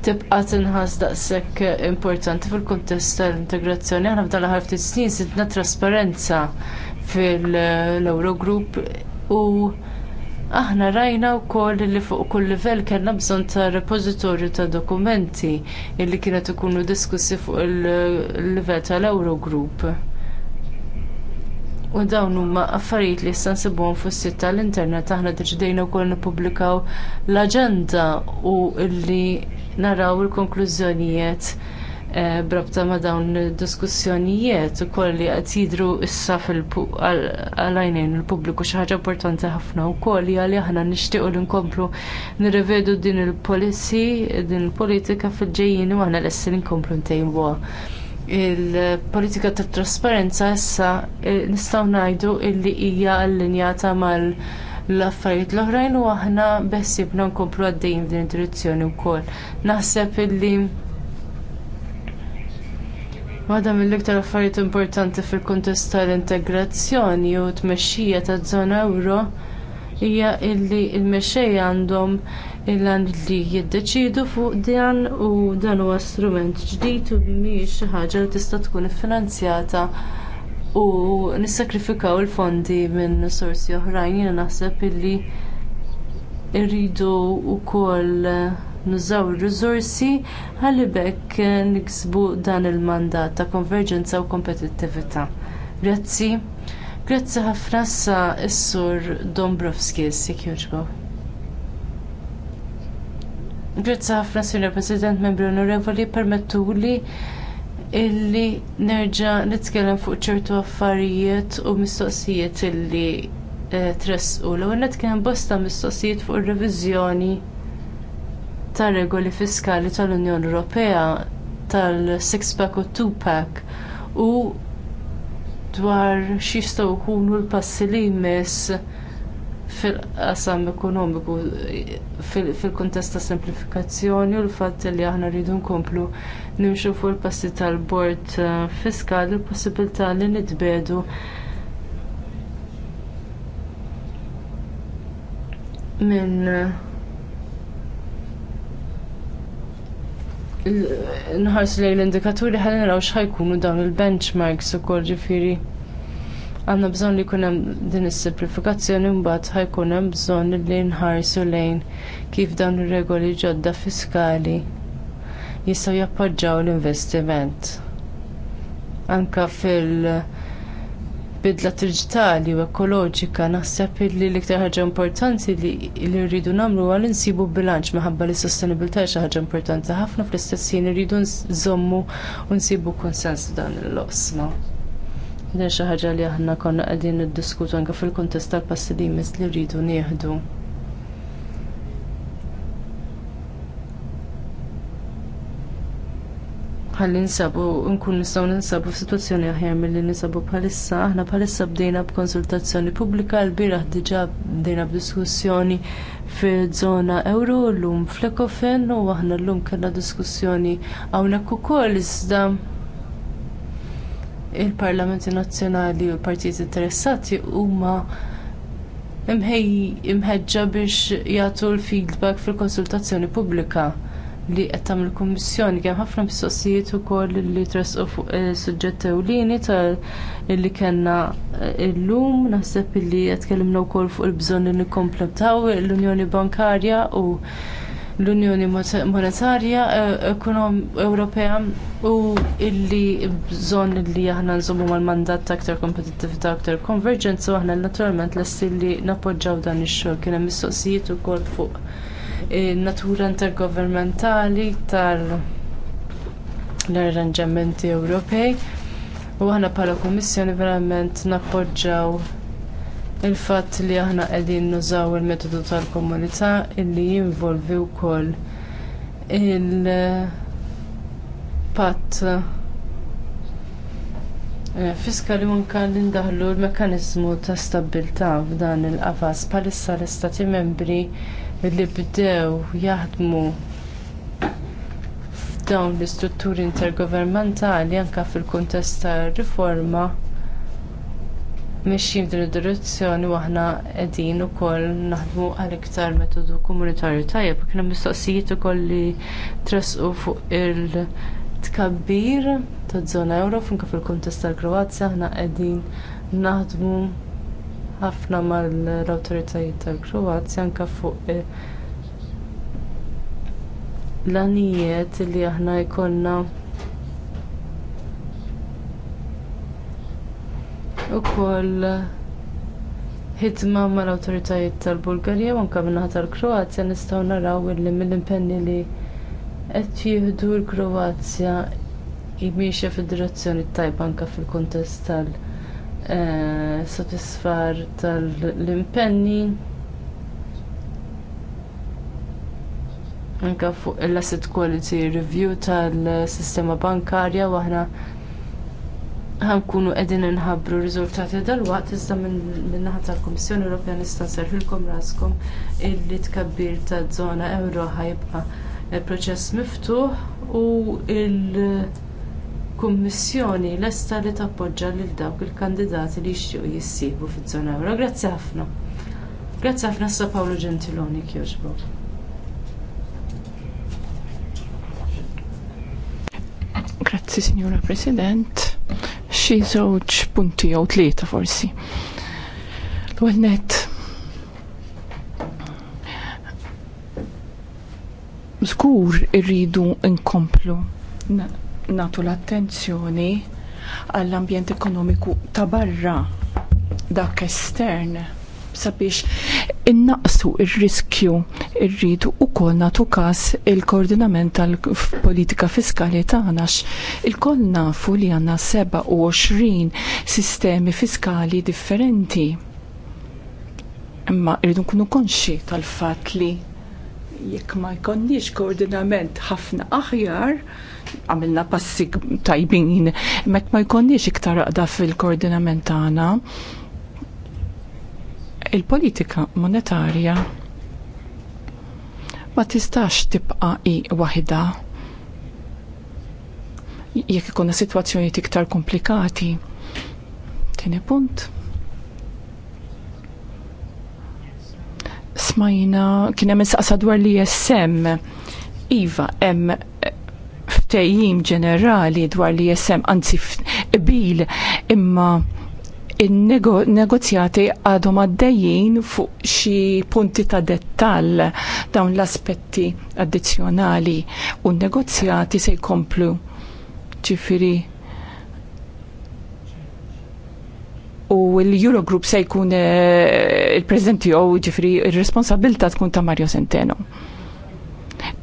tibqa tinħas daqshekk importanti fil-kuntest tal-integrazzjoni. Aħna f'dan l-aħħar snin sidna trasparenza fil-Eurogroup u aħna rajna wkoll li fuq kull livell kellna bżonn ta' repożitorju ta' dokumenti illi kienet ikunu diskussi fuq il-livell tal-Eurogroup. U dawn huma affarijiet li issa nsibuhom fuq sit tal-internet aħna deċidejna wkoll nippubblikaw l-aġenda u illi naraw il-konklużjonijiet Eh, brabta ma dawn id diskussjonijiet ukoll li qed jidhru issa għal-għajnejn il-pubbliku xi ħaġa importanti ħafna wkoll hija li aħna nixtiequ li nkomplu nirrivedu din il-policy, din il-politika fil-ġejjin u aħna lesti li nkomplu ntejbuha. Il-politika tat trasparenza issa eh, nistgħu ngħidu li hija allinjata mal- l-affarijiet l-oħrajn u aħna bessibna nkomplu għaddejjin f'din id-direzzjoni wkoll. Naħseb illi Waħda mill-iktar affarijiet importanti fil-kuntest tal-integrazzjoni u tmexxija taż-żona Ewro hija li l-mexxej għandhom il-għan li jiddeċidu fuq dan u dan huwa strument ġdid u mhijiex xi ħaġa li tista' tkun iffinanzjata u nissakrifikaw il-fondi minn sorsi oħrajn jiena naħseb illi rridu wkoll nużaw ir-riżorsi għalibek eh, niksbu dan il-mandat ta' konverġenza u kompetittività. Grazzi. Grazzi ħafna sa s-sur Dombrovskis, jekk jogħġbu. Grazzi ħafna, Sr. President, membri onorevoli, permettuli illi nerġa' nitkellem fuq ċertu affarijiet u mistoqsijiet illi eh, tressqu. L-ewwel qed kien bosta mistoqsijiet fuq ir-reviżjoni tar-regoli fiskali tal-Unjoni Ewropea tal-six pack u two pack u dwar x'jistgħu jkunu l-passi li jmiss fil-qasam ekonomiku fil-kuntest ta' semplifikazzjoni u l-fatt li aħna rridu nkomplu nimxu fuq il-passi tal-bord eh, fiskali l-possibilità li nitbedu minn nħarsu lejn l-indikaturi ħalli naraw x'ħajkunu dawn il-benchmarks ukoll ġifieri għanna bżon li kunem din is-simplifikazzjoni mbagħad ħajkun hemm bżonn li nħarsu lejn kif dawn ir-regoli ġodda fiskali jistgħu jappoġġaw l-investiment. Anka fil- bidla digitali u ekoloġika naħseb li l-iktar ħaġa importanti li rridu nagħmlu għal nsibu bilanċ minħabba li sostenibilità xi ħaġa importanti ħafna fl-istess ħin irridu nżommu u nsibu konsens dan l-osma. Dan xi ħaġa li aħna konna qegħdin niddiskutu anke fil-kuntest tal-passi li jmiss li rridu nieħdu. ħalli ninsabu, nkun nistgħu ninsabu f'sitwazzjoni aħjar milli ninsabu bħalissa, aħna bħalissa bdejna b'konsultazzjoni pubblika, l-biraħ diġà bdejna b'diskussjoni fil-żona euro, llum fl-Ekofen, u aħna llum kellna diskussjoni hawnhekk ukoll iżda il-Parlamenti Nazzjonali u l-partijiet interessati huma imħeġġa biex jagħtu l-feedback fil-konsultazzjoni pubblika li qed tagħmel il-Kummissjoni kemm ħafna mistoqsijiet ukoll li trasqu fuq eh, suġġett ewlieni tal li kellna eh, llum naħseb li qed tkellimna wkoll fuq il-bżonn li nikkompletaw l-Unjoni Bankarja u l-Unjoni Monetarja eh, Ewropea u illi bżonn li aħna nżommu mal-mandat ta' aktar kompetittività aktar konverġenza u aħna naturalment lesti li nappoġġaw dan ix-xogħol kien hemm mistoqsijiet ukoll fuq natura intergovernmentali tal-arranġamenti Ewropej. U aħna bħala Kummissjoni verament nappoġġaw il-fatt li aħna qegħdin nużaw il-metodu tal-komunità illi jinvolvi wkoll il-patt eh, fiskali anke li ndaħlu l mekkaniżmu ta' stabbiltà f'dan il-qafas bħalissa l-istati membri li bdew jaħdmu f'dawn l-istrutturi intergovernmentali anke fil-kuntest tar riforma mexjin f'din id-direzzjoni u aħna qegħdin ukoll naħdmu għal iktar metodu komunitarju tajjeb kien hemm mistoqsijiet ukoll li tresqu fuq il-tkabbir taż-żona Ewro finka fil-kuntest tal-Kroazja aħna qegħdin naħdmu ħafna mal-awtoritajiet tal-Kroazja anke fuq eh, l-anijiet li aħna jkollna wkoll ħidma mal-awtoritajiet tal-Bulgarija u anke min-naħa tal-Kroazja nistgħu naraw li mill-impenni li qed jieħdu l-Kroazja jimixja fid-direzzjoni tajba anke fil-kuntest tal-Kroazja Eh, satisfar tal-impenni anke fuq l-asset quality review tal-sistema bankarja u aħna ħankunu qegħdin inħabbru r-riżultati dalwaqt iżda minn naħa tal-Kummissjoni Ewropea nista' nserħilkom raskom illi tkabbir taż żona ewro ħajbqa' il-proċess miftuħ u l- il-Kummissjoni lesta li tappoġġa lil dawk il-kandidati li jixtiequ jissibu fiż-żona Ewro. Grazzi ħafna. Grazzi ħafna sa Paolo Gentiloni kjoġbo. Grazzi, Signora President. Xi żewġ punti jew tlieta forsi. L-ewwel nett Żgur irridu nkomplu natu l-attenzjoni għall-ambjent ekonomiku ta' barra dak estern sabiex innaqsu il-riskju irridu u kol natu kas il-koordinament tal-politika fiskali tagħna Il-kol nafu li għanna 27 sistemi fiskali differenti. Imma irridu nkunu konxi tal-fat li jekk ma jkonniex koordinament ħafna aħjar, għamilna passi tajbin, mek ma jkonniex iktar għada fil-koordinament tagħna. Il-politika monetarja ma tistax tibqa' i wahida. jekk ikonna situazzjoni iktar komplikati. tini punt. Smajna kien hemm insaqsa dwar li jessem. Iva, hemm ftejjim ġenerali dwar li jessem anzi f'bil imma il-negozjati għadhom għaddejjin fuq xi punti ta' dettall dawn l-aspetti addizzjonali u n-negozjati se jkomplu ċifiri u l-Eurogroup se jkun eh, il prezidenti jew ġifri il-responsabilta tkun ta' Mario Centeno.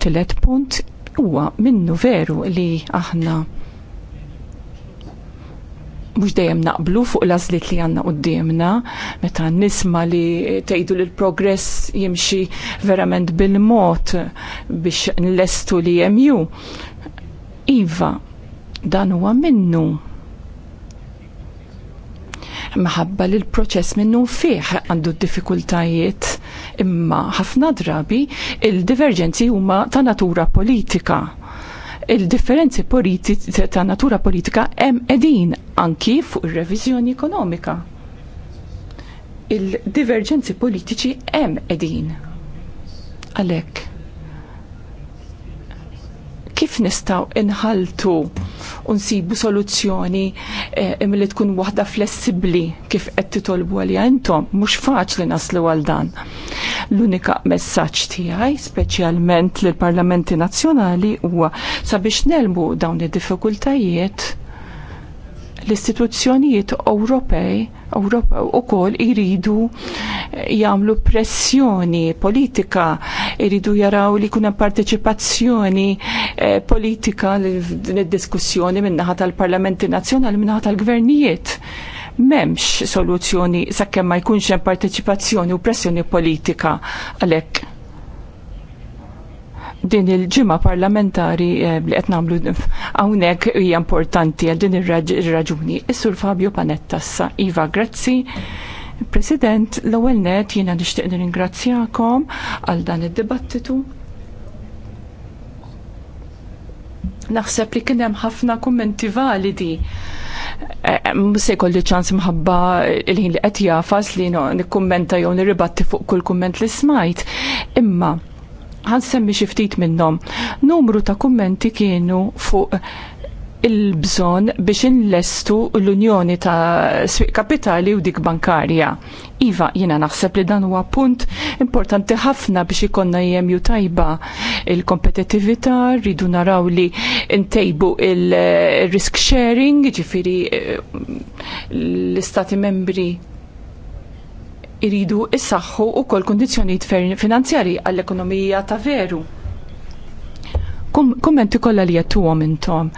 Tillet punt huwa minnu veru li aħna mux dejjem naqblu fuq lażlit li għanna qoddimna, meta nisma li tgħidu li l-progress jimxi verament bil-mod biex nlestu li jemju. Iva, dan huwa minnu maħabba li l-proċess minnu fih għandu diffikultajiet imma ħafna drabi il-divergenzi huma ta' natura politika il-differenzi ta' natura politika hemm edin anki fuq ir-reviżjoni ekonomika. Il-divergenzi politiċi hemm edin. Għalhekk kif nistaw inħaltu unsibu soluzzjoni eh, tkun waħda flessibli kif qed titolbu għalija intom mhux faċli naslu għal dan. L-unika messaġġ tiegħi speċjalment lill parlamenti nazzjonali huwa sabiex nelmu dawn id-diffikultajiet l-istituzzjonijiet Ewropej Ewropew ukoll iridu eh, jagħmlu pressjoni politika, iridu jaraw li kuna partecipazzjoni Eh, politika din id-diskussjoni min-naħa tal-Parlamenti Nazzjonali minna tal-Gvernijiet. M'hemmx soluzzjoni sakemm ma jkunx hemm partecipazzjoni u pressjoni politika għalhekk din il-ġimma parlamentari eh, li qed nagħmlu hawnhekk hija importanti għal din ir-raġuni. Is-Sur Fabio Panetta sa Iva Grazzi. President, l-ewwel net jiena nixtieq nirringrazzjakom għal dan id-dibattitu Naħseb li kien hemm ħafna kummenti validi. Eh, eh, se kolli ċans mħabba il-ħin li qed jafas li jow jew nirribatti fuq kull kumment li smajt. Imma għan semmi xi ftit minnhom. Numru ta' kummenti kienu fuq il-bżon biex inlestu l-unjoni ta' sfiq kapitali u dik bankarja. Iva, jina naħseb li dan huwa punt importanti ħafna biex ikonna jemju tajba il-kompetitivita, rridu naraw li ntejbu il-risk sharing, ġifiri eh, l-istati membri iridu issaħħu u kol kondizjoni finanzjari għall-ekonomija ta' veru kummenti kollha li jattu intom.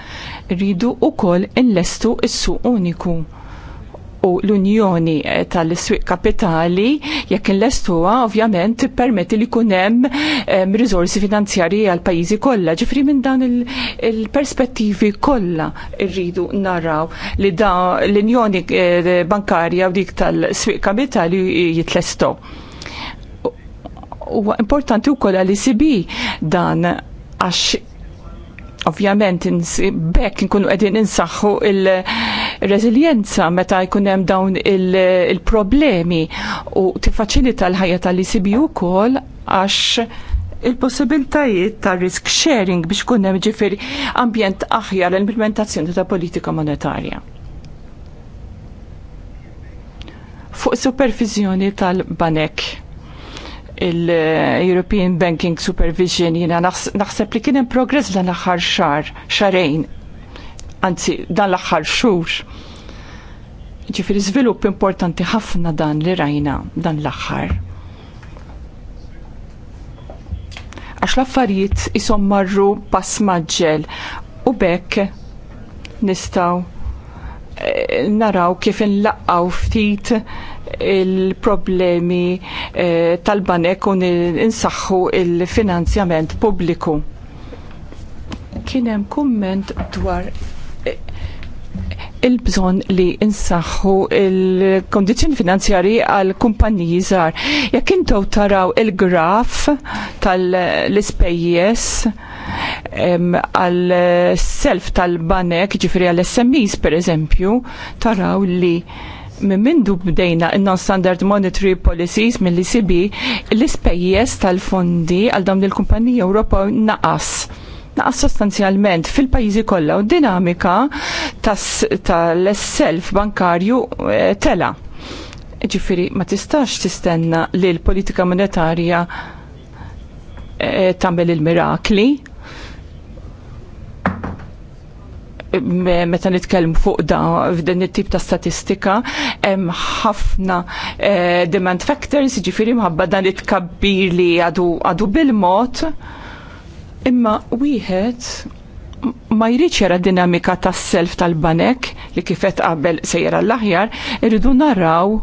Rridu wkoll inlestu issu suq uniku u l-Unjoni eh, tal-Iswiq Kapitali jekk inlestuha ovvjament tippermetti li jkun hemm risorsi finanzjarji għal pajjiżi kollha. Ġifri minn dan il-perspettivi kollha rridu naraw li da l-Unjoni eh, Bankarja u dik tal-Iswiq Kapitali jitlestgħu. Huwa importanti wkoll għal sibi dan għax ovvjament bekk nkunu qegħdin insaħħu il-reżiljenza meta jkun hemm dawn il-problemi u tiffaċilita l-ħajja tal isibi wkoll għax il-possibiltajiet ta' risk sharing biex kun hemm ġifieri ambjent aħjar l-implementazzjoni ta' politika monetarja. Fuq supervizjoni tal-banek il-European Banking Supervision jina naħseb li kien hemm progress dan l-aħħar xar, xarejn, anzi dan l-aħħar xhur. Ġifieri żvilupp importanti ħafna dan li rajna dan l-aħħar. Għax l-affarijiet isom marru pass maġġel u bekk nistgħu eh, naraw kif inlaqqaw ftit il-problemi eh, tal-banek u insaxħu il-finanzjament pubbliku. Kienem kumment dwar eh, il-bżon li insaħħu il-kondizjoni finanzjari għal kumpaniji żgħar. Jekk intaw taraw il-graf tal-ispejjes għal self tal-banek, ġifri għal SMEs per eżempju, taraw li minn mindu bdejna non-standard monetary policies mill-ECB l-ispejjeż tal-fondi għal dawn il-kumpaniji Ewropa naqas naqas sostanzjalment fil-pajjiżi kollha u dinamika tal-self bankarju eh, tela. Ġifiri, ma tistax tistenna li l-politika monetarja eh, tagħmel il-mirakli meta nitkellmu fuq da f'din it-tip ta' statistika hemm ħafna eh, demand factors, jiġifieri mħabba dan it li għadu bil-mod. Imma wieħed ma jridx jara dinamika tas-self tal-banek li kifet qabel sejra l-aħjar, irridu naraw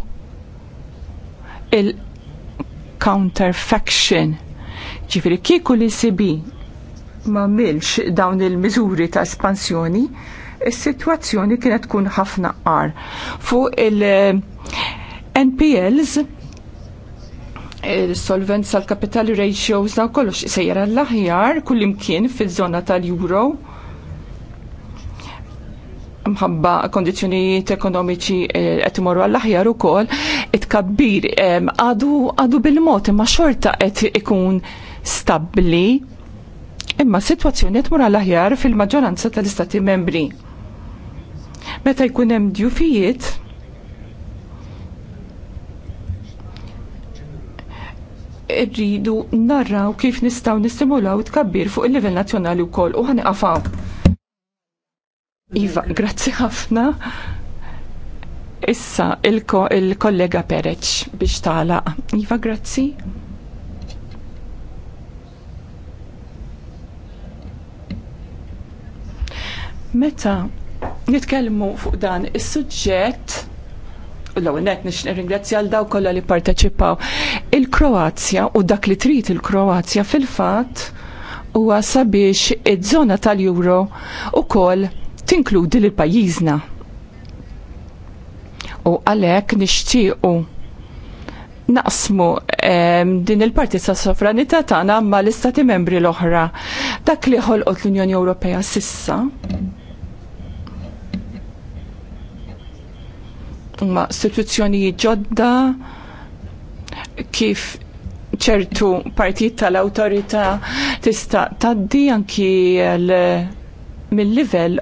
il-counterfaction. Ġifiri, kieku li sibi m'għamilx dawn il-miżuri ta' espansjoni, is-sitwazzjoni kienet tkun ħafna qar. Fuq il-NPLs eh, il-solvenza tal-kapitali ratios daw kollox sejjer l-aħjar kullimkien fiż-żona tal-euro mħabba kondizjonijiet ekonomiċi eh, qed imorru għall-aħjar ukoll it-kabbir eh, għadu bil-mod imma xorta qed ikun stabbli imma situazzjoni tmur għal aħjar fil-maġġoranza tal-istati membri. Meta jkun hemm djufijiet, irridu narraw kif nistaw nistimulaw tkabbir fuq il-livell nazzjonali wkoll u ħaniqafaw. Iva, grazzi ħafna. Issa il-kollega il Pereċ biex tagħlaq. Iva, grazzi. Meta nitkellmu fuq dan is-suġġett l-ewwel nix nirringrazzja għal dawk kollha li parteċipaw. Il-Kroazja u dak li trid il-Kroazja fil-fatt huwa sabiex iż-żona tal-Euro wkoll tinkludi lil pajjiżna. U għalhekk nixtiequ naqsmu din il-parti sa' sovranità tagħna ma' l-istati membri l-oħra. Dak li ħolqot l-Unjoni Ewropea sissa. Ma' istituzzjonijiet ġodda kif ċertu partijiet tal-awtorità tista' taddi anki mill-livell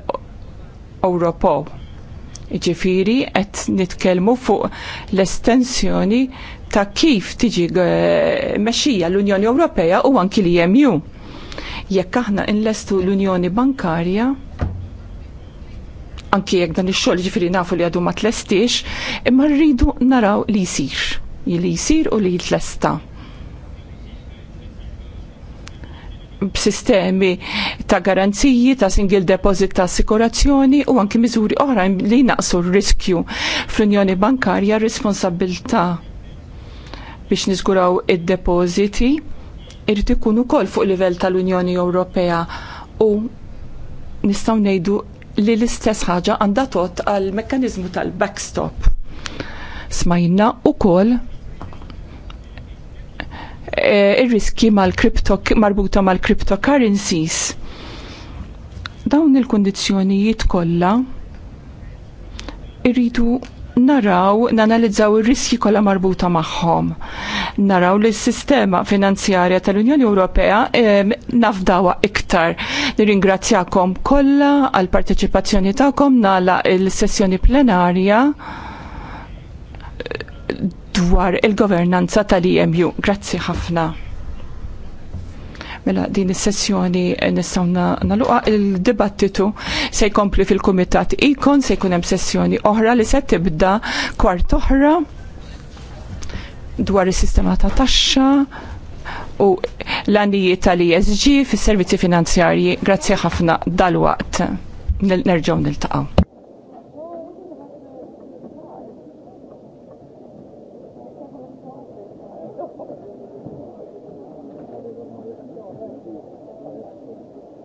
Ewropew. Ġifiri, qed nitkellmu fuq l-estensjoni ta' kif tiġi eh, mexija l-Unjoni Ewropea u anki li jemju. Jekk aħna inlestu l-Unjoni Bankarja, anki jekk dan ix-xogħol ġifieri nafu li għadu ma tlestix, imma rridu naraw li jsir, li jsir u li jitlesta. b'sistemi ta' garanziji, ta' single deposit ta' assikurazzjoni u anki miżuri oħra li naqsu r-riskju fl-Unjoni Bankarja responsabilta' biex niżguraw id-depożiti irid ikun ukoll fuq livell tal-Unjoni Ewropea u nistgħu ngħidu li l-istess ħaġa għandha tot għal mekkaniżmu tal-backstop. Smajna ukoll E, ir-riski mal-kripto marbuta mal-cryptocurrencies. Dawn il kundizzjonijiet kollha irridu naraw, nanalizzaw ir-riski kollha marbuta magħhom. Naraw li s-sistema finanzjarja tal-Unjoni Ewropea nafdawa iktar. Nirringrazzjakom kollha għall parteċipazzjoni tagħkom nala il-sessjoni plenarja eh, dwar il-governanza tal-EMU. Grazzi ħafna. Mela din is-sessjoni nistgħu nagħluqha il-dibattitu se jkompli fil-kumitat ikon se jkun hemm sessjoni oħra li se tibda kwart oħra dwar is-sistema ta' taxxa u l-għanijiet tal isg fis-servizzi finanzjarji. Grazzi ħafna dal-waqt nerġgħu niltaqgħu.